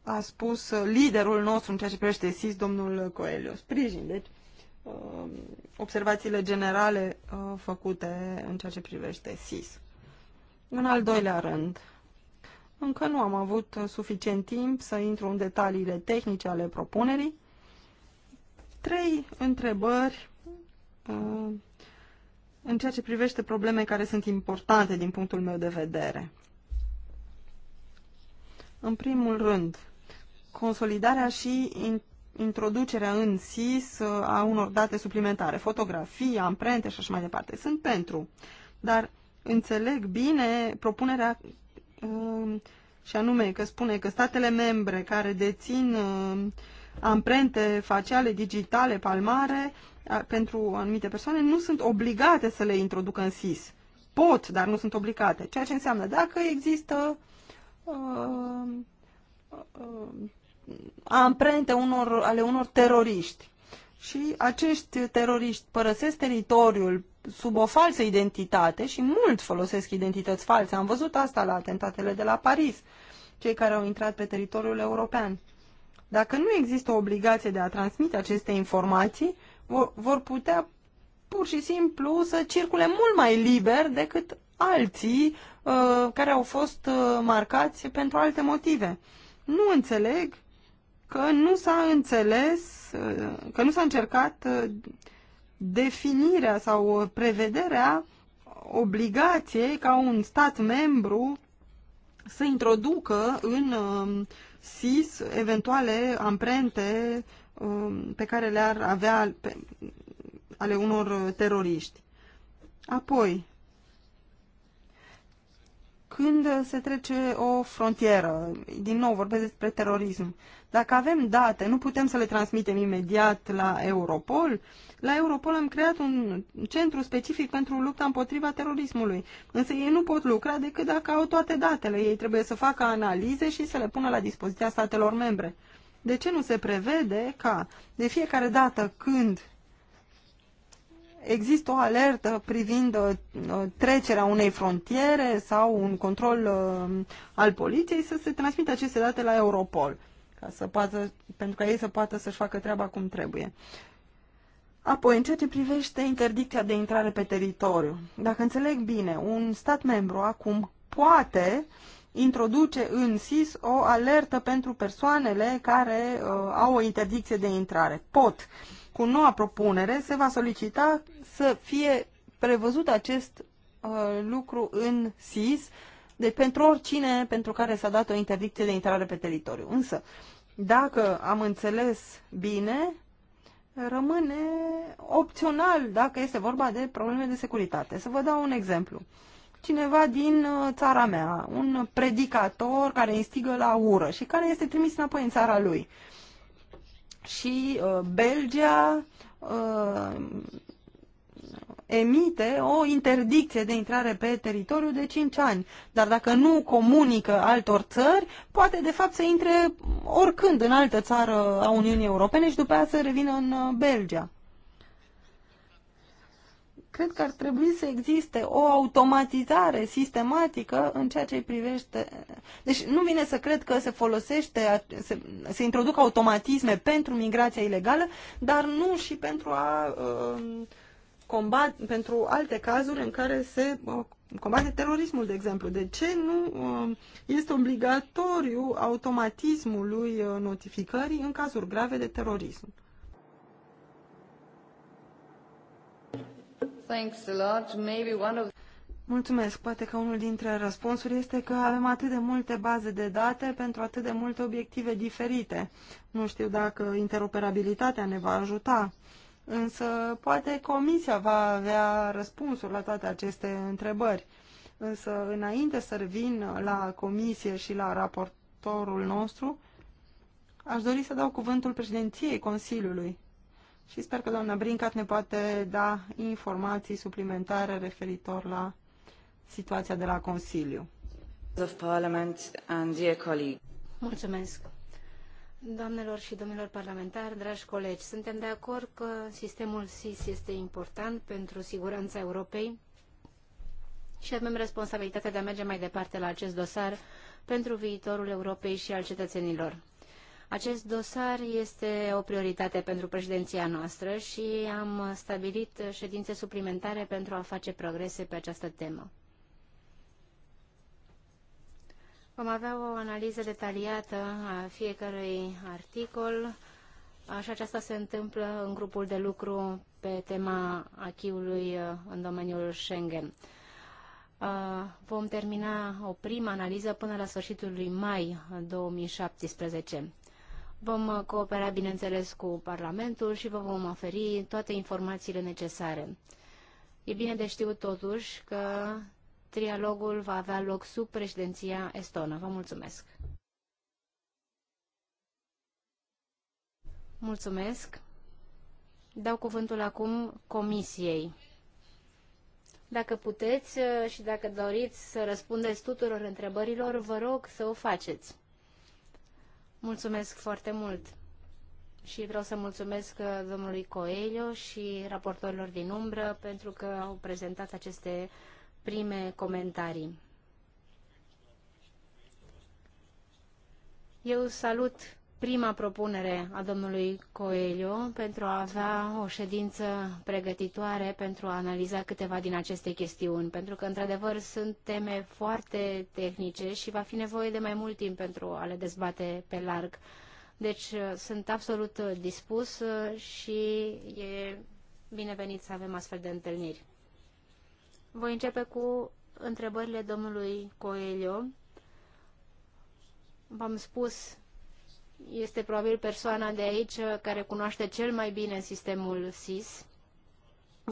a spus liderul nostru în ceea ce privește SIS, domnul Coelho. Sprijin, deci, um, observațiile generale uh, făcute în ceea ce privește SIS. În al doilea rând, încă nu am avut suficient timp să intru în detaliile tehnice ale propunerii, trei întrebări uh, în ceea ce privește probleme care sunt importante din punctul meu de vedere. În primul rând, consolidarea și introducerea în SIS uh, a unor date suplimentare, fotografii, amprente și așa mai departe. Sunt pentru, dar înțeleg bine propunerea uh, și anume că spune că statele membre care dețin uh, amprente faciale digitale, palmare, pentru anumite persoane, nu sunt obligate să le introducă în SIS. Pot, dar nu sunt obligate. Ceea ce înseamnă dacă există uh, uh, amprente unor, ale unor teroriști și acești teroriști părăsesc teritoriul sub o falsă identitate și mult folosesc identități false. Am văzut asta la atentatele de la Paris, cei care au intrat pe teritoriul european. Dacă nu există o obligație de a transmite aceste informații, vor, vor putea pur și simplu să circule mult mai liber decât alții uh, care au fost uh, marcați pentru alte motive. Nu înțeleg că nu s-a înțeles, uh, că nu s-a încercat uh, definirea sau prevederea obligației ca un stat membru să introducă în uh, SIS eventuale amprente um, pe care le-ar avea ale unor teroriști. Apoi, când se trece o frontieră, din nou vorbesc despre terorism, dacă avem date, nu putem să le transmitem imediat la Europol, la Europol am creat un centru specific pentru lupta împotriva terorismului, însă ei nu pot lucra decât dacă au toate datele. Ei trebuie să facă analize și să le pună la dispoziția statelor membre. De ce nu se prevede ca de fiecare dată când există o alertă privind uh, uh, trecerea unei frontiere sau un control uh, al poliției să se transmită aceste date la Europol, ca să poată, pentru ca ei să poată să-și facă treaba cum trebuie. Apoi, în ceea ce privește interdicția de intrare pe teritoriu, dacă înțeleg bine, un stat membru acum poate introduce în SIS o alertă pentru persoanele care uh, au o interdicție de intrare. Pot. Cu noua propunere se va solicita să fie prevăzut acest uh, lucru în SIS, de deci pentru oricine pentru care s-a dat o interdicție de intrare pe teritoriu. Însă, dacă am înțeles bine, rămâne opțional dacă este vorba de probleme de securitate. Să vă dau un exemplu. Cineva din uh, țara mea, un predicator care instigă la ură și care este trimis înapoi în țara lui. Și uh, Belgia uh, emite o interdicție de intrare pe teritoriu de 5 ani. Dar dacă nu comunică altor țări, poate de fapt să intre oricând în altă țară a Uniunii Europene și după aia să revină în uh, Belgia. Cred că ar trebui să existe o automatizare sistematică în ceea ce privește. Deci nu vine să cred că se folosește, se, se introduc automatisme pentru migrația ilegală, dar nu și pentru a uh, combat, pentru alte cazuri în care se uh, combate terorismul, de exemplu. De ce nu uh, este obligatoriu automatismului uh, notificării în cazuri grave de terorism? Thanks a lot. Maybe one of... Mulțumesc. Poate că unul dintre răspunsuri este că avem atât de multe baze de date pentru atât de multe obiective diferite. Nu știu dacă interoperabilitatea ne va ajuta. Însă poate comisia va avea răspunsul la toate aceste întrebări. Însă înainte să revin la comisie și la raportorul nostru, aș dori să dau cuvântul președinției Consiliului și sper că doamna Brincat ne poate da informații suplimentare referitor la situația de la Consiliu. Mulțumesc. Doamnelor și domnilor parlamentari, dragi colegi, suntem de acord că sistemul SIS este important pentru siguranța Europei și avem responsabilitatea de a merge mai departe la acest dosar pentru viitorul Europei și al cetățenilor. Acest dosar este o prioritate pentru președinția noastră și am stabilit ședințe suplimentare pentru a face progrese pe această temă. Vom avea o analiză detaliată a fiecărui articol Așa aceasta se întâmplă în grupul de lucru pe tema achiului uh, în domeniul Schengen. Uh, vom termina o primă analiză până la sfârșitul lui mai 2017. Uh, vom coopera, bineînțeles, cu Parlamentul și vă vom oferi toate informațiile necesare. E bine de știut totuși că trialogul va avea loc sub președinția estonă. Vă mulțumesc! Mulțumesc! Dau cuvântul acum Comisiei. Dacă puteți uh, și dacă doriți să răspundeți tuturor întrebărilor, vă rog să o faceți. Mulțumesc foarte mult! și vreau să mulțumesc uh, domnului Coelho și raportorilor din umbră pentru că au prezentat aceste prime comentarii. Eu salut prima propunere a domnului Coelho pentru a avea o ședință pregătitoare pentru a analiza câteva din aceste chestiuni, pentru că, într-adevăr, sunt teme foarte tehnice și va fi nevoie de mai mult timp pentru a le dezbate pe larg. Deci sunt absolut dispus și e binevenit să avem astfel de întâlniri. Voi începe cu întrebările domnului Coelho. V-am spus, este probabil persoana de aici care cunoaște cel mai bine sistemul SIS.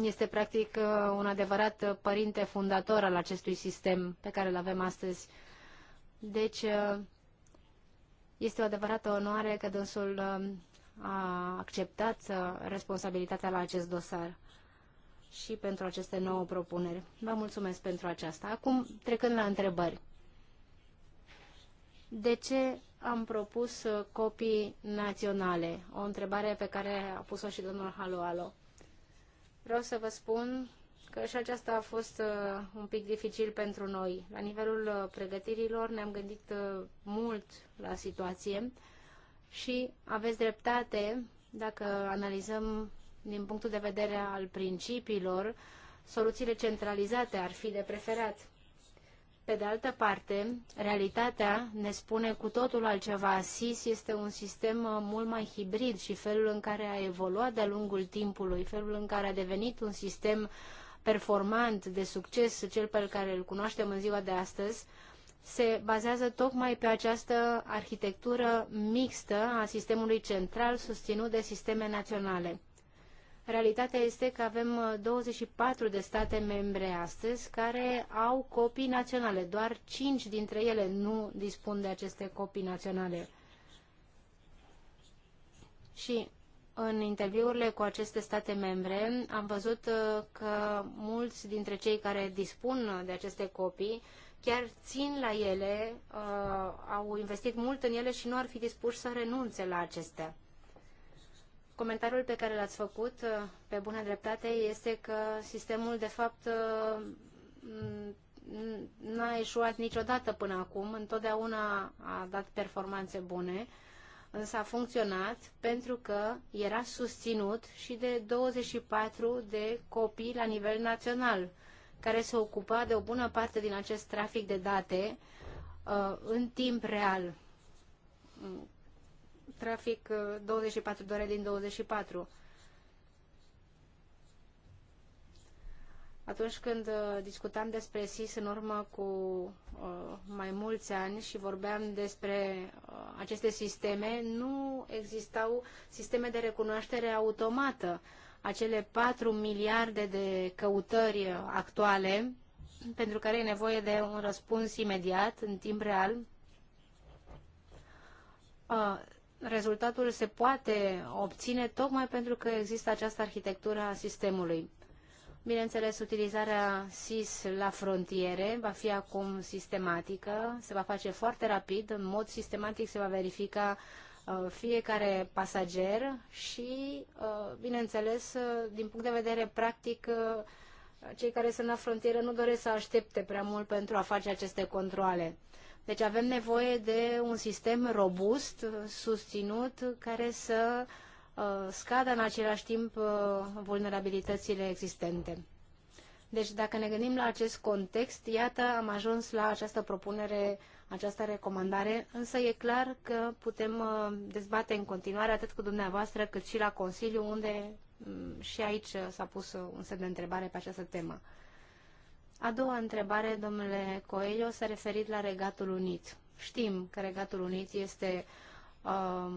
Este practic un adevărat părinte fundator al acestui sistem pe care îl avem astăzi. Deci, este o adevărată onoare că dânsul um, a acceptat uh, responsabilitatea la acest dosar și pentru aceste nouă propuneri. Vă mulțumesc pentru aceasta. Acum, trecând la întrebări. De ce am propus copii naționale? O întrebare pe care a pus-o și domnul Haloalo. Vreau să vă spun că și aceasta a fost uh, un pic dificil pentru noi. La nivelul uh, pregătirilor ne-am gândit uh, mult la situație și aveți dreptate dacă analizăm din punctul de vedere al principiilor, soluțiile centralizate ar fi de preferat. Pe de altă parte, realitatea ne spune cu totul altceva. SIS este un sistem uh, mult mai hibrid și felul în care a evoluat de-a lungul timpului, felul în care a devenit un sistem performant, de succes, cel pe care îl cunoaștem în ziua de astăzi, se bazează tocmai pe această arhitectură mixtă a sistemului central susținut de sisteme naționale. Realitatea este că avem 24 uh, de state membre astăzi care au copii naționale. Doar 5 dintre ele nu dispun de aceste copii naționale. Și în interviurile cu aceste state membre am văzut uh, că mulți dintre cei care dispun de aceste copii chiar țin la ele, uh, au investit mult în ele și nu ar fi dispuși să renunțe la acestea. Comentariul pe care l-ați făcut, uh, pe bună dreptate, este că sistemul, de fapt, uh, n-a eșuat niciodată până acum, întotdeauna a dat performanțe bune, însă a funcționat pentru că era susținut și de 24 de copii la nivel național, care se ocupa de o bună parte din acest trafic de date uh, în timp real trafic 24 de ore din 24. Atunci când uh, discutam despre SIS în urmă cu uh, mai mulți ani și vorbeam despre uh, aceste sisteme, nu existau sisteme de recunoaștere automată. Acele 4 miliarde de căutări actuale, pentru care e nevoie de un răspuns imediat, în timp real, rezultatul se poate obține tocmai pentru că există această arhitectură a sistemului. Bineînțeles, utilizarea SIS la frontiere va fi acum sistematică, se va face foarte rapid, în mod sistematic se va verifica uh, fiecare pasager și, uh, bineînțeles, uh, din punct de vedere practic, cei care sunt la frontieră nu doresc să aștepte prea mult pentru a face aceste controle. Deci avem nevoie de un sistem robust, susținut, care să uh, scadă în același timp uh, vulnerabilitățile existente. Deci dacă ne gândim la acest context, iată, am ajuns la această propunere, această recomandare, însă e clar că putem uh, dezbate în continuare atât cu dumneavoastră cât și la Consiliu, unde mm, și aici s-a pus un semn de întrebare pe această temă. A doua întrebare, domnule Coelho, s-a referit la Regatul Unit. Știm că Regatul Unit este uh,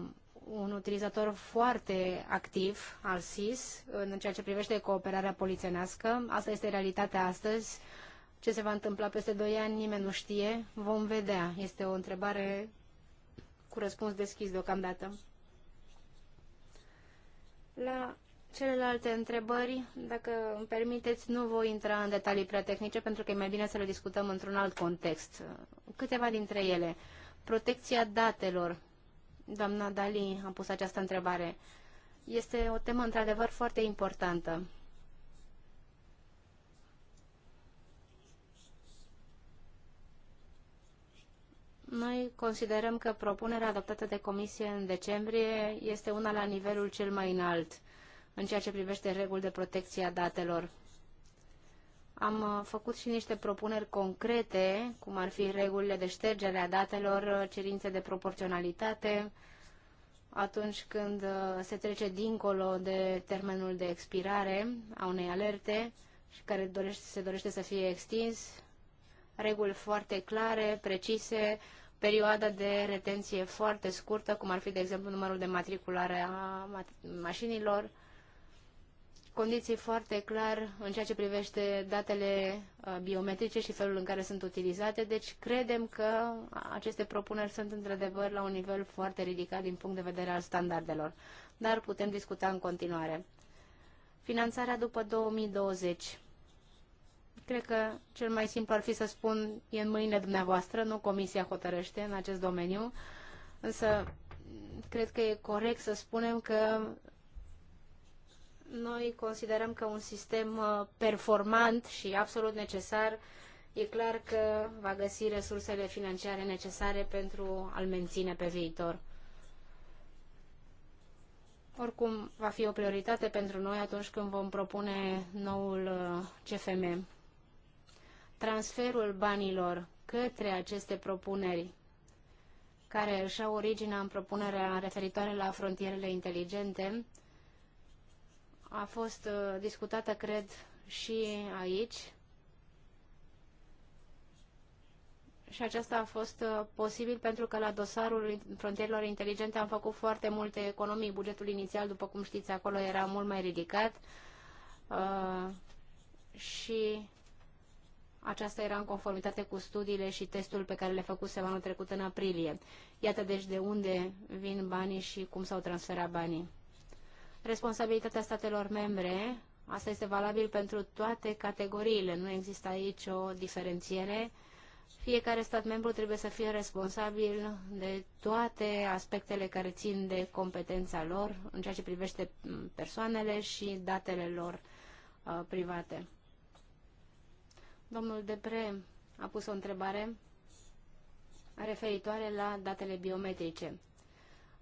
un utilizator foarte activ al SIS în ceea ce privește cooperarea polițienească. Asta este realitatea astăzi. Ce se va întâmpla peste 2 ani, nimeni nu știe. Vom vedea. Este o întrebare cu răspuns deschis deocamdată. La Celelalte întrebări, dacă îmi permiteți, nu voi intra în detalii prea tehnice, pentru că e mai bine să le discutăm într-un alt context. Câteva dintre ele. Protecția datelor. Doamna Dali a pus această întrebare. Este o temă, într-adevăr, foarte importantă. Noi considerăm că propunerea adoptată de Comisie în decembrie este una la nivelul cel mai înalt în ceea ce privește reguli de protecție a datelor. Am uh, făcut și niște propuneri concrete, cum ar fi regulile de ștergere a datelor, uh, cerințe de proporționalitate, atunci când uh, se trece dincolo de termenul de expirare a unei alerte și care dorește, se dorește să fie extins, reguli foarte clare, precise, perioada de retenție foarte scurtă, cum ar fi, de exemplu, numărul de matriculare a mașinilor, condiții foarte clar în ceea ce privește datele uh, biometrice și felul în care sunt utilizate, deci credem că aceste propuneri sunt într-adevăr la un nivel foarte ridicat din punct de vedere al standardelor, dar putem discuta în continuare. Finanțarea după 2020. Cred că cel mai simplu ar fi să spun e în mâinile dumneavoastră, nu Comisia hotărăște în acest domeniu, însă cred că e corect să spunem că noi considerăm că un sistem uh, performant și absolut necesar e clar că va găsi resursele financiare necesare pentru a-l menține pe viitor. Oricum, va fi o prioritate pentru noi atunci când vom propune noul uh, CFM. Transferul banilor către aceste propuneri care își au originea în propunerea referitoare la frontierele inteligente, a fost uh, discutată, cred, și aici. Și aceasta a fost uh, posibil pentru că la dosarul frontierilor inteligente am făcut foarte multe economii. Bugetul inițial, după cum știți, acolo era mult mai ridicat uh, și aceasta era în conformitate cu studiile și testul pe care le făcusem anul trecut în aprilie. Iată deci de unde vin banii și cum s-au transferat banii responsabilitatea statelor membre. Asta este valabil pentru toate categoriile. Nu există aici o diferențiere. Fiecare stat membru trebuie să fie responsabil de toate aspectele care țin de competența lor în ceea ce privește persoanele și datele lor uh, private. Domnul Depre a pus o întrebare referitoare la datele biometrice.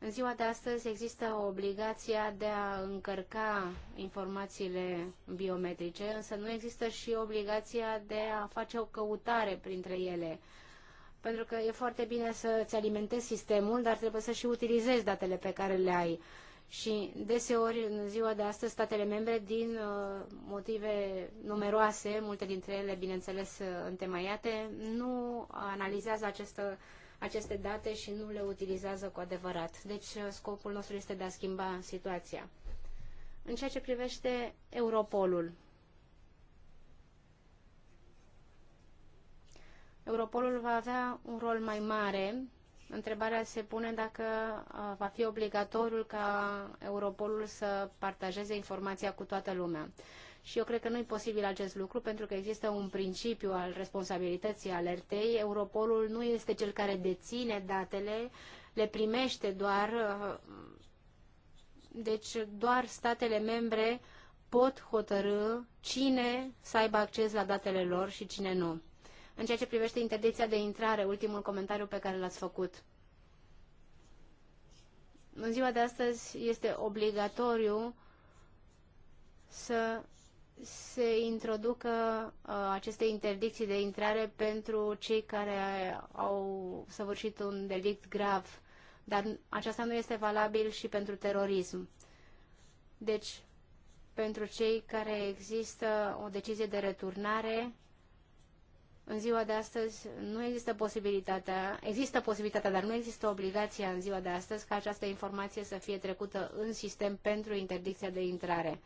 În ziua de astăzi există obligația de a încărca informațiile biometrice, însă nu există și obligația de a face o căutare printre ele. Pentru că e foarte bine să-ți alimentezi sistemul, dar trebuie să și utilizezi datele pe care le ai. Și deseori, în ziua de astăzi, statele membre, din uh, motive numeroase, multe dintre ele, bineînțeles, uh, întemeiate, nu analizează această aceste date și nu le utilizează cu adevărat. Deci uh, scopul nostru este de a schimba situația. În ceea ce privește Europolul, Europolul va avea un rol mai mare. Întrebarea se pune dacă uh, va fi obligatoriu ca Europolul să partajeze informația cu toată lumea. Și eu cred că nu e posibil acest lucru pentru că există un principiu al responsabilității alertei. Europolul nu este cel care deține datele, le primește doar. Uh, deci doar statele membre pot hotărâ cine să aibă acces la datele lor și cine nu. În ceea ce privește interdicția de intrare, ultimul comentariu pe care l-ați făcut. În ziua de astăzi este obligatoriu să se introducă uh, aceste interdicții de intrare pentru cei care au săvârșit un delict grav, dar aceasta nu este valabil și pentru terorism. Deci, pentru cei care există o decizie de returnare, în ziua de astăzi nu există posibilitatea, există posibilitatea, dar nu există obligația în ziua de astăzi ca această informație să fie trecută în sistem pentru interdicția de intrare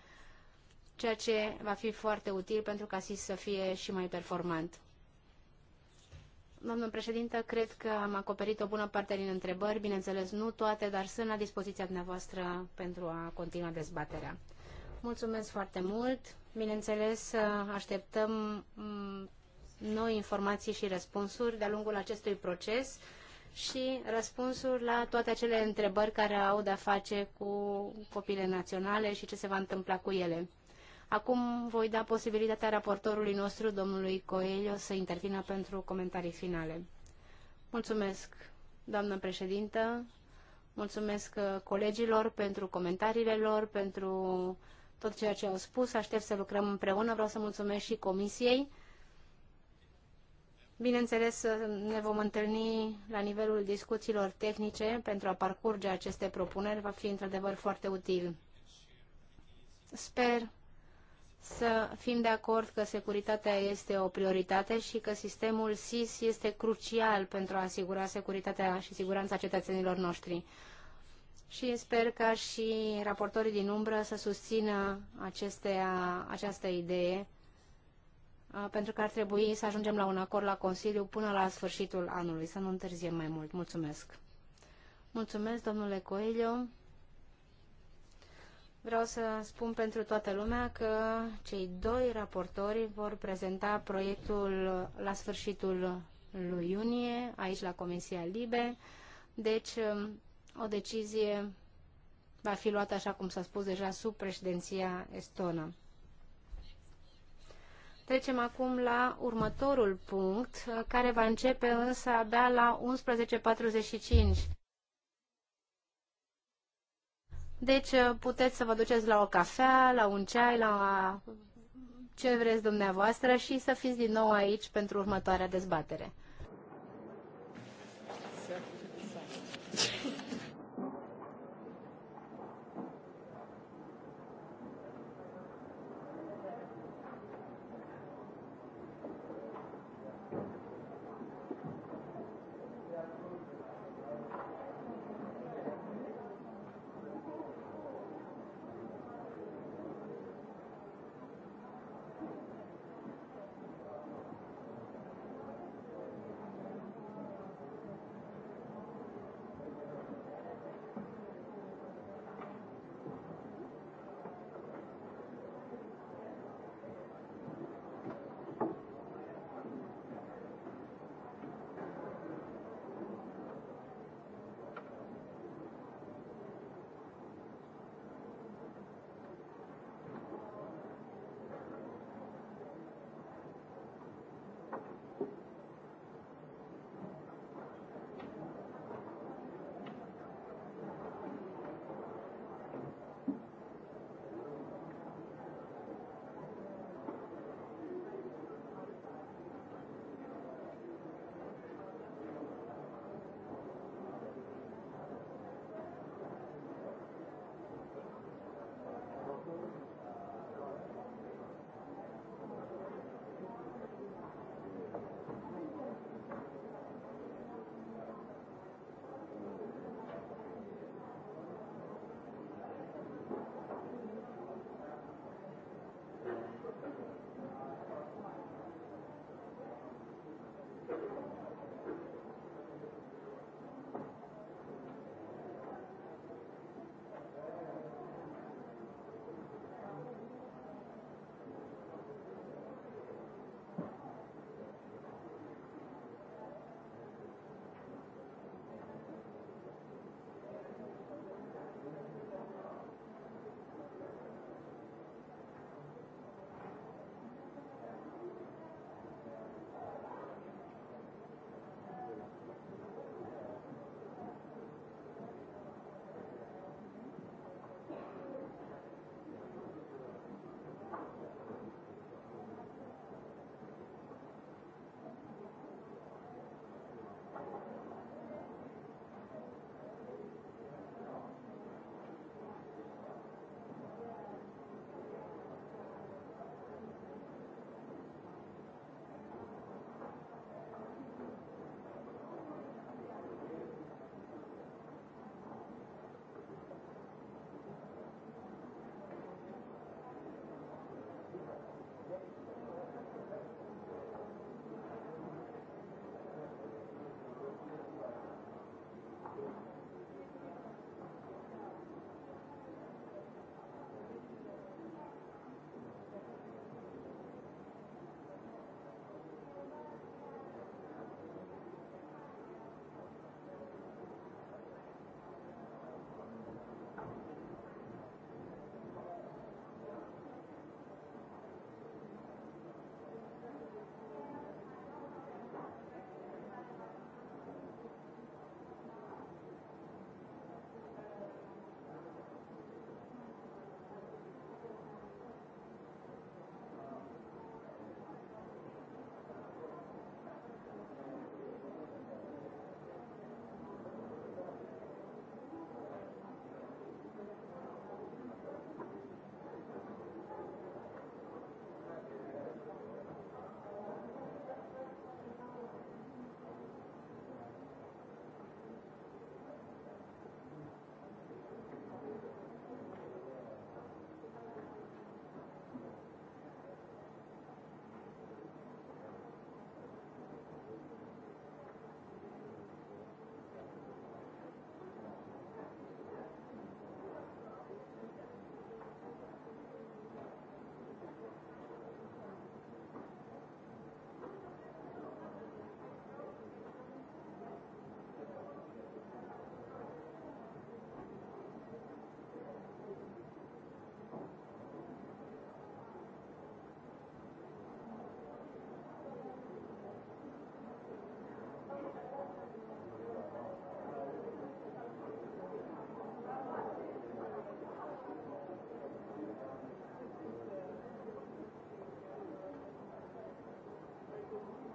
ceea ce va fi foarte util pentru ca SIS să fie și mai performant. Domnul președinte, cred că am acoperit o bună parte din întrebări, bineînțeles nu toate, dar sunt la dispoziția dumneavoastră pentru a continua dezbaterea. Mulțumesc foarte mult. Bineînțeles, așteptăm mm, noi informații și răspunsuri de-a lungul acestui proces și răspunsuri la toate acele întrebări care au de-a face cu copiile naționale și ce se va întâmpla cu ele. Acum voi da posibilitatea raportorului nostru, domnului Coelho, să intervină pentru comentarii finale. Mulțumesc, doamnă președintă, mulțumesc uh, colegilor pentru comentariile lor, pentru tot ceea ce au spus. Aștept să lucrăm împreună. Vreau să mulțumesc și comisiei. Bineînțeles, uh, ne vom întâlni la nivelul discuțiilor tehnice pentru a parcurge aceste propuneri. Va fi într-adevăr foarte util. Sper să fim de acord că securitatea este o prioritate și că sistemul SIS este crucial pentru a asigura securitatea și siguranța cetățenilor noștri. Și sper ca și raportorii din umbră să susțină acestea, această idee, pentru că ar trebui să ajungem la un acord la Consiliu până la sfârșitul anului, să nu întârziem mai mult. Mulțumesc! Mulțumesc, domnule Coelho! Vreau să spun pentru toată lumea că cei doi raportori vor prezenta proiectul la sfârșitul lui iunie, aici la Comisia Libe. Deci, um, o decizie va fi luată, așa cum s-a spus deja, sub președinția estonă. Trecem acum la următorul punct, care va începe însă abia la 11.45. Deci uh, puteți să vă duceți la o cafea, la un ceai, la ce vreți dumneavoastră și să fiți din nou aici pentru următoarea dezbatere.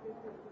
Thank you.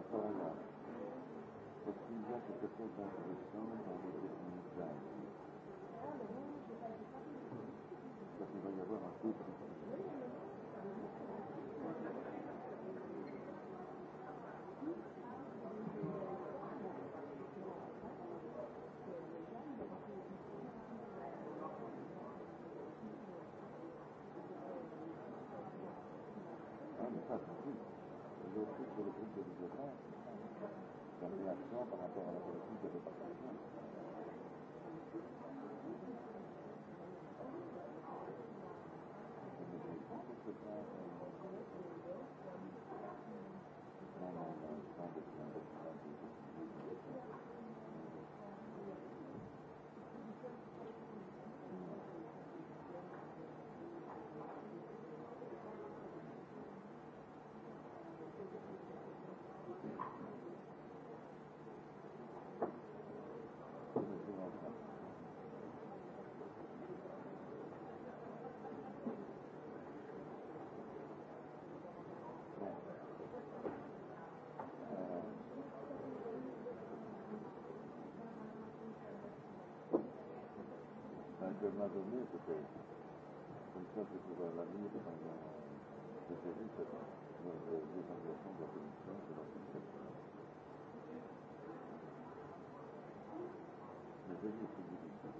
apărea. Păstrângea căpătări de persoane care le definitează. Dacă vă iubăm acum, pentru There's not a need to pay. În sensul că la limită am referință, nu rezolv în lăsăm de permisiune, la permisiune. Deci, este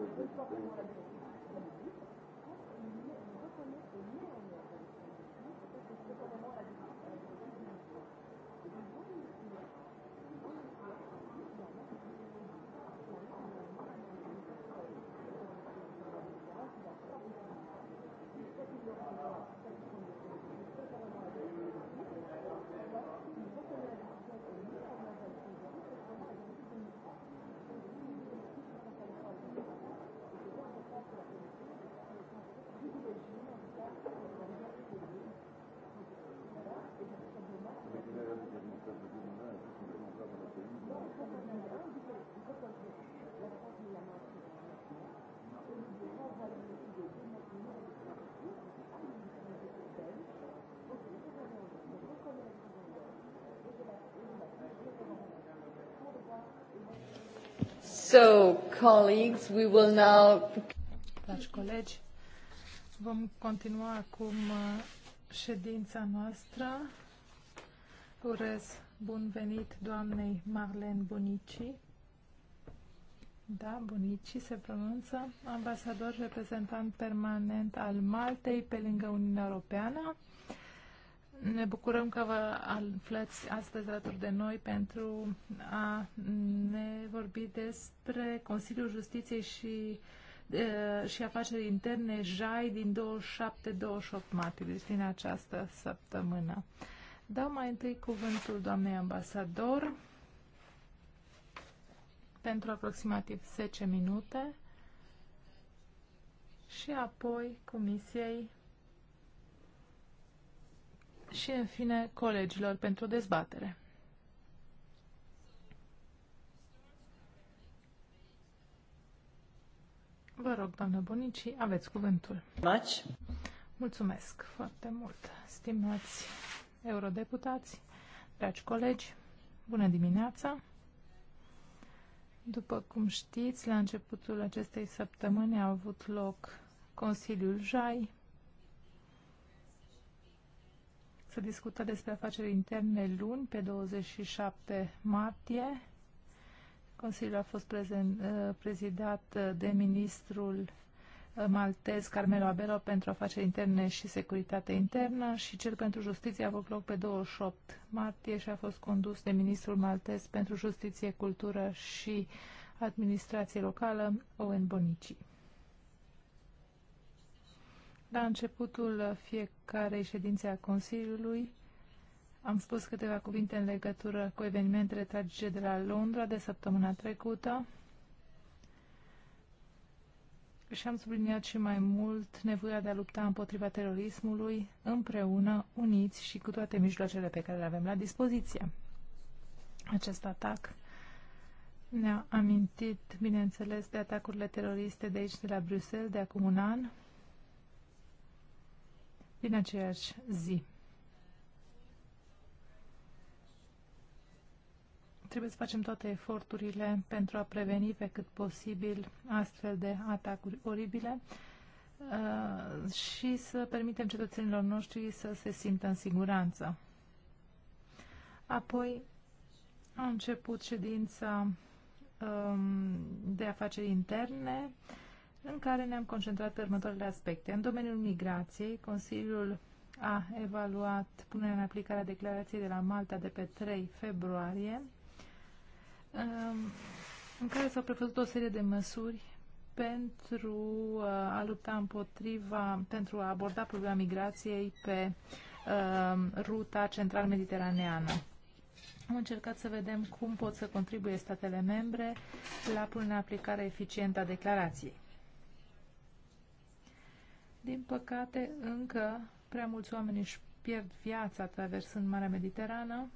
Thank you. Dragi colegi, vom continua acum uh, ședința noastră. Urez bun venit doamnei Marlene Bunici. Da, Bunici se pronunță ambasador reprezentant permanent al Maltei pe lângă Uniunea Europeană ne bucurăm că vă aflați astăzi alături de noi pentru a ne vorbi despre Consiliul Justiției și, e, și Afaceri Interne JAI din 27-28 martie, deci din această săptămână. Dau mai întâi cuvântul doamnei ambasador pentru aproximativ 10 minute și apoi Comisiei și, în fine, colegilor pentru dezbatere. Vă rog, doamnă Bonici, aveți cuvântul. Maci. Mulțumesc foarte mult, stimați eurodeputați, dragi colegi, bună dimineața! După cum știți, la începutul acestei săptămâni a avut loc Consiliul JAI, să discută despre afaceri interne luni, pe 27 martie. Consiliul a fost uh, prezidat uh, de ministrul uh, maltez Carmelo Abelo pentru afaceri interne și securitate internă și cel pentru justiție a avut loc pe 28 martie și a fost condus de ministrul maltez pentru justiție, cultură și administrație locală, Owen Bonici. La începutul fiecarei ședințe a Consiliului am spus câteva cuvinte în legătură cu evenimentele tragice de la Londra de săptămâna trecută și am subliniat și mai mult nevoia de a lupta împotriva terorismului împreună, uniți și cu toate mijloacele pe care le avem la dispoziție. Acest atac ne-a amintit, bineînțeles, de atacurile teroriste de aici, de la Bruxelles, de acum un an, din aceeași zi. Trebuie să facem toate eforturile pentru a preveni pe cât posibil astfel de atacuri oribile uh, și să permitem cetățenilor noștri să se simtă în siguranță. Apoi a început ședința um, de afaceri interne, în care ne-am concentrat pe următoarele aspecte. În domeniul migrației, Consiliul a evaluat punerea în aplicare a declarației de la Malta de pe 3 februarie, um, în care s-au prefăcut o serie de măsuri pentru uh, a lupta împotriva, pentru a aborda problema migrației pe um, ruta central-mediteraneană. Am încercat să vedem cum pot să contribuie statele membre la punerea în aplicare eficientă a declarației. Din păcate, încă prea mulți oameni își pierd viața traversând Marea Mediterană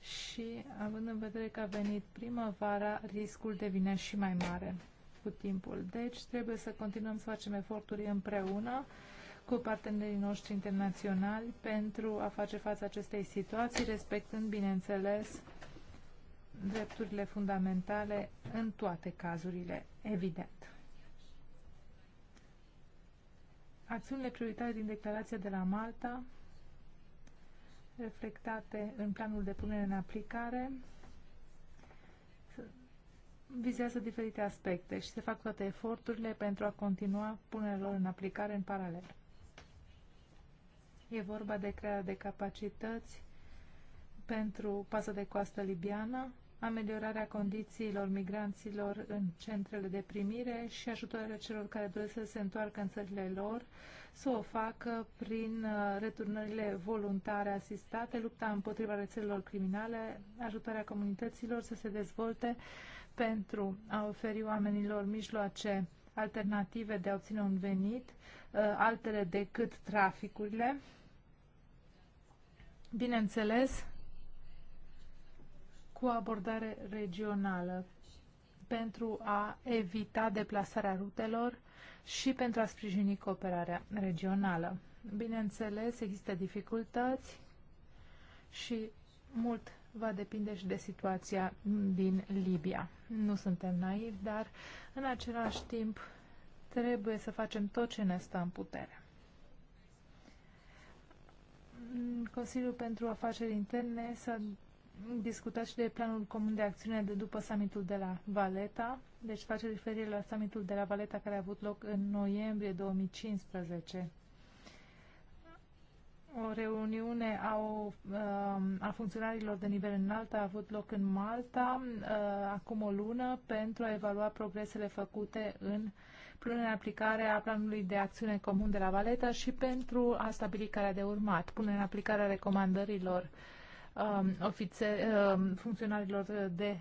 și, având în vedere că a venit primăvara, riscul devine și mai mare cu timpul. Deci, trebuie să continuăm să facem eforturi împreună cu partenerii noștri internaționali pentru a face față acestei situații, respectând, bineînțeles, drepturile fundamentale în toate cazurile, evident. Acțiunile prioritare din declarația de la Malta, reflectate în planul de punere în aplicare, vizează diferite aspecte și se fac toate eforturile pentru a continua punerea lor în aplicare în paralel. E vorba de crearea de capacități pentru pasă de coastă libiană, ameliorarea condițiilor migranților în centrele de primire și ajutorarea celor care doresc să se întoarcă în țările lor, să o facă prin uh, returnările voluntare asistate, lupta împotriva rețelelor criminale, ajutarea comunităților să se dezvolte pentru a oferi oamenilor mijloace alternative de a obține un venit, uh, altele decât traficurile. Bineînțeles, cu abordare regională pentru a evita deplasarea rutelor și pentru a sprijini cooperarea regională. Bineînțeles, există dificultăți și mult va depinde și de situația din Libia. Nu suntem naivi, dar în același timp trebuie să facem tot ce ne stă în putere. Consiliul pentru Afaceri Interne s-a discutat și de planul comun de acțiune de după summitul de la Valeta, deci face referire la summitul de la Valeta care a avut loc în noiembrie 2015. O reuniune a, o, um, a funcționarilor de nivel înalt a avut loc în Malta uh, acum o lună pentru a evalua progresele făcute în punerea în aplicare a planului de acțiune comun de la Valeta și pentru a stabili care de urmat, punerea în aplicare a recomandărilor uh, Um, ofițer, um, funcționarilor de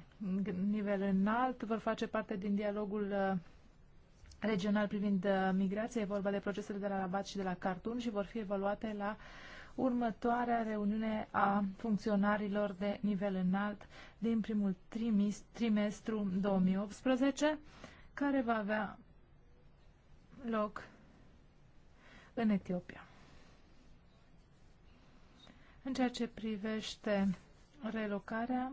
nivel înalt vor face parte din dialogul uh, regional privind uh, migrația. E vorba de procesele de la Rabat și de la Cartun și vor fi evaluate la următoarea reuniune a funcționarilor de nivel înalt din primul trimestru 2018, care va avea loc în Etiopia. În ceea ce privește relocarea,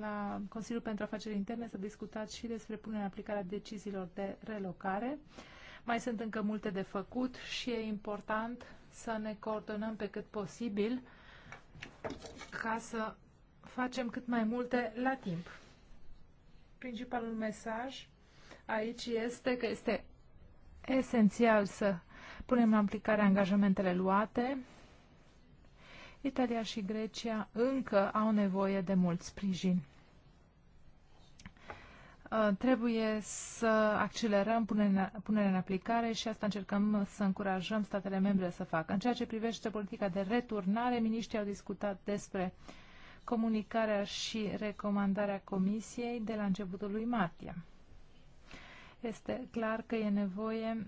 la Consiliul pentru Afaceri Interne s-a discutat și despre punerea în aplicare a deciziilor de relocare. Mai sunt încă multe de făcut și e important să ne coordonăm pe cât posibil ca să facem cât mai multe la timp. Principalul mesaj aici este că este esențial să punem în aplicare angajamentele luate, Italia și Grecia încă au nevoie de mult sprijin. Uh, trebuie să accelerăm punerea în aplicare și asta încercăm să încurajăm statele membre să facă. În ceea ce privește politica de returnare, miniștrii au discutat despre comunicarea și recomandarea Comisiei de la începutul lui martie. Este clar că e nevoie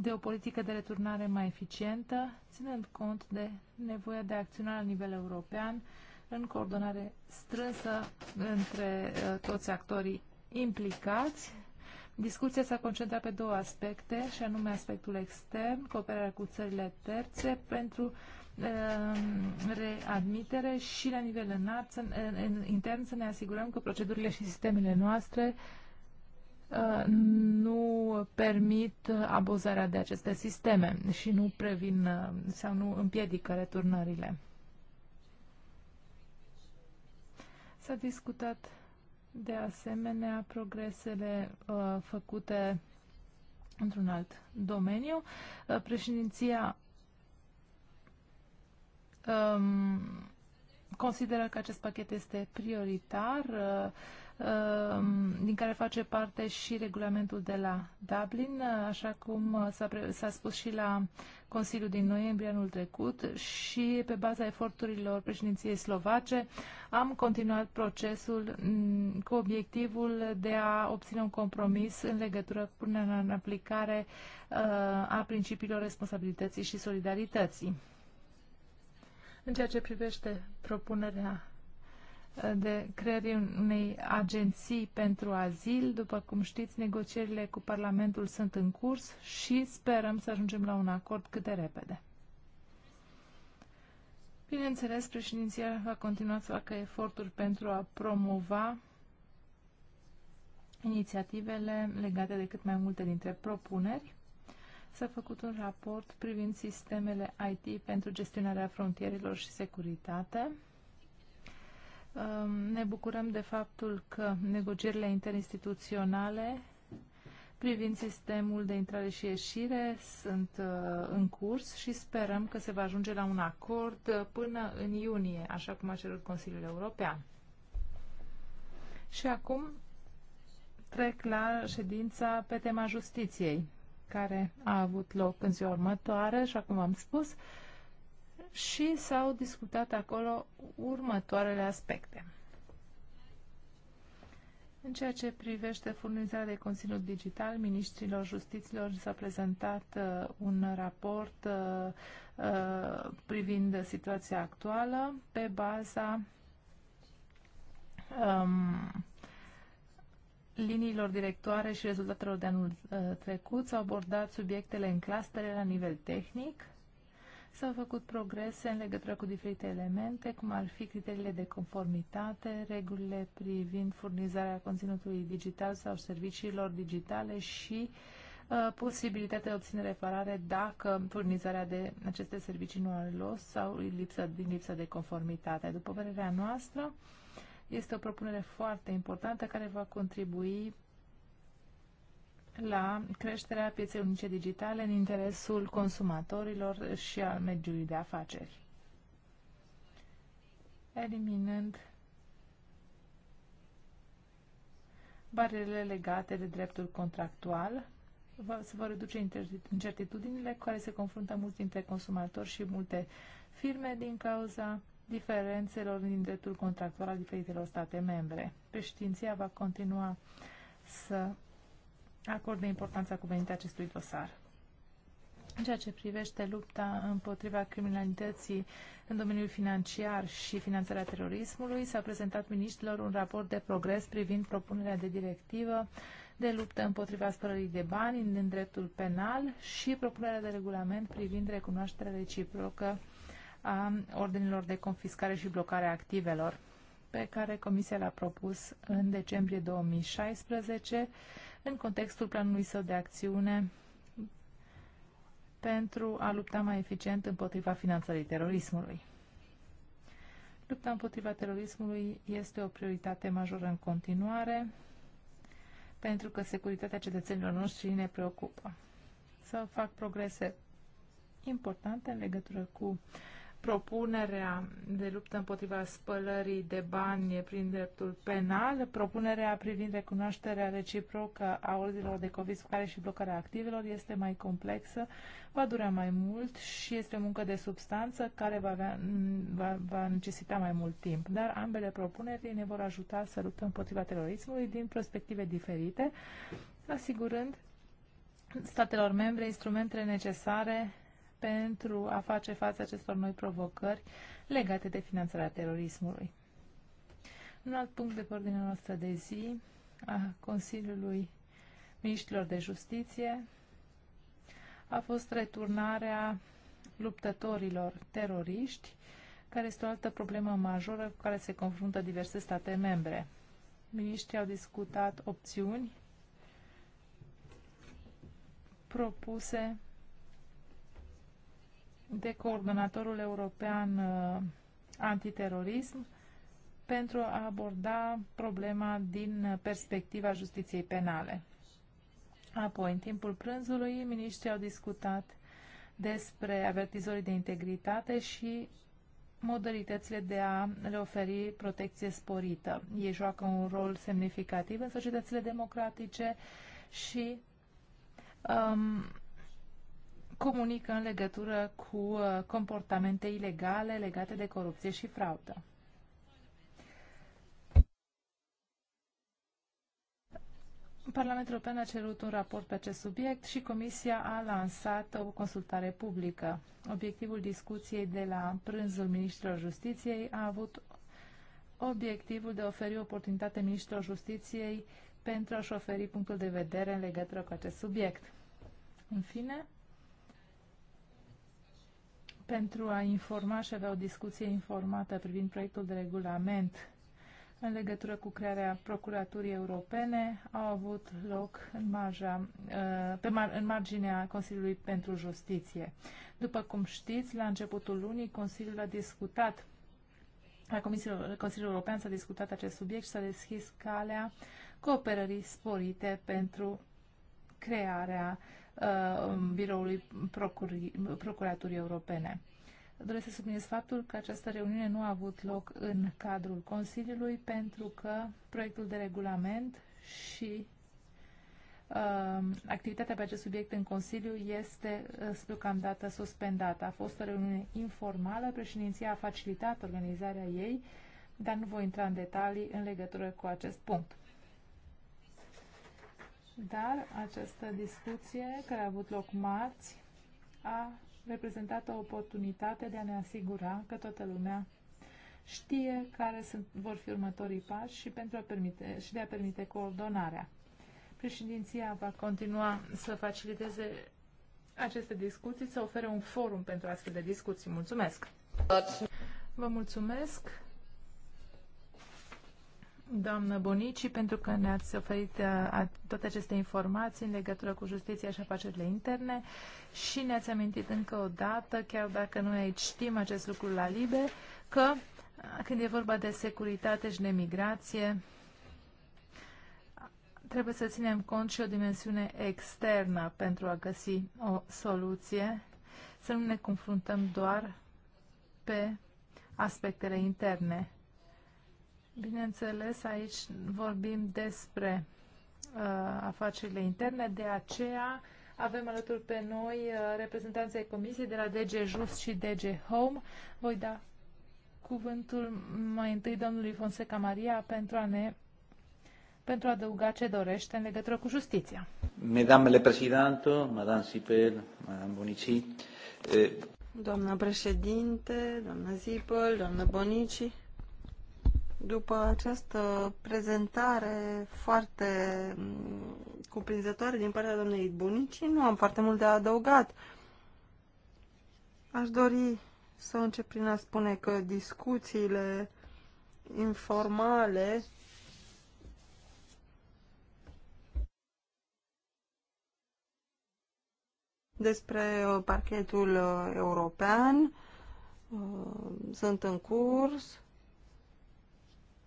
de o politică de returnare mai eficientă, ținând cont de nevoia de acțiune la nivel european în coordonare strânsă între uh, toți actorii implicați. Discuția s-a concentrat pe două aspecte, și anume aspectul extern, cooperarea cu țările terțe pentru uh, readmitere și la nivel înalt, în, în, intern să ne asigurăm că procedurile și sistemele noastre uh, nu permit abuzarea de aceste sisteme și nu previn uh, sau nu împiedică returnările. S-a discutat de asemenea progresele uh, făcute într-un alt domeniu. Uh, președinția um, consideră că acest pachet este prioritar. Uh, Um, din care face parte și regulamentul de la Dublin, așa cum s-a spus și la Consiliul din noiembrie anul trecut și pe baza eforturilor președinției slovace am continuat procesul mm, cu obiectivul de a obține un compromis în legătură cu punerea în aplicare uh, a principiilor responsabilității și solidarității. În ceea ce privește propunerea de creării unei agenții pentru azil. După cum știți, negocierile cu Parlamentul sunt în curs și sperăm să ajungem la un acord cât de repede. Bineînțeles, președinția va continua să facă eforturi pentru a promova inițiativele legate de cât mai multe dintre propuneri. S-a făcut un raport privind sistemele IT pentru gestionarea frontierilor și securitate. Um, ne bucurăm de faptul că negocierile interinstituționale privind sistemul de intrare și ieșire sunt uh, în curs și sperăm că se va ajunge la un acord uh, până în iunie, așa cum a cerut Consiliul European. Și acum trec la ședința pe tema justiției, care a avut loc în ziua următoare, așa cum am spus, și s-au discutat acolo următoarele aspecte. În ceea ce privește furnizarea de conținut digital, ministrilor justiților s-a prezentat uh, un raport uh, uh, privind situația actuală pe baza um, liniilor directoare și rezultatelor de anul uh, trecut. S-au abordat subiectele în clastere la nivel tehnic S-au făcut progrese în legătură cu diferite elemente, cum ar fi criteriile de conformitate, regulile privind furnizarea conținutului digital sau serviciilor digitale și uh, posibilitatea de obține reparare dacă furnizarea de aceste servicii nu are loc sau lipsă, din lipsă de conformitate. După părerea noastră, este o propunere foarte importantă care va contribui la creșterea pieței unice digitale în interesul consumatorilor și al mediului de afaceri, eliminând barierele legate de dreptul contractual, se vor reduce incertitudinile cu care se confruntă mulți dintre consumatori și multe firme din cauza diferențelor din dreptul contractual al diferitelor state membre. Președinția va continua să acordă importanța cuvenită acestui dosar. În ceea ce privește lupta împotriva criminalității în domeniul financiar și finanțarea terorismului, s-a prezentat miniștrilor un raport de progres privind propunerea de directivă de luptă împotriva spălării de bani în dreptul penal și propunerea de regulament privind recunoașterea reciprocă a ordinilor de confiscare și blocare a activelor, pe care Comisia l-a propus în decembrie 2016 în contextul planului său de acțiune pentru a lupta mai eficient împotriva finanțării terorismului. Lupta împotriva terorismului este o prioritate majoră în continuare, pentru că securitatea cetățenilor noștri ne preocupă. Să fac progrese importante în legătură cu uh, propunerea de luptă împotriva spălării de bani prin dreptul penal, propunerea privind recunoașterea reciprocă a ordinelor de confiscare și blocarea activelor este mai complexă, va dura mai mult și este o muncă de substanță care va, avea, va, va necesita mai mult timp. Dar ambele propuneri ne vor ajuta să luptăm împotriva terorismului din perspective diferite, asigurând statelor membre instrumentele necesare pentru a face față acestor noi provocări legate de finanțarea terorismului. Un alt punct de pe ordinea noastră de zi a Consiliului Ministrilor de Justiție a fost returnarea luptătorilor teroriști, care este o altă problemă majoră cu care se confruntă diverse state membre. Ministrii au discutat opțiuni propuse de coordonatorul european uh, antiterorism pentru a aborda problema din perspectiva justiției penale. Apoi, în timpul prânzului, miniștrii au discutat despre avertizorii de integritate și modalitățile de a le oferi protecție sporită. Ei joacă un rol semnificativ în societățile democratice și um, comunică în legătură cu uh, comportamente ilegale legate de corupție și fraudă. Parlamentul European a cerut un raport pe acest subiect și Comisia a lansat o consultare publică. Obiectivul discuției de la prânzul Ministrilor Justiției a avut obiectivul de a oferi oportunitate Ministrilor Justiției pentru a-și oferi punctul de vedere în legătură cu acest subiect. În fine, pentru a informa și avea da o discuție informată privind proiectul de regulament în legătură cu crearea Procuraturii Europene au avut loc în, marja, uh, pe mar, în marginea Consiliului pentru Justiție. După cum știți, la începutul lunii Consiliul a discutat la Consiliul, Consiliul European s-a discutat acest subiect și s-a deschis calea cooperării sporite pentru crearea Uh, biroului Procurii, Procuraturii Europene. Doresc să subliniez faptul că această reuniune nu a avut loc în cadrul Consiliului pentru că proiectul de regulament și uh, activitatea pe acest subiect în Consiliu este uh, deocamdată suspendată. A fost o reuniune informală, președinția a facilitat organizarea ei, dar nu voi intra în detalii în legătură cu acest punct. Dar această discuție care a avut loc marți a reprezentat o oportunitate de a ne asigura că toată lumea știe care sunt, vor fi următorii pași și, pentru a permite, și de a permite coordonarea. Președinția va continua să faciliteze aceste discuții, să ofere un forum pentru astfel de discuții. Mulțumesc! Vă mulțumesc! doamnă Bonici, pentru că ne-ați oferit uh, toate aceste informații în legătură cu justiția și afacerile interne și ne-ați amintit încă o dată, chiar dacă noi aici știm acest lucru la libe, că uh, când e vorba de securitate și de migrație, trebuie să ținem cont și o dimensiune externă pentru a găsi o soluție, să nu ne confruntăm doar pe aspectele interne Bineînțeles, aici vorbim despre uh, afacerile interne, de aceea avem alături pe noi uh, reprezentanții Comisiei de la DG Just și DG Home. Voi da cuvântul mai întâi domnului Fonseca Maria pentru a ne pentru a adăuga ce dorește în legătură cu justiția. Madamele președinte, madame Sipel, madame Bonici. Eh, doamna președinte, doamna Zipel, doamna Bonici, după această prezentare foarte mm, cuprinzătoare din partea doamnei Bunici, nu am foarte mult de adăugat. Aș dori să încep prin a spune că discuțiile informale despre uh, parchetul uh, european uh, sunt în curs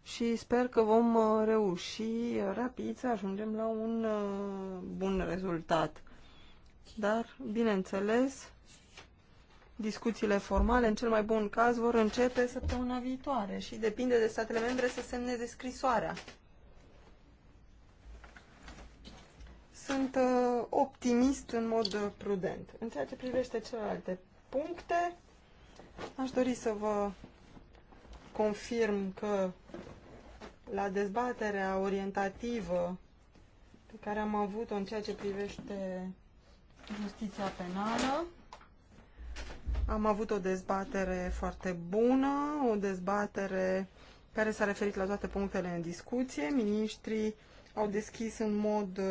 și sper că vom uh, reuși rapid să ajungem la un uh, bun rezultat. Dar, bineînțeles, discuțiile formale, în cel mai bun caz, vor începe săptămâna viitoare și depinde de statele membre să semneze scrisoarea. Sunt uh, optimist în mod prudent. În ceea ce privește celelalte puncte, aș dori să vă confirm că la dezbaterea orientativă pe care am avut-o în ceea ce privește justiția penală. Am avut o dezbatere foarte bună, o dezbatere care s-a referit la toate punctele în discuție. Ministrii au deschis în mod,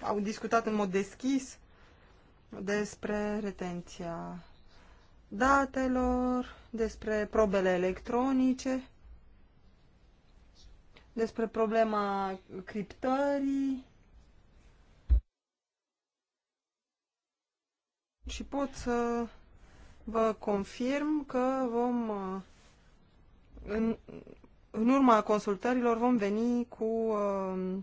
au discutat în mod deschis despre retenția datelor, despre probele electronice despre problema criptării și pot să vă confirm că vom în, în urma consultărilor vom veni cu uh,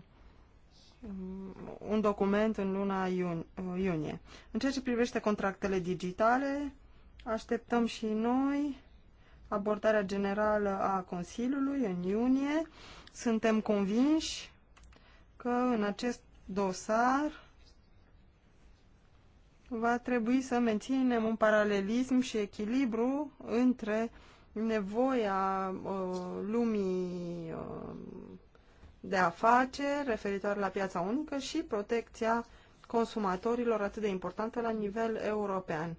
un document în luna iun, iunie. În ceea ce privește contractele digitale, așteptăm și noi abordarea generală a Consiliului în iunie. Suntem convinși că în acest dosar va trebui să menținem un paralelism și echilibru între nevoia uh, lumii uh, de afaceri referitoare la piața unică și protecția consumatorilor atât de importantă la nivel european.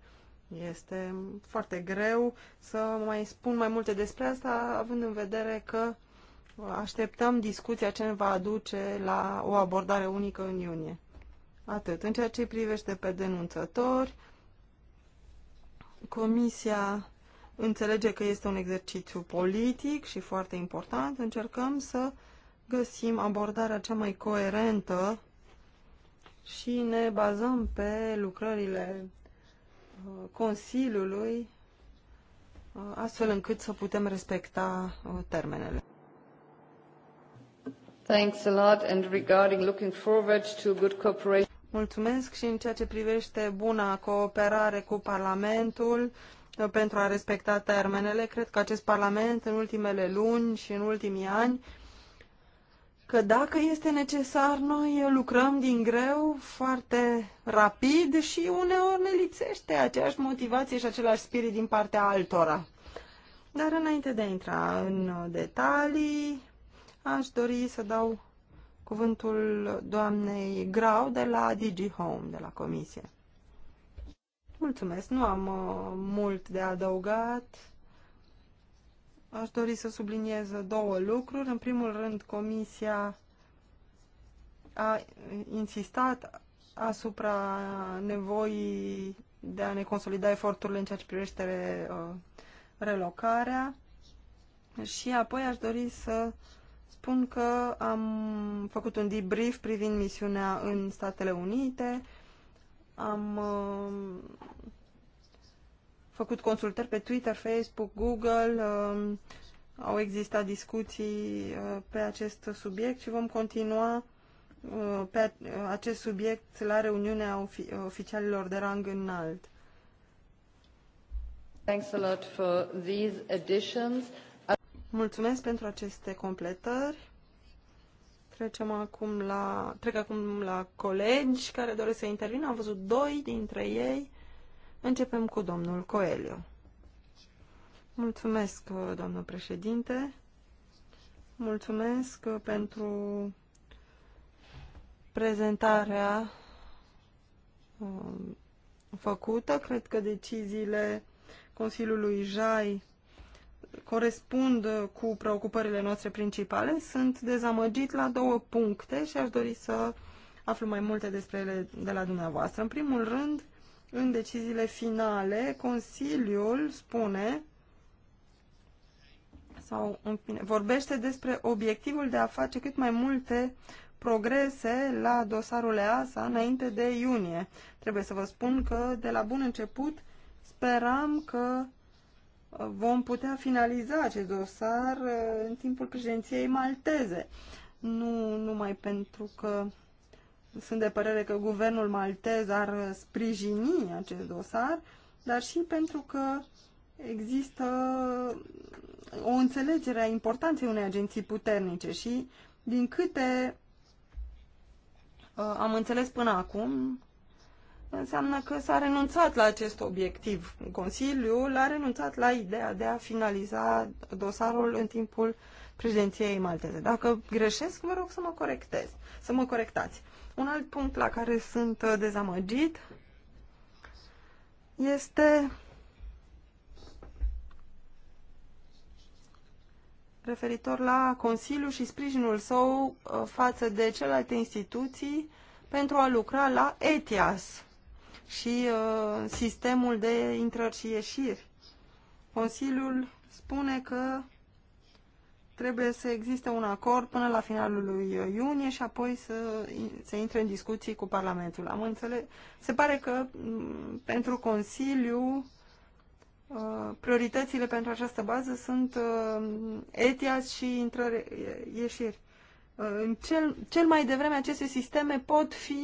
Este foarte greu să mai spun mai multe despre asta, având în vedere că așteptăm discuția ce ne va aduce la o abordare unică în iunie. Atât. În ceea ce privește pe denunțători, Comisia înțelege că este un exercițiu politic și foarte important. Încercăm să găsim abordarea cea mai coerentă și ne bazăm pe lucrările Uh, Consiliului, uh, astfel încât să putem respecta uh, termenele. Thanks a lot and regarding looking forward to good cooperation. Mulțumesc și în ceea ce privește buna cooperare cu Parlamentul pentru a respecta termenele, cred că acest Parlament în ultimele luni și în ultimii ani că dacă este necesar, noi lucrăm din greu, foarte rapid și uneori ne lipsește aceeași motivație și același spirit din partea altora. Dar înainte de a intra în detalii, aș dori să dau cuvântul doamnei Grau de la DG Home, de la Comisie. Mulțumesc, nu am uh, mult de adăugat Aș dori să subliniez două lucruri. În primul rând, Comisia a insistat asupra nevoii de a ne consolida eforturile în ceea ce privește uh, relocarea. Și apoi aș dori să spun că am făcut un debrief privind misiunea în Statele Unite, am uh, făcut consultări pe Twitter, Facebook, Google, um, au existat discuții uh, pe acest subiect și vom continua uh, pe acest subiect la reuniunea ofi oficialilor de rang înalt. Thanks a lot for these additions. Mulțumesc pentru aceste completări. Trecem acum la, trec acum la colegi care doresc să intervină. Am văzut doi dintre ei. Începem cu domnul Coelho. Mulțumesc, domnul președinte. Mulțumesc pentru prezentarea um, făcută. Cred că deciziile Consiliului JAI corespund cu preocupările noastre principale. Sunt dezamăgit la două puncte și aș dori să aflu mai multe despre ele de la dumneavoastră. În primul rând, în deciziile finale, Consiliul spune sau în fine, vorbește despre obiectivul de a face cât mai multe progrese la dosarul EASA înainte de iunie. Trebuie să vă spun că de la bun început speram că uh, vom putea finaliza acest dosar uh, în timpul președinției malteze. Nu numai pentru că sunt de părere că guvernul maltez ar sprijini acest dosar, dar și pentru că există o înțelegere a importanței unei agenții puternice și din câte uh, am înțeles până acum, înseamnă că s-a renunțat la acest obiectiv. Consiliul a renunțat la ideea de a finaliza dosarul în timpul președinției malteze. Dacă greșesc, vă rog să mă corectez, să mă corectați. Un alt punct la care sunt uh, dezamăgit este referitor la Consiliul și sprijinul său uh, față de celelalte instituții pentru a lucra la ETIAS și uh, sistemul de intrări și ieșiri. Consiliul spune că trebuie să existe un acord până la finalul lui iunie și apoi să se intre în discuții cu Parlamentul. Am înțeles. Se pare că pentru Consiliu uh, prioritățile pentru această bază sunt uh, ETIAS și intrări, ieșiri. Uh, în cel, cel mai devreme aceste sisteme pot fi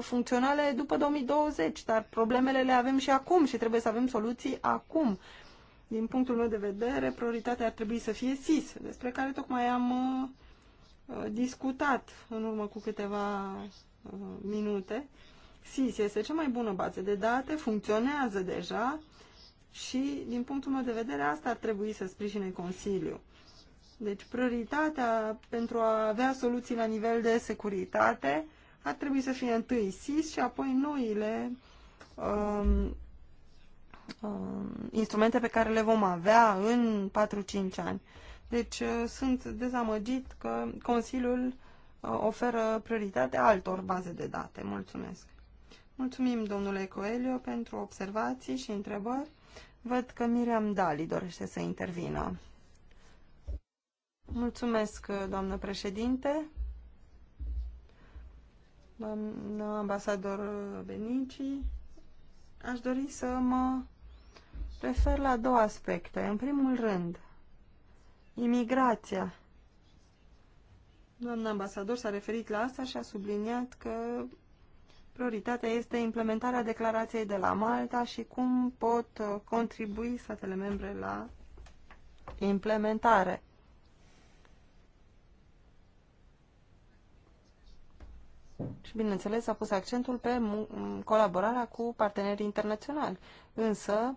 funcționale după 2020, dar problemele le avem și acum și trebuie să avem soluții acum din punctul meu de vedere, prioritatea ar trebui să fie SIS, despre care tocmai am uh, uh, discutat în urmă cu câteva uh, minute. SIS este cea mai bună bază de date, funcționează deja și, din punctul meu de vedere, asta ar trebui să sprijine Consiliul. Deci, prioritatea pentru a avea soluții la nivel de securitate ar trebui să fie întâi SIS și apoi noile um, Uh, instrumente pe care le vom avea în 4-5 ani. Deci uh, sunt dezamăgit că Consiliul uh, oferă prioritate altor baze de date. Mulțumesc! Mulțumim, domnule Coelio, pentru observații și întrebări. Văd că Miriam Dali dorește să intervină. Mulțumesc, doamnă președinte. Doamnă ambasador Benici, aș dori să mă refer la două aspecte. În primul rând, imigrația. Doamna ambasador s-a referit la asta și a subliniat că prioritatea este implementarea declarației de la Malta și cum pot uh, contribui statele membre la implementare. Și, bineînțeles, a pus accentul pe colaborarea cu partenerii internaționali. Însă,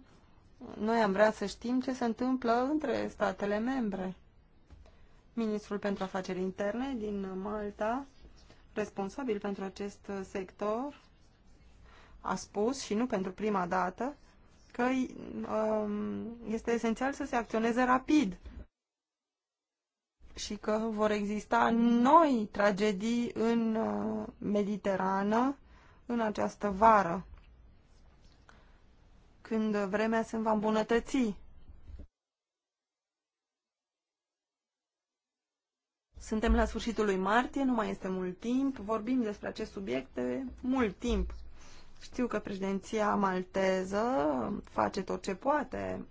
noi am vrea să știm ce se întâmplă între statele membre. Ministrul pentru afaceri interne din Malta, responsabil pentru acest sector, a spus, și nu pentru prima dată, că um, este esențial să se acționeze rapid și că vor exista noi tragedii în uh, Mediterană în această vară când vremea se va îmbunătăți. Suntem la sfârșitul lui martie, nu mai este mult timp, vorbim despre acest subiect de mult timp. Știu că președinția malteză face tot ce poate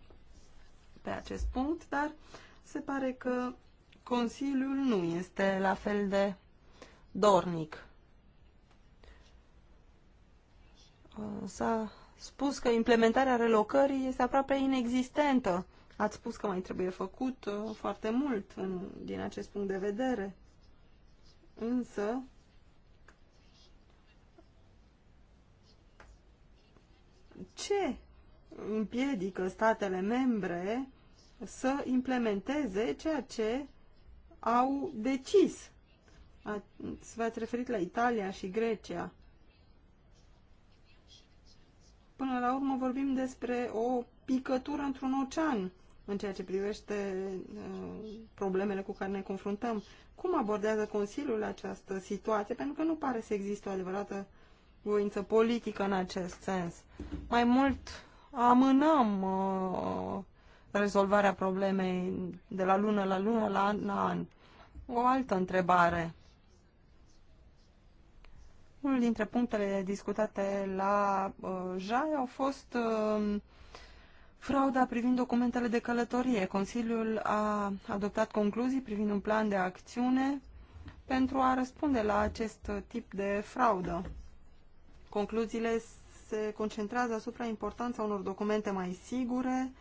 pe acest punct, dar se pare că Consiliul nu este la fel de dornic. S-a spus că implementarea relocării este aproape inexistentă. Ați spus că mai trebuie făcut uh, foarte mult în, din acest punct de vedere. Însă, ce împiedică statele membre să implementeze ceea ce au decis? Ați, v-ați referit la Italia și Grecia. Până la urmă vorbim despre o picătură într-un ocean în ceea ce privește uh, problemele cu care ne confruntăm. Cum abordează Consiliul această situație? Pentru că nu pare să existe o adevărată voință politică în acest sens. Mai mult amânăm uh, rezolvarea problemei de la lună la lună, la an la an. O altă întrebare. Unul dintre punctele discutate la uh, JAI au fost uh, frauda privind documentele de călătorie. Consiliul a adoptat concluzii privind un plan de acțiune pentru a răspunde la acest tip de fraudă. Concluziile se concentrează asupra importanța unor documente mai sigure,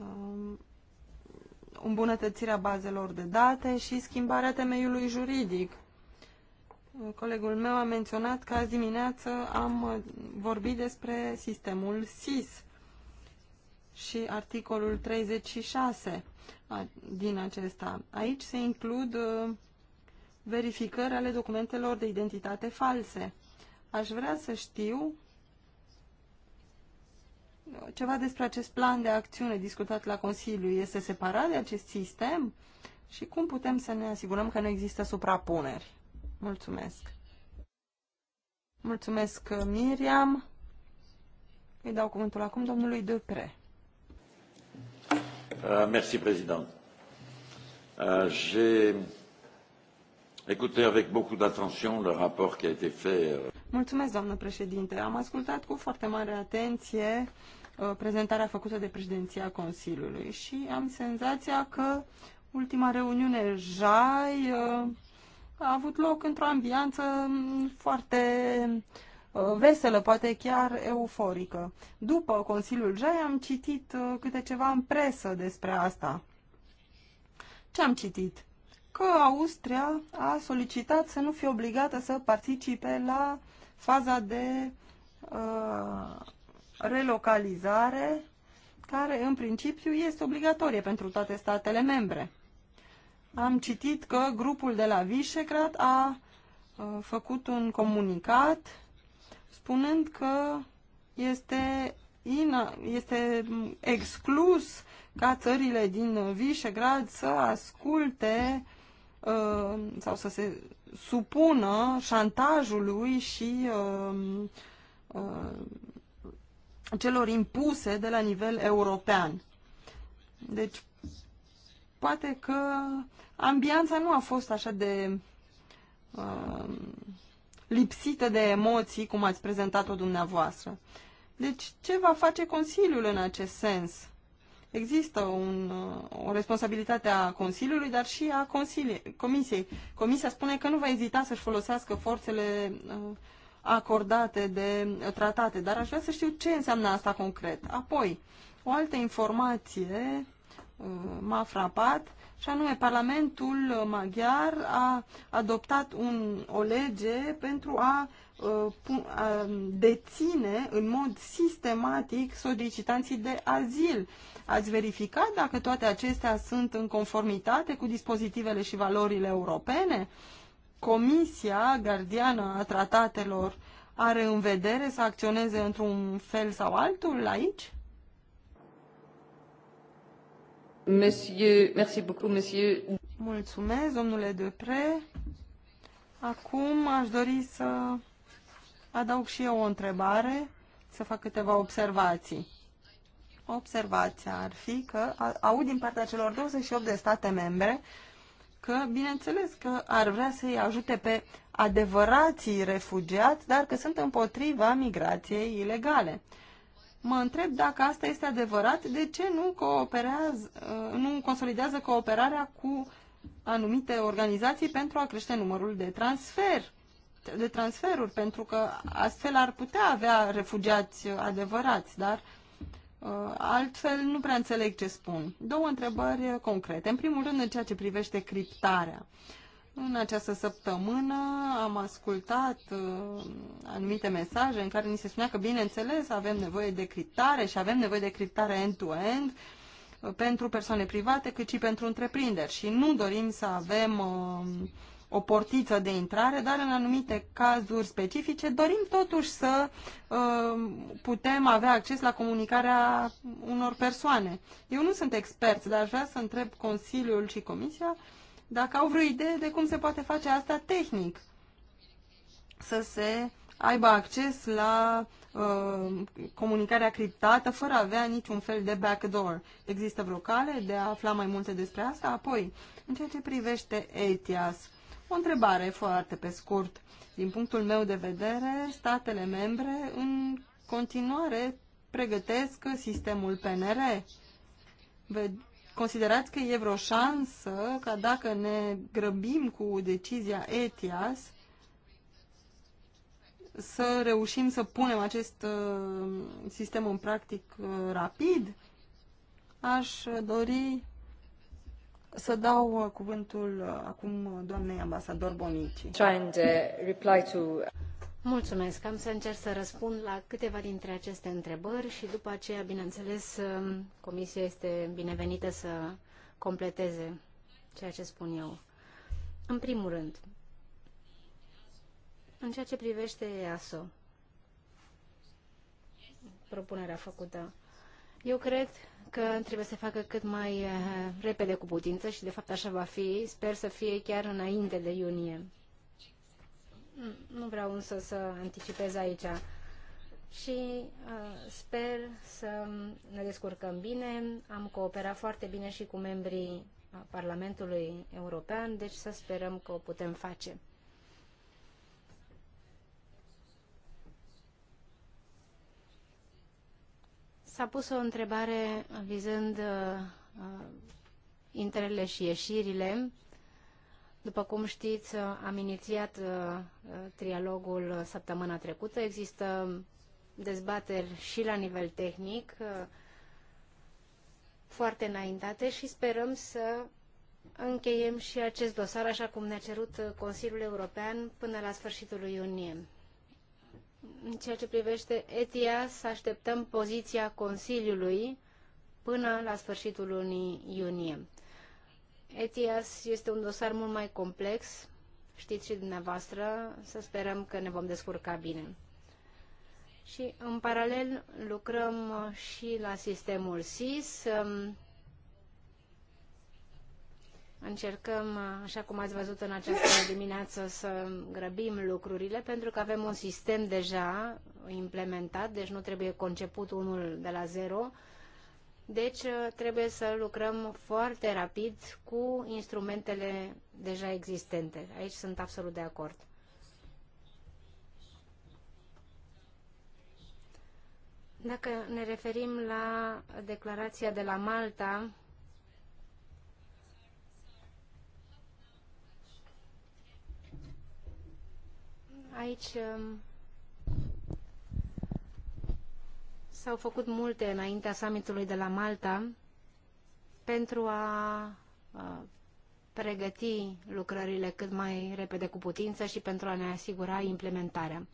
um, îmbunătățirea bazelor de date și schimbarea temeiului juridic Colegul meu a menționat că azi dimineață am uh, vorbit despre sistemul SIS și articolul 36 din acesta. Aici se includ uh, verificări ale documentelor de identitate false. Aș vrea să știu uh, ceva despre acest plan de acțiune discutat la Consiliu. Este separat de acest sistem? Și cum putem să ne asigurăm că nu există suprapuneri? Mulțumesc. Mulțumesc, Miriam. Îi dau cuvântul acum domnului Dupre. Uh, merci, président. Uh, J'ai écouté avec beaucoup d'attention le rapport qui a été fait. Euh, Mulțumesc, doamnă președinte. Am ascultat cu foarte mare atenție uh, prezentarea făcută de președinția Consiliului și am senzația că ultima reuniune JAI uh, a avut loc într-o ambianță foarte uh, veselă, poate chiar euforică. După Consiliul Jai am citit uh, câte ceva în presă despre asta. Ce am citit? Că Austria a solicitat să nu fie obligată să participe la faza de uh, relocalizare, care în principiu este obligatorie pentru toate statele membre am citit că grupul de la Visegrad a uh, făcut un comunicat spunând că este, ina, este exclus ca țările din Visegrad să asculte uh, sau să se supună șantajului și uh, celor impuse de la nivel european. Deci, poate că ambianța nu a fost așa de uh, lipsită de emoții cum ați prezentat-o dumneavoastră. Deci ce va face Consiliul în acest sens? Există un, uh, o responsabilitate a Consiliului, dar și a Consilie, Comisiei. Comisia spune că nu va ezita să-și folosească forțele uh, acordate de tratate, dar aș vrea să știu ce înseamnă asta concret. Apoi, o altă informație uh, m-a frapat și anume Parlamentul maghiar a adoptat un, o lege pentru a, uh, a deține în mod sistematic solicitanții de azil. Ați verificat dacă toate acestea sunt în conformitate cu dispozitivele și valorile europene? Comisia Gardiană a Tratatelor are în vedere să acționeze într-un fel sau altul aici? Monsieur, Mulțumesc, domnule Depre. Acum aș dori să adaug și eu o întrebare, să fac câteva observații. Observația ar fi că aud din partea celor 28 de state membre că, bineînțeles, că ar vrea să-i ajute pe adevărații refugiați, dar că sunt împotriva migrației ilegale. Mă întreb dacă asta este adevărat, de ce nu, cooperează, uh, nu consolidează cooperarea cu anumite organizații pentru a crește numărul de transfer de transferuri, pentru că astfel ar putea avea refugiați adevărați, dar uh, altfel nu prea înțeleg ce spun. Două întrebări concrete. În primul rând, în ceea ce privește criptarea. Uh, în această săptămână am ascultat uh, anumite mesaje în care ni se spunea că, bineînțeles, avem nevoie de criptare și avem nevoie de criptare end-to-end -end uh, pentru persoane private, cât și pentru întreprinderi. Și nu dorim să avem uh, o portiță de intrare, dar în anumite cazuri specifice dorim totuși să uh, putem avea acces la comunicarea unor persoane. Eu nu sunt expert, dar aș vrea să întreb Consiliul și Comisia dacă au vreo idee de cum se poate face asta tehnic. Să se aibă acces la uh, comunicarea criptată fără a avea niciun fel de backdoor. Există vreo cale de a afla mai multe despre asta? Apoi, în ceea ce privește ETIAS, o întrebare foarte pe scurt. Din punctul meu de vedere, statele membre în continuare pregătesc sistemul PNR. Considerați că e vreo șansă ca dacă ne grăbim cu decizia ETIAS să reușim să punem acest uh, sistem în practic uh, rapid? Aș dori să dau uh, cuvântul acum doamnei ambasador Bonici. Mulțumesc. Am să încerc să răspund la câteva dintre aceste întrebări și după aceea, bineînțeles, um, comisia este binevenită să completeze ceea ce spun eu. În primul rând, în ceea ce privește EASO, propunerea făcută, eu cred că trebuie să facă cât mai uh, repede cu putință și, de fapt, așa va fi. Sper să fie chiar înainte de iunie nu vreau însă să anticipez aici și uh, sper să ne descurcăm bine. Am cooperat foarte bine și cu membrii uh, Parlamentului European, deci să sperăm că o putem face. S-a pus o întrebare vizând uh, uh intrările și ieșirile după cum știți, am inițiat uh, trialogul săptămâna trecută. Există dezbateri și la nivel tehnic uh, foarte înaintate și sperăm să încheiem și acest dosar, așa cum ne-a cerut uh, Consiliul European, până la sfârșitul lui iunie. În ceea ce privește ETIAS, așteptăm poziția Consiliului până la sfârșitul lunii iunie. ETIAS este un dosar mult mai complex, știți și dumneavoastră, să sperăm că ne vom descurca bine. Și în paralel lucrăm și la sistemul SIS. Um, încercăm, așa cum ați văzut în această dimineață, să grăbim lucrurile, pentru că avem un sistem deja implementat, deci nu trebuie conceput unul de la zero, deci uh, trebuie să lucrăm foarte rapid cu instrumentele deja existente. Aici sunt absolut de acord. Dacă ne referim la declarația de la Malta, aici um, S-au făcut multe înaintea summitului de la Malta pentru a, a pregăti lucrările cât mai repede cu putință și pentru a ne asigura implementarea.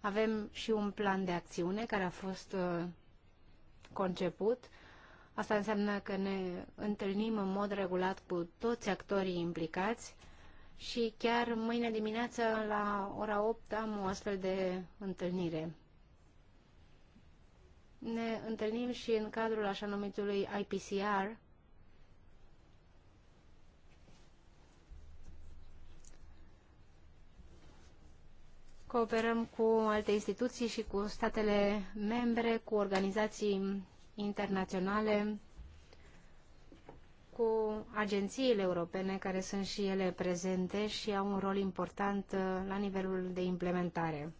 Avem și un plan de acțiune care a fost conceput. Asta înseamnă că ne întâlnim în mod regulat cu toți actorii implicați și chiar mâine dimineață la ora 8 am o astfel de întâlnire ne întâlnim și în cadrul așa numitului IPCR, Cooperăm cu alte instituții și cu statele membre, cu organizații internaționale, cu agențiile europene care sunt și ele prezente și au un rol important uh, la nivelul de implementare.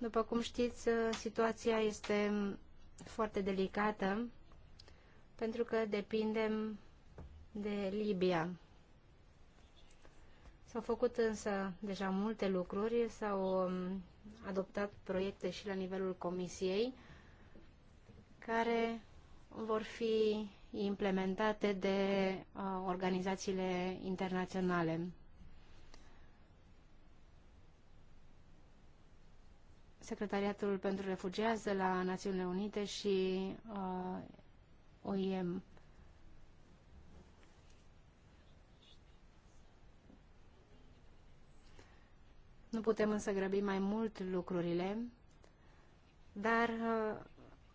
După cum știți, situația este foarte delicată pentru că depindem de Libia. S-au făcut însă deja multe lucruri, s-au um, adoptat proiecte și la nivelul Comisiei care vor fi implementate de uh, organizațiile internaționale. Secretariatul pentru Refugiați de la Națiunile Unite și uh, OIM. Nu putem însă grăbi mai mult lucrurile, dar uh,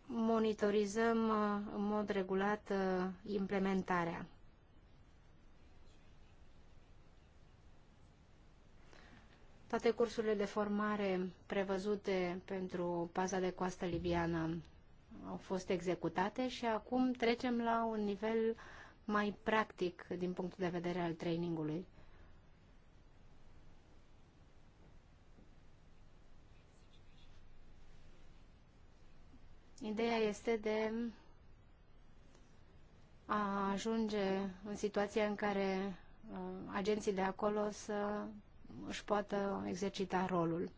monitorizăm uh, în mod regulat uh, implementarea. toate cursurile de formare prevăzute pentru paza de coastă libiană au fost executate și acum trecem la un nivel mai practic din punctul de vedere al trainingului. Ideea este de a ajunge în situația în care uh, agenții de acolo să își poată exercita rolul.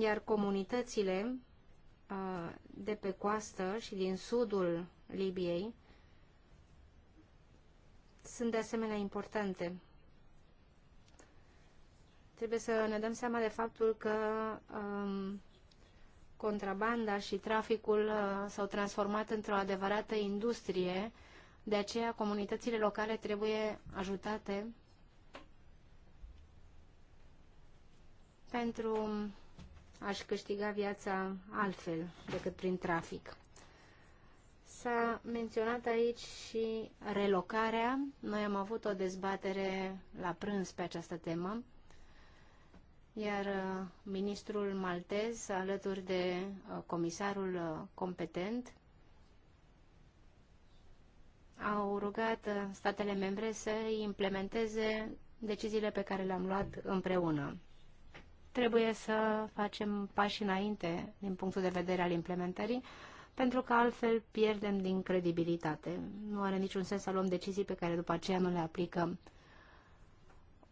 Iar comunitățile uh, de pe coastă și din sudul Libiei sunt de asemenea importante. Trebuie să ne dăm seama de faptul că um, contrabanda și traficul uh, s-au transformat într-o adevărată industrie, de aceea comunitățile locale trebuie ajutate pentru a-și câștiga viața altfel decât prin trafic. S-a menționat aici și relocarea. Noi am avut o dezbatere la prânz pe această temă, iar uh, ministrul maltez, alături de uh, comisarul uh, competent, au rugat statele membre să implementeze deciziile pe care le-am luat împreună trebuie să facem pași înainte din punctul de vedere al implementării, pentru că altfel pierdem din credibilitate. Nu are niciun sens să luăm decizii pe care după aceea nu le aplicăm.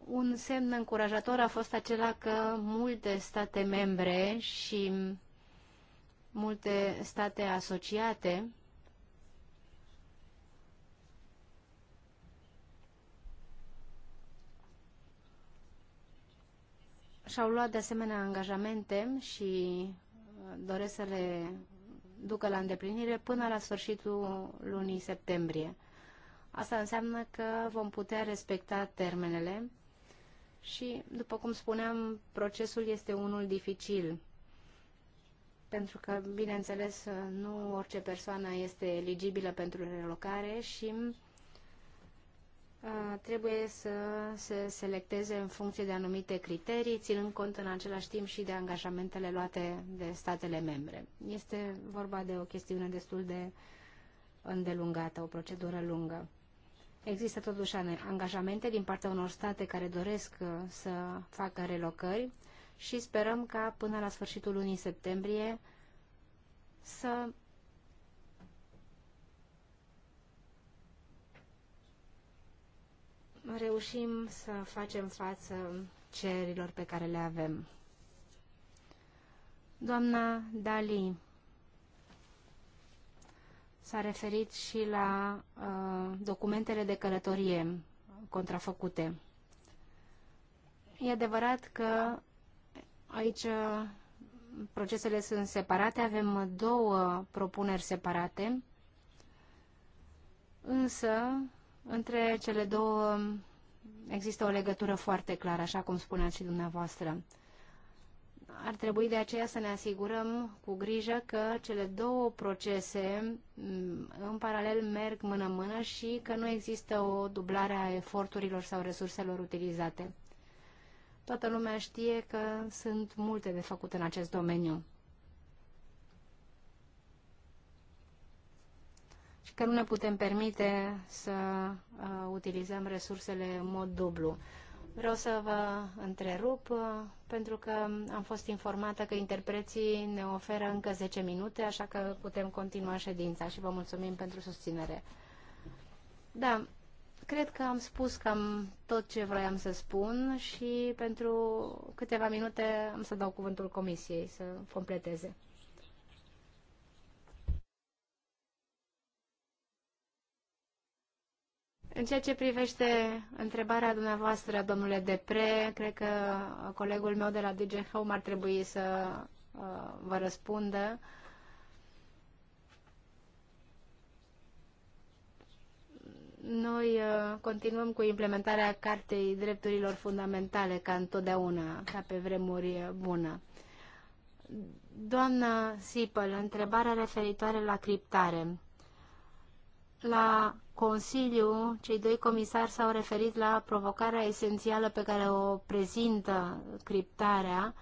Un semn încurajator a fost acela că multe state membre și multe state asociate și-au luat de asemenea angajamente și uh, doresc să le ducă la îndeplinire până la sfârșitul lunii septembrie. Asta înseamnă că vom putea respecta termenele și, după cum spuneam, procesul este unul dificil, pentru că, bineînțeles, nu orice persoană este eligibilă pentru relocare și trebuie să se selecteze în funcție de anumite criterii, ținând cont în același timp și de angajamentele luate de statele membre. Este vorba de o chestiune destul de îndelungată, o procedură lungă. Există totuși angajamente din partea unor state care doresc uh, să facă relocări și sperăm ca până la sfârșitul lunii septembrie să reușim să facem față cererilor pe care le avem. Doamna Dali s-a referit și la uh, documentele de călătorie contrafăcute. E adevărat că aici uh, procesele sunt separate, avem două propuneri separate, însă între cele două există o legătură foarte clară, așa cum spuneați și dumneavoastră. Ar trebui de aceea să ne asigurăm cu grijă că cele două procese mm, în paralel merg mână-mână și că nu există o dublare a eforturilor sau resurselor utilizate. Toată lumea știe că sunt multe de făcut în acest domeniu. că nu ne putem permite să uh, utilizăm resursele în mod dublu. Vreau să vă întrerup uh, pentru că am fost informată că interpreții ne oferă încă 10 minute, așa că putem continua ședința și vă mulțumim pentru susținere. Da, cred că am spus cam tot ce vroiam să spun și pentru câteva minute am să dau cuvântul comisiei să completeze. În ceea ce privește întrebarea dumneavoastră, domnule Depre, cred că colegul meu de la DG Home ar trebui să uh, vă răspundă. Noi uh, continuăm cu implementarea Cartei Drepturilor Fundamentale, ca întotdeauna, ca pe vremuri bună. Doamna Sipăl, întrebarea referitoare la criptare. La Consiliu, cei doi comisari s-au referit la provocarea esențială pe care o prezintă criptarea,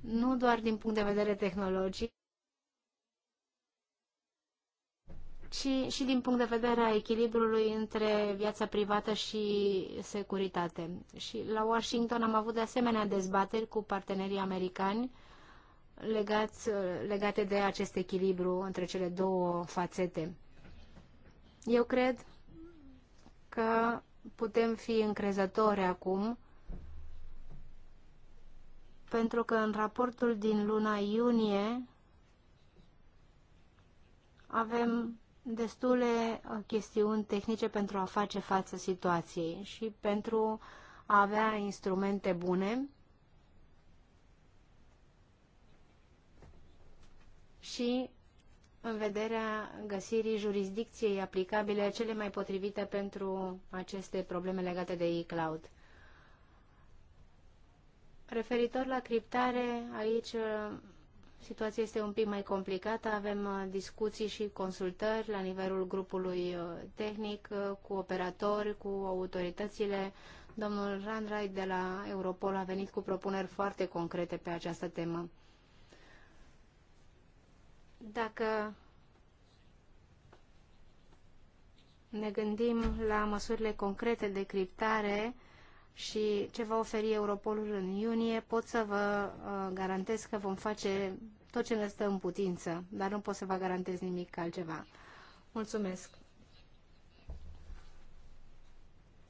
nu doar din punct de vedere tehnologic, ci și din punct de vedere a echilibrului între viața privată și securitate. Și la Washington am avut de asemenea dezbateri cu partenerii americani legați, legate de acest echilibru între cele două fațete. Eu cred că putem fi încrezători acum, pentru că în raportul din luna iunie avem destule uh, chestiuni tehnice pentru a face față situației și pentru a avea instrumente bune și în vederea găsirii jurisdicției aplicabile cele mai potrivite pentru aceste probleme legate de e-cloud. Referitor la criptare, aici uh, situația este un pic mai complicată. Avem uh, discuții și consultări la nivelul grupului uh, tehnic cu operatori, cu autoritățile. Domnul Randrai de la Europol a venit cu propuneri foarte concrete pe această temă. Dacă ne gândim la măsurile concrete de criptare și ce va oferi Europolul în iunie, pot să vă uh, garantez că vom face tot ce ne stă în putință, dar nu pot să vă garantez nimic altceva. Mulțumesc!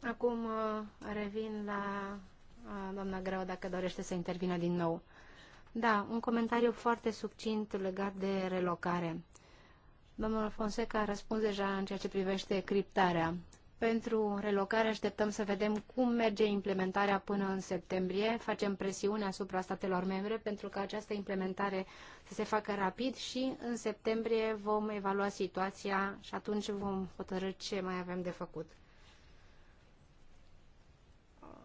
Acum uh, revin la uh, doamna Greu dacă dorește să intervină din nou. Da, un comentariu foarte subțint legat de relocare. Domnul Fonseca a răspuns deja în ceea ce privește criptarea. Pentru relocare așteptăm să vedem cum merge implementarea până în septembrie. Facem presiune asupra statelor membre pentru ca această implementare să se facă rapid și în septembrie vom evalua situația și atunci vom hotărâ ce mai avem de făcut.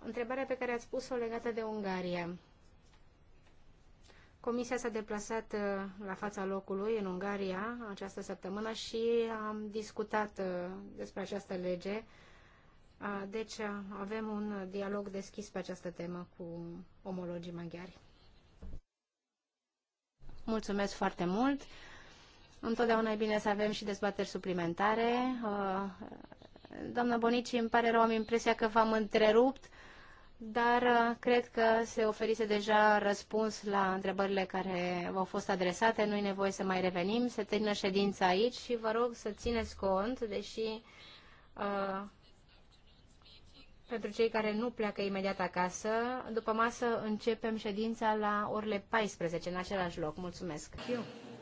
Întrebarea pe care ați pus-o legată de Ungaria. Comisia s-a deplasat uh, la fața locului în Ungaria această săptămână și am discutat uh, despre această lege. Uh, deci avem un dialog deschis pe această temă cu omologii maghiari. Mulțumesc foarte mult! Întotdeauna e bine să avem și dezbateri suplimentare. Doamna Bonici, îmi pare rău, am impresia că v-am întrerupt dar uh, cred că se oferise deja răspuns la întrebările care v-au fost adresate. Nu-i nevoie să mai revenim. Se termină ședința aici și vă rog să țineți cont, deși uh, pentru cei care nu pleacă imediat acasă, după masă începem ședința la orele 14 în același loc. Mulțumesc! Eu.